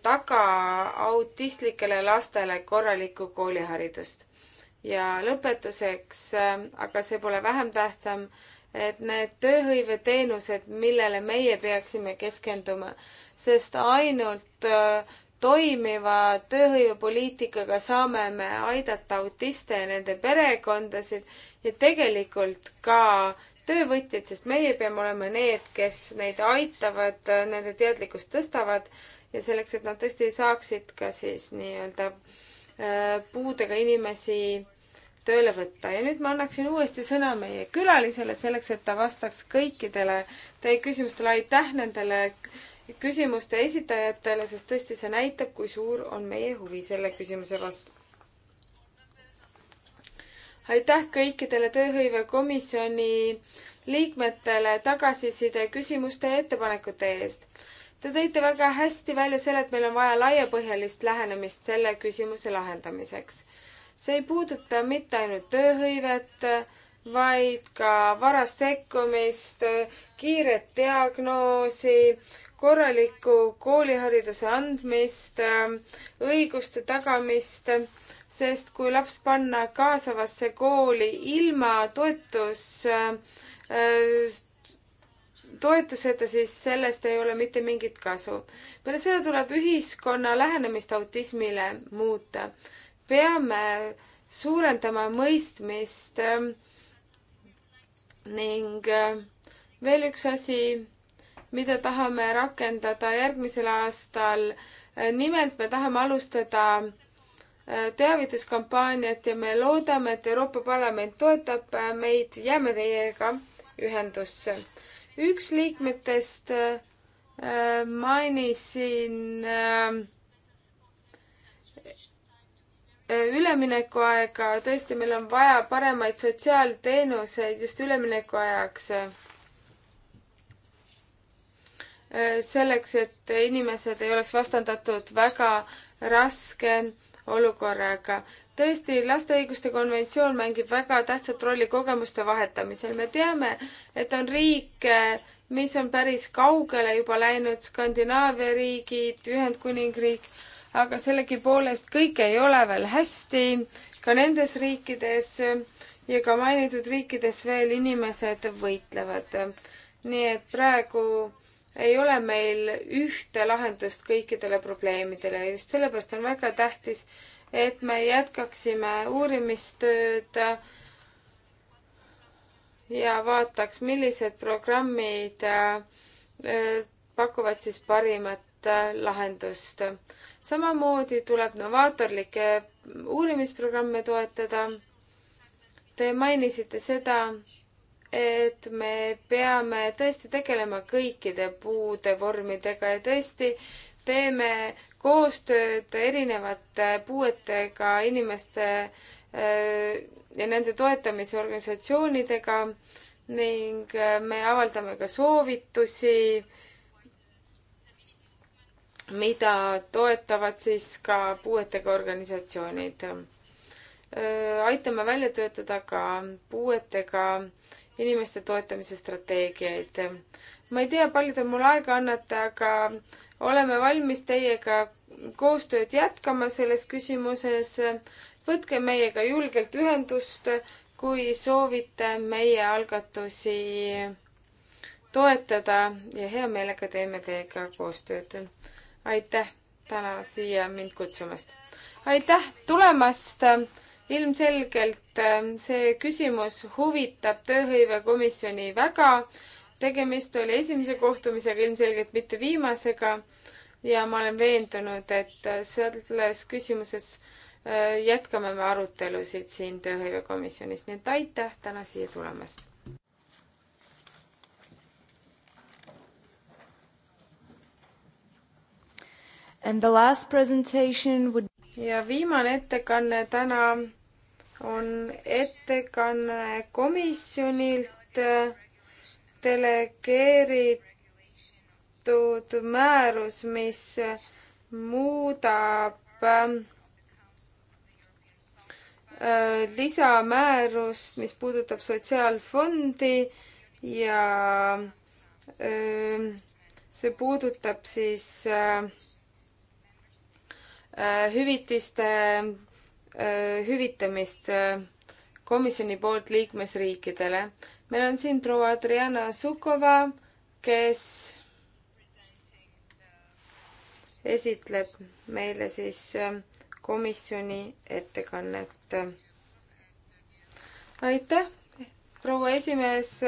taga autistlikele lastele korralikku kooliharidust. ja lõpetuseks äh,, aga see pole vähem tähtsam, et need tööhõiveteenused, millele meie peaksime keskenduma, sest ainult äh, toimiva tööhõivepoliitikaga saame me aidata autiste ja nende perekondasid ja tegelikult ka töövõtjaid, sest meie peame olema need, kes neid aitavad, nende teadlikkust tõstavad ja selleks, et nad tõesti saaksid ka siis nii-öelda äh, puudega inimesi tööle võtta ja nüüd ma annaksin uuesti sõna meie külalisele selleks, et ta vastaks kõikidele teie küsimustele. aitäh nendele küsimuste esitajatele, sest tõesti see näitab, kui suur on meie huvi selle küsimuse vastu. aitäh kõikidele Tööhõivekomisjoni liikmetele tagasiside küsimuste ja ettepanekute eest. Te tõite väga hästi välja selle, et meil on vaja laiapõhjalist lähenemist selle küsimuse lahendamiseks. see ei puuduta mitte ainult tööhõivet, vaid ka varast sekkumist, kiiret diagnoosi korraliku koolihariduse andmist, õiguste tagamist, sest kui laps panna kaasavasse kooli ilma toetus, toetuseta, siis sellest ei ole mitte mingit kasu. peale selle tuleb ühiskonna lähenemist autismile muuta. peame suurendama mõistmist ning äh, veel üks asi mida tahame rakendada järgmisel aastal. nimelt me tahame alustada äh, teavituskampaaniat ja me loodame, et Euroopa Parlament toetab äh, meid, jääme teiega ühendusse. üks liikmetest äh, mainisin äh, üleminekuaega, tõesti, meil on vaja paremaid sotsiaalteenuseid just üleminekuajaks Äh, selleks, et inimesed ei oleks vastandatud väga raske olukorraga. tõesti, laste õiguste konventsioon mängib väga tähtsat rolli kogemuste vahetamisel. me teame, et on riike, mis on päris kaugele juba läinud, Skandinaavia riigid, Ühendkuningriik, aga sellegipoolest kõik ei ole veel hästi ka nendes riikides ja ka mainitud riikides veel inimesed võitlevad. nii et praegu ei ole meil ühte lahendust kõikidele probleemidele ja just sellepärast on väga tähtis, et me jätkaksime uurimistööd ja vaataks, millised programmid äh, pakuvad siis parimat äh, lahendust. samamoodi tuleb novaatorlikke uurimisprogramme toetada. Te mainisite seda, et me peame tõesti tegelema kõikide puude vormidega ja tõesti teeme koostööd erinevate puuetega inimeste äh, ja nende toetamisorganisatsioonidega ning äh, me avaldame ka soovitusi, mida toetavad siis ka puuetega organisatsioonid. Äh, aitame välja töötada ka puuetega inimeste toetamise strateegiaid. ma ei tea, palju te mulle aega annate, aga oleme valmis teiega koostööd jätkama selles küsimuses. võtke meiega julgelt ühendust, kui soovite meie algatusi toetada ja hea meelega teeme teiega koostööd. aitäh täna siia mind kutsumast. aitäh tulemast ilmselgelt ähm, see küsimus huvitab tööhõivekomisjoni väga. tegemist oli esimese kohtumisega, ilmselgelt mitte viimasega. ja ma olen veendunud, et äh, selles küsimuses äh, jätkame me arutelusid siin tööhõivekomisjonis, nii et aitäh täna siia tulemast And the last presentation would ja viimane ettekanne täna on ettekanne komisjonilt äh, delegeeritud määrus, mis muudab äh, lisamäärust, mis puudutab sotsiaalfondi ja öö, äh, see puudutab siis äh, Äh, hüvitiste äh, hüvitamist äh, komisjoni poolt liikmesriikidele. meil on siin proua Adriana Sukova, kes esitleb meile siis komisjoni ettekannet. aitäh, proua esimees,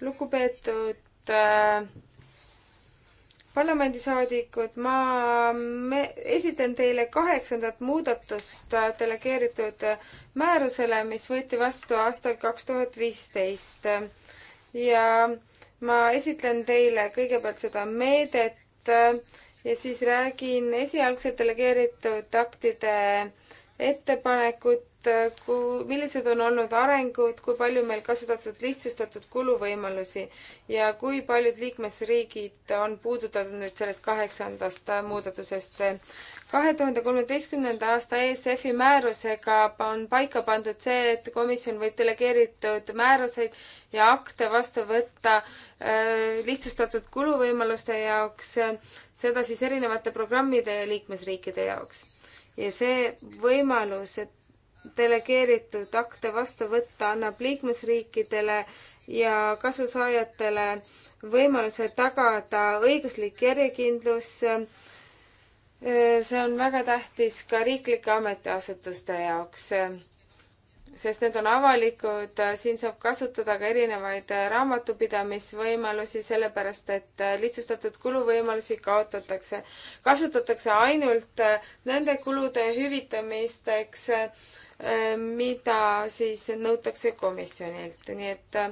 lugupeetud parlamendisaadikud, ma me, esitan teile kaheksandat muudatust äh, delegeeritud äh, määrusele, mis võeti vastu aastal kaks tuhat viisteist. ja ma esitlen teile kõigepealt seda meedet äh, ja siis räägin esialgse delegeeritud aktide ettepanekud Äh, kui, millised on olnud arengud, kui palju meil kasutatud lihtsustatud kuluvõimalusi ja kui paljud liikmesriigid on puudutatud nüüd sellest kaheksandast äh, muudatusest. kahe tuhande kolmeteistkümnenda aasta ESF-i määrusega on paika pandud see, et komisjon võib delegeeritud määruseid ja akte vastu võtta äh, lihtsustatud kuluvõimaluste jaoks, seda siis erinevate programmide ja liikmesriikide jaoks ja see võimalus, et delegeeritud akte vastu võtta annab liikmesriikidele ja kasusaajatele võimaluse tagada õiguslik järjekindlus. see on väga tähtis ka riiklike ametiasutuste jaoks, sest need on avalikud, siin saab kasutada ka erinevaid raamatupidamisvõimalusi, sellepärast et lihtsustatud kuluvõimalusi kaotatakse. kasutatakse ainult nende kulude hüvitamiseks, Äh, mida siis nõutakse komisjonilt, nii et äh,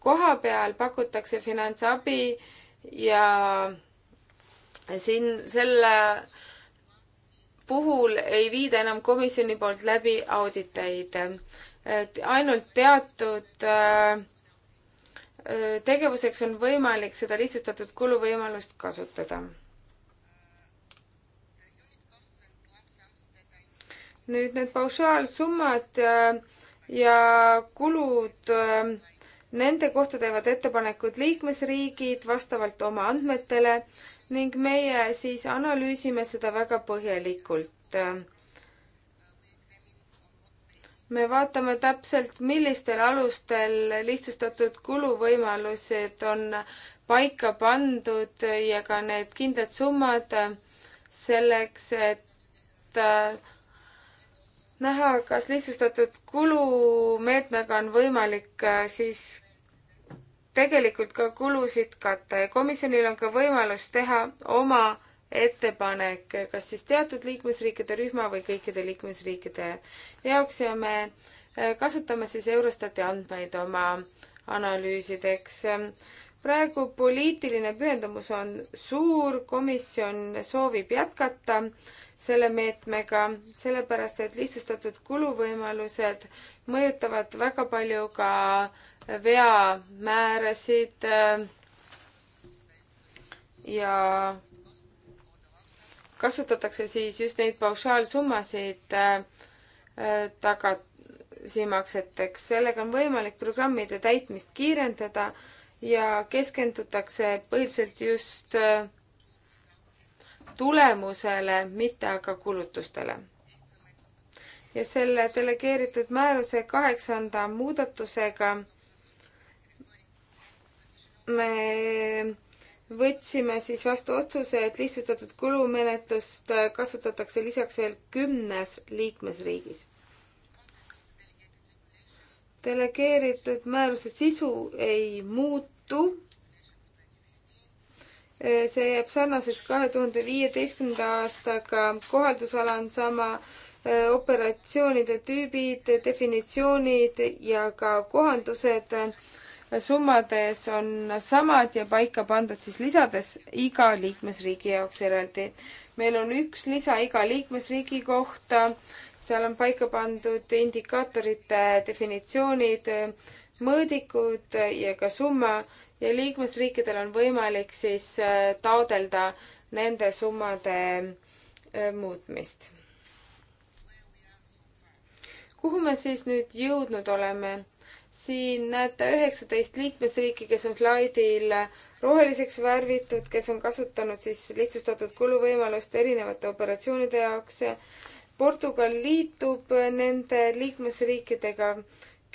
koha peal pakutakse finantsabi ja siin selle puhul ei viida enam komisjoni poolt läbi auditeid, et ainult teatud äh, tegevuseks on võimalik seda lihtsustatud kuluvõimalust kasutada nüüd need paušaalsummad äh, ja kulud, äh, nende kohta teevad ettepanekud liikmesriigid vastavalt oma andmetele ning meie siis analüüsime seda väga põhjalikult. me vaatame täpselt, millistel alustel lihtsustatud kuluvõimalused on paika pandud ja ka need kindlad summad selleks, et äh, näha, kas lihtsustatud kulumeetmega on võimalik äh, siis tegelikult ka kulusid katta ja komisjonil on ka võimalus teha oma ettepanek, kas siis teatud liikmesriikide rühma või kõikide liikmesriikide jaoks ja me äh, kasutame siis Eurostati andmeid oma analüüsideks praegu poliitiline pühendumus on suur, komisjon soovib jätkata selle meetmega, sellepärast et lihtsustatud kuluvõimalused mõjutavad väga palju ka veamäärasid äh, ja kasutatakse siis just neid paušaalsummasid äh, äh, tagasimakseteks. sellega on võimalik programmide täitmist kiirendada ja keskendutakse põhiliselt just äh, tulemusele, mitte aga kulutustele. ja selle delegeeritud määruse kaheksanda muudatusega me võtsime siis vastu otsuse, et lihtsustatud kulumenetlust äh, kasutatakse lisaks veel kümnes liikmesriigis. delegeeritud määruse sisu ei muutu tõttu eh, see jääb sarnaseks kahe tuhande viieteistkümnenda aastaga, kohaldusala on sama, eh, operatsioonide tüübid, definitsioonid ja ka kohandused summades on samad ja paika pandud siis lisades iga liikmesriigi jaoks eraldi. meil on üks lisa iga liikmesriigi kohta, seal on paika pandud indikaatorite definitsioonid, mõõdikud ja ka summa ja liikmesriikidel on võimalik siis äh, taodelda nende summade äh, muutmist. kuhu me siis nüüd jõudnud oleme? siin näete üheksateist liikmesriiki, kes on slaidil roheliseks värvitud, kes on kasutanud siis lihtsustatud kuluvõimalust erinevate operatsioonide jaoks. Portugal liitub nende liikmesriikidega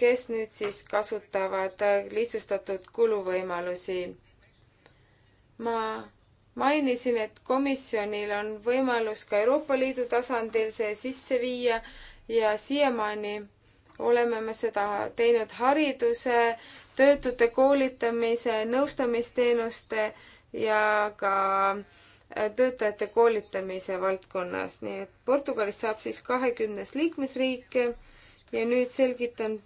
kes nüüd siis kasutavad lihtsustatud kuluvõimalusi. ma mainisin, et komisjonil on võimalus ka Euroopa Liidu tasandil see sisse viia ja siiamaani oleme me seda teinud hariduse, töötute koolitamise, nõustamisteenuste ja ka äh, töötajate koolitamise valdkonnas, nii et Portugalist saab siis kahekümnes liikmesriik ja nüüd selgitan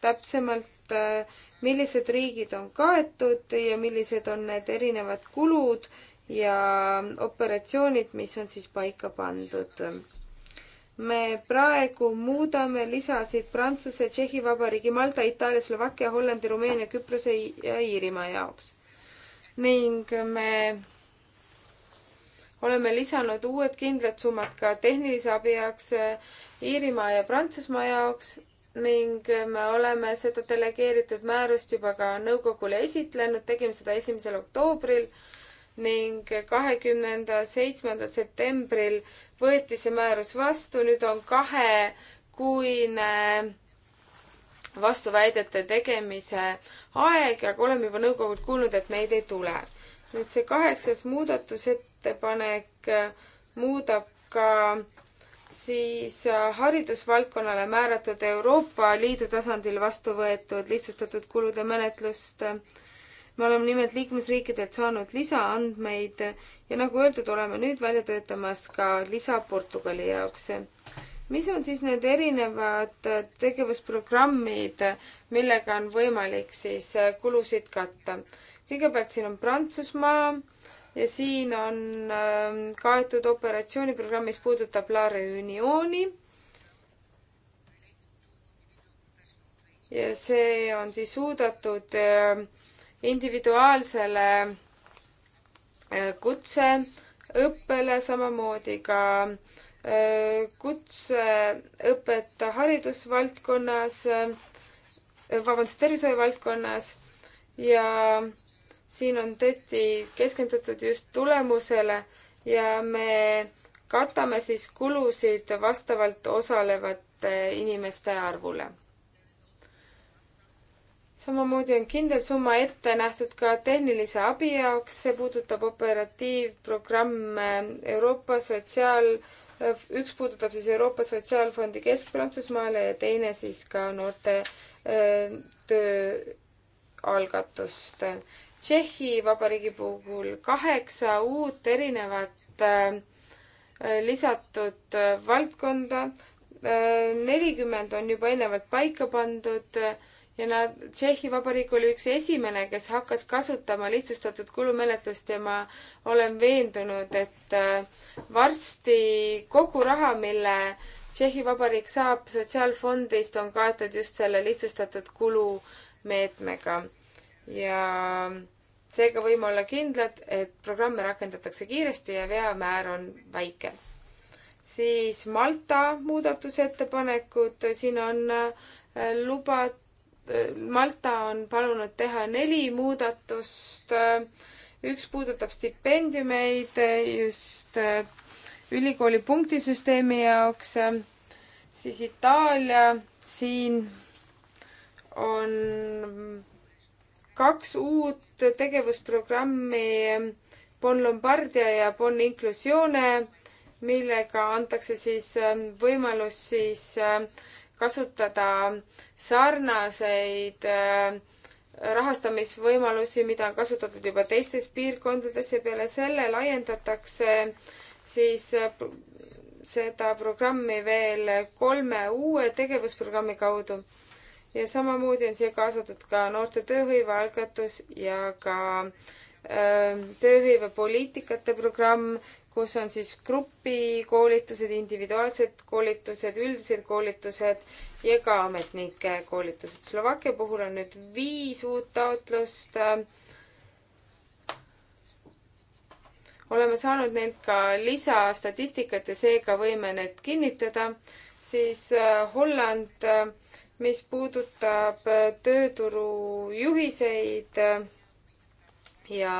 täpsemalt, äh, millised riigid on kaetud ja millised on need erinevad kulud ja operatsioonid, mis on siis paika pandud. me praegu muudame lisasid Prantsuse, Tšehhi Vabariigi, Malta, Itaalia, Slovakkia, Hollandi, Rumeenia, Küprose ja Iirimaa jaoks. ning me oleme lisanud uued kindlad summad ka tehnilise abi jaoks äh, Iirimaa ja Prantsusmaa jaoks ning me oleme seda delegeeritud määrust juba ka nõukogule esitlenud, tegime seda esimesel oktoobril ning kahekümnenda seitsmendal septembril võeti see määrus vastu, nüüd on kahekuine vastuväidete tegemise aeg, aga oleme juba nõukogult kuulnud, et neid ei tule. nüüd see kaheksas muudatusettepanek muudab ka siis äh, haridusvaldkonnale määratud Euroopa Liidu tasandil vastu võetud lihtsustatud kulude menetlust. me oleme nimelt liikmesriikidelt saanud lisaandmeid ja nagu öeldud, oleme nüüd välja töötamas ka lisa Portugali jaoks. mis on siis need erinevad tegevusprogrammid, millega on võimalik siis äh, kulusid katta? kõigepealt siin on Prantsusmaa ja siin on ähm, kaetud operatsiooniprogramm, mis puudutab La Reunioni. ja see on siis suudatud ähm, individuaalsele äh, kutseõppele, samamoodi ka äh, kutseõpet haridusvaldkonnas, äh, vabandust, tervishoiuvaldkonnas ja siin on tõesti keskendutud just tulemusele ja me katame siis kulusid vastavalt osalevate inimeste arvule. samamoodi on kindel summa ette nähtud ka tehnilise abi jaoks, see puudutab operatiivprogramme Euroopa Sotsiaal, üks puudutab siis Euroopa Sotsiaalfondi Kesk-Prantsusmaale ja teine siis ka noorte äh, töö algatust. Tšehhi Vabariigi puhul kaheksa uut erinevat äh, lisatud äh, valdkonda, äh, nelikümmend on juba eelnevalt paika pandud ja nad, Tšehhi Vabariik oli üks esimene, kes hakkas kasutama lihtsustatud kulumenetlust ja ma olen veendunud, et varsti kogu raha, mille Tšehhi Vabariik saab sotsiaalfondist, on kaetud just selle lihtsustatud kulumeetmega. ja seega võime olla kindlad, et programme rakendatakse kiiresti ja veamäär on väike. siis Malta muudatusettepanekud, siin on äh, luba, äh, Malta on palunud teha neli muudatust. üks puudutab stipendiumeid just äh, ülikooli punktisüsteemi jaoks, siis Itaalia, siin on kaks uut tegevusprogrammi Bon Lombardia ja Bon Inclusione, millega antakse siis ähm, võimalus siis ähm, kasutada sarnaseid äh, rahastamisvõimalusi, mida on kasutatud juba teistes piirkondades ja peale selle laiendatakse siis äh, seda programmi veel kolme uue tegevusprogrammi kaudu ja samamoodi on siia kaasatud ka noorte tööhõivealgatus ja ka öö, ähm, tööhõivepoliitikate programm, kus on siis grupikoolitused, individuaalsed koolitused, üldised koolitused ja ka ametnike koolitused. Slovakkia puhul on nüüd viis uut taotlust. Ähm, oleme saanud neilt ka lisastatistikat ja seega võime need kinnitada. siis äh, Holland äh, mis puudutab tööturu juhiseid ja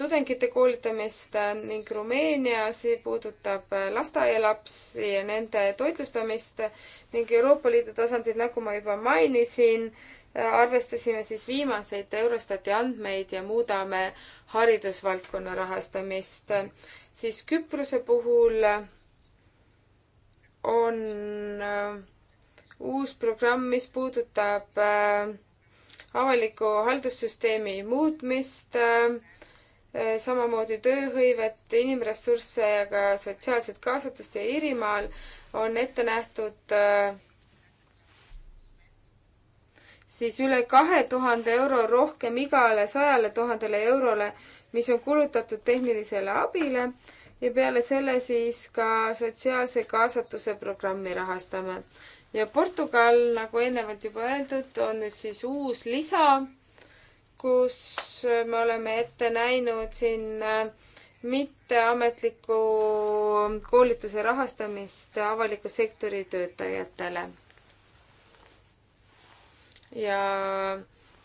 tudengite koolitamist ning Rumeenias puudutab lasteaialapsi ja nende toitlustamist ning Euroopa Liidu tasandil, nagu ma juba mainisin, arvestasime siis viimaseid Eurostati andmeid ja muudame haridusvaldkonna rahastamist. siis Küprose puhul on uus programm, mis puudutab äh, avaliku haldussüsteemi muutmist äh, äh,, samamoodi tööhõivet, inimressursse ja ka sotsiaalset kaasatust ja Iirimaal on ette nähtud äh, siis üle kahe tuhande euro rohkem igale sajale tuhandele eurole, mis on kulutatud tehnilisele abile ja peale selle siis ka sotsiaalse kaasatuse programmi rahastame ja Portugal, nagu eelnevalt juba öeldud, on nüüd siis uus lisa, kus me oleme ette näinud siin äh, mitteametliku koolituse rahastamist avaliku sektori töötajatele. ja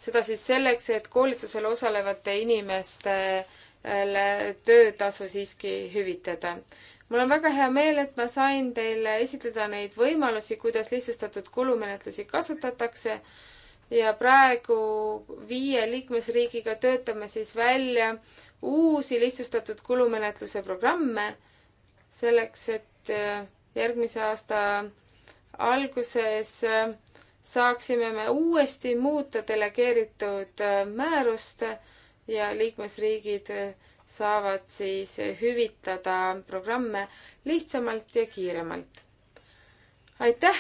seda siis selleks, et koolitusel osalevate inimestele töötasu siiski hüvitada mul on väga hea meel, et ma sain teile esitleda neid võimalusi, kuidas lihtsustatud kulumenetlusi kasutatakse ja praegu viie liikmesriigiga töötame siis välja uusi lihtsustatud kulumenetluse programme selleks, et äh, järgmise aasta alguses äh, saaksime me uuesti muuta delegeeritud äh, määrust ja liikmesriigid saavad siis hüvitada programme lihtsamalt ja kiiremalt. aitäh!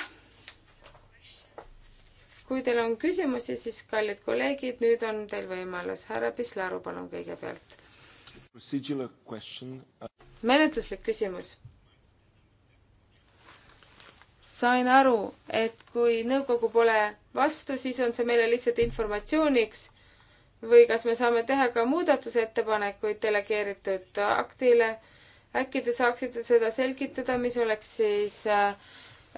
kui teil on küsimusi, siis kallid kolleegid, nüüd on teil võimalus. härra Pislaru, palun kõigepealt. Uh, menetluslik küsimus. sain aru, et kui nõukogu pole vastu, siis on see meile lihtsalt informatsiooniks või kas me saame teha ka muudatusettepanekuid delegeeritud aktile. äkki te saaksite seda selgitada, mis oleks siis äh,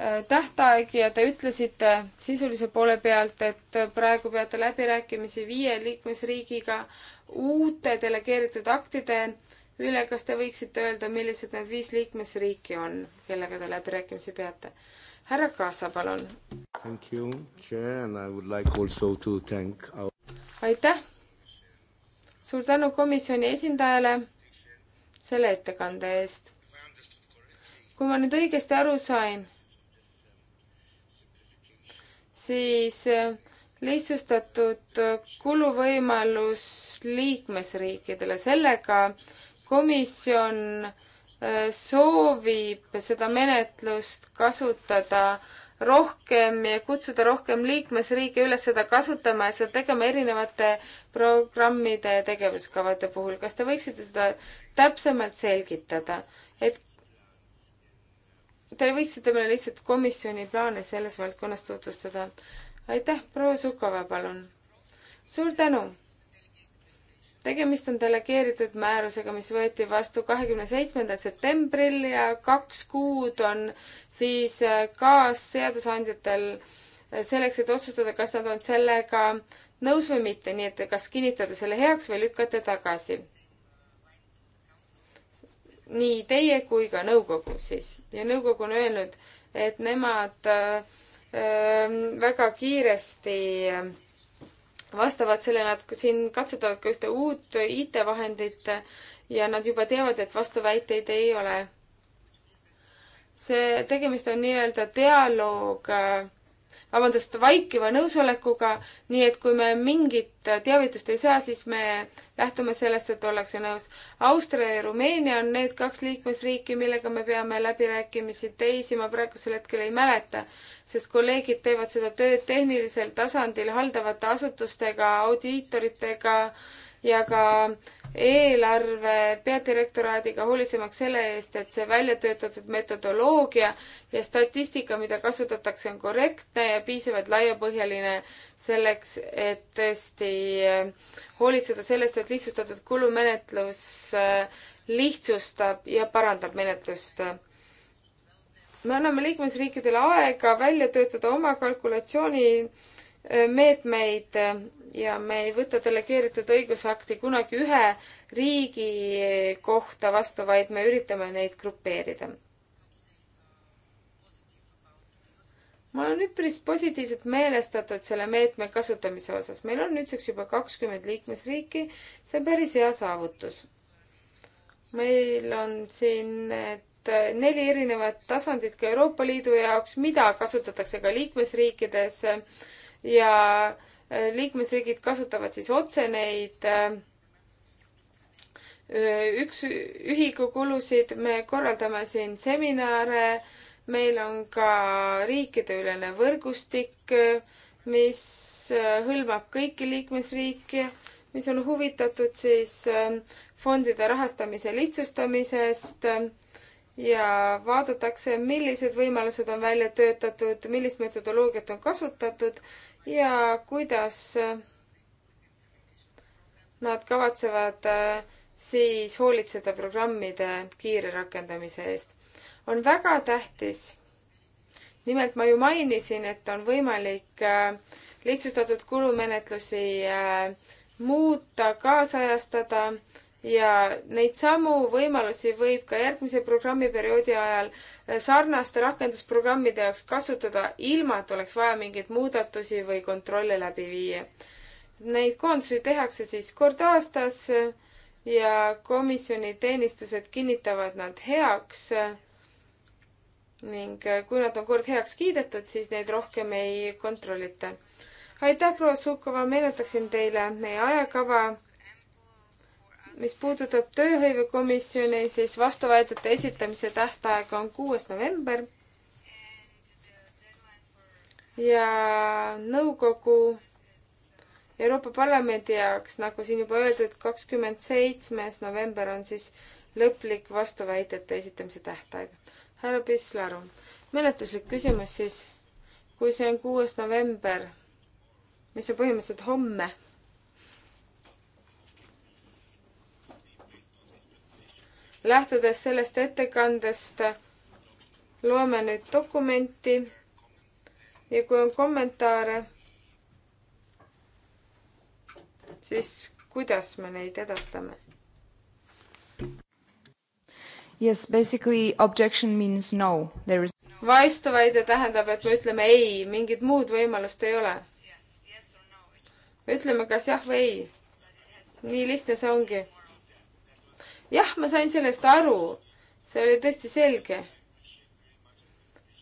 äh, tähtaeg ja te ütlesite sisulise poole pealt, et praegu peate läbirääkimisi viie liikmesriigiga uute delegeeritud aktide üle, kas te võiksite öelda, millised need viis liikmesriiki on, kellega te läbirääkimisi peate? härra Kaasa, palun. Like our... aitäh suur tänu komisjoni esindajale selle ettekande eest. kui ma nüüd õigesti aru sain, siis eh, lihtsustatud eh, kuluvõimalus liikmesriikidele, sellega komisjon eh, soovib seda menetlust kasutada rohkem ja kutsuda rohkem liikmesriike üles seda kasutama ja seda tegema erinevate programmide ja tegevuskavade puhul. kas te võiksite seda täpsemalt selgitada, et te võiksite meile lihtsalt komisjoni plaane selles valdkonnas tutvustada? aitäh, proua Sukova, palun! suur tänu! tegemist on delegeeritud määrusega, mis võeti vastu kahekümne seitsmendal septembril ja kaks kuud on siis äh, kaasseadusandjatel äh, selleks, et otsustada, kas nad on sellega nõus või mitte, nii et kas kinnitada selle heaks või lükkate tagasi. nii teie kui ka nõukogu siis ja nõukogu on öelnud, et nemad äh, äh, väga kiiresti äh, vastavalt sellele nad siin katsetavad ka ühte uut IT-vahendit ja nad juba teavad, et vastuväiteid ei ole. see, tegemist on nii-öelda dialoog äh, vabandust, vaikiva nõusolekuga, nii et kui me mingit teavitust ei saa, siis me lähtume sellest, et ollakse nõus. Austria ja Rumeenia on need kaks liikmesriiki, millega me peame läbirääkimisi, teisi ma praegusel hetkel ei mäleta, sest kolleegid teevad seda tööd tehnilisel tasandil haldavate asutustega, audiitoritega ja ka äh, eelarve peadirektoraadiga, hoolitsemaks selle eest, et see välja töötatud metodoloogia ja statistika, mida kasutatakse, on korrektne ja piisavalt laiapõhjaline selleks, et tõesti eh, hoolitseda sellest, et lihtsustatud kulumenetlus eh, lihtsustab ja parandab menetlust. me anname liikmesriikidele aega välja töötada oma kalkulatsioonimeetmeid eh, ja me ei võta delegeeritud õigusakti kunagi ühe riigi kohta vastu, vaid me üritame neid grupeerida. ma olen üpris positiivselt meelestatud selle meetme kasutamise osas. meil on nüüdseks juba kakskümmend liikmesriiki, see on päris hea saavutus. meil on siin eh, neli erinevat tasandit ka Euroopa Liidu jaoks, mida kasutatakse ka liikmesriikides ja äh, liikmesriigid kasutavad siis otse neid äh, üks, ühikukulusid, me korraldame siin seminare, meil on ka riikideülene võrgustik, mis äh, hõlmab kõiki liikmesriike, mis on huvitatud siis äh, fondide rahastamise lihtsustamisest ja vaadatakse, millised võimalused on välja töötatud, millist metodoloogiat on kasutatud ja kuidas äh, nad kavatsevad äh, siis hoolitseda programmide kiire rakendamise eest. on väga tähtis, nimelt ma ju mainisin, et on võimalik äh, lihtsustatud kulumenetlusi muuta, kaasajastada ja neid samu võimalusi võib ka järgmise programmiperioodi ajal eh, sarnaste rakendusprogrammide jaoks kasutada, ilma et oleks vaja mingeid muudatusi või kontrolle läbi viia. Neid koondusi tehakse siis kord aastas eh, ja komisjoni teenistused kinnitavad nad heaks. Eh, ning kui nad on kord heaks kiidetud, siis neid rohkem ei kontrollita. aitäh, proua Sukova, meenutaksin teile meie ajakava mis puudutab tööhõivekomisjoni, siis vastuväidete esitamise tähtaeg on kuues november. ja nõukogu Euroopa Parlamendi jaoks, nagu siin juba öeldud, kakskümmend seitsmes november on siis lõplik vastuväidete esitamise tähtaeg. härra Pislaru, menetluslik küsimus siis, kui see on kuues november, mis on põhimõtteliselt homme lähtudes sellest ettekandest loeme nüüd dokumenti ja kui on kommentaare, siis kuidas me neid edastame? Yes, basically objection means no, there is. vastuväide tähendab, et me ütleme ei, mingit muud võimalust ei ole. me ütleme kas jah või ei. nii lihtne see ongi jah, ma sain sellest aru. see oli tõesti selge.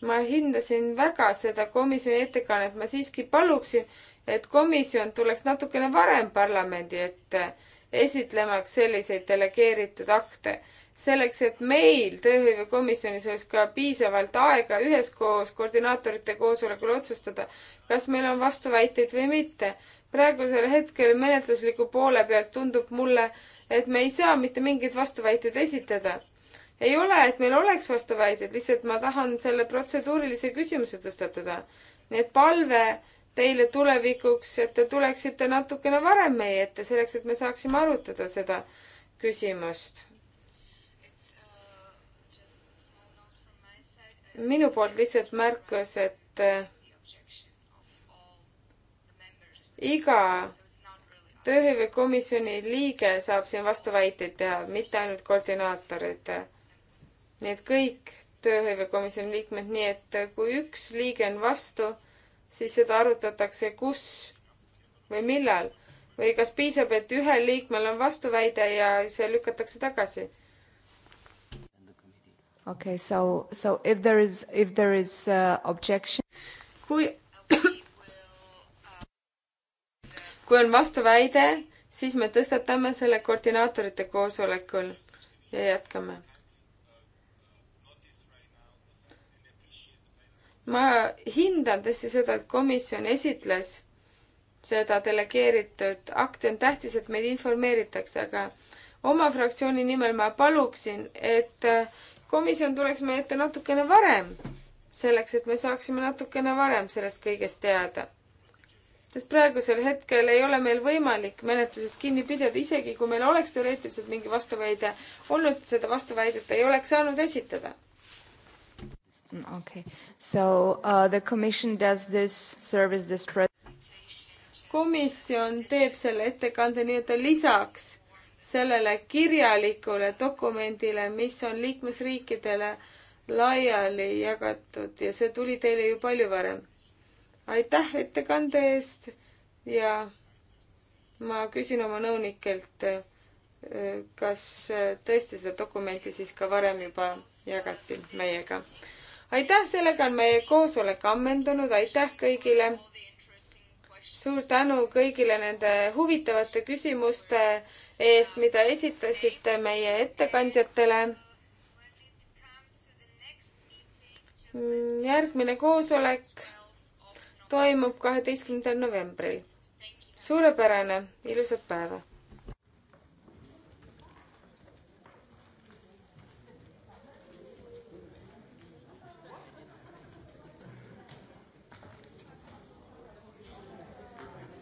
ma hindasin väga seda komisjoni ettekannet, ma siiski paluksin, et komisjon tuleks natukene varem parlamendi ette esitlemaks selliseid delegeeritud akte, selleks et meil tööhõivekomisjonis oleks ka piisavalt aega üheskoos koordinaatorite koosolekul otsustada, kas meil on vastuväiteid või mitte. praegusel hetkel menetlusliku poole pealt tundub mulle, et me ei saa mitte mingeid vastuväiteid esitada. ei ole, et meil oleks vastuväiteid, lihtsalt ma tahan selle protseduurilise küsimuse tõstatada. nii et palve teile tulevikuks, et te tuleksite natukene varem meie ette, selleks et me saaksime arutada seda küsimust. minu poolt lihtsalt märkus, et äh, iga tööhõivekomisjoni liige saab siin vastuväiteid teha, mitte ainult koordinaatorid. nii et kõik tööhõivekomisjoni liikmed, nii et kui üks liige on vastu, siis seda arutatakse, kus või millal või kas piisab, et ühel liikmel on vastuväide ja see lükatakse tagasi? okei okay,, so, so if there is, if there is uh, objection. kui kui on vastuväide, siis me tõstatame selle koordinaatorite koosolekul ja jätkame. ma hindan tõesti seda, et komisjon esitles seda delegeeritud akti, on tähtis, et meid informeeritakse, aga oma fraktsiooni nimel ma paluksin, et komisjon tuleks meie ette natukene varem, selleks et me saaksime natukene varem sellest kõigest teada sest praegusel hetkel ei ole meil võimalik menetlusest kinni pidada, isegi kui meil oleks teoreetiliselt mingi vastuväide olnud, seda vastuväidet ei oleks saanud esitada. okei okay., so uh, the commission does this service this komisjon teeb selle ettekande nii-öelda lisaks sellele kirjalikule dokumendile, mis on liikmesriikidele laiali jagatud ja see tuli teile ju palju varem aitäh ettekande eest ja ma küsin oma nõunikelt, kas tõesti seda dokumenti siis ka varem juba jagati meiega. aitäh, sellega on meie koosolek ammendunud, aitäh kõigile. suur tänu kõigile nende huvitavate küsimuste eest, mida esitasite meie ettekandjatele järgmine koosolek toimub kaheteistkümnendal novembril. suurepärane, ilusat päeva!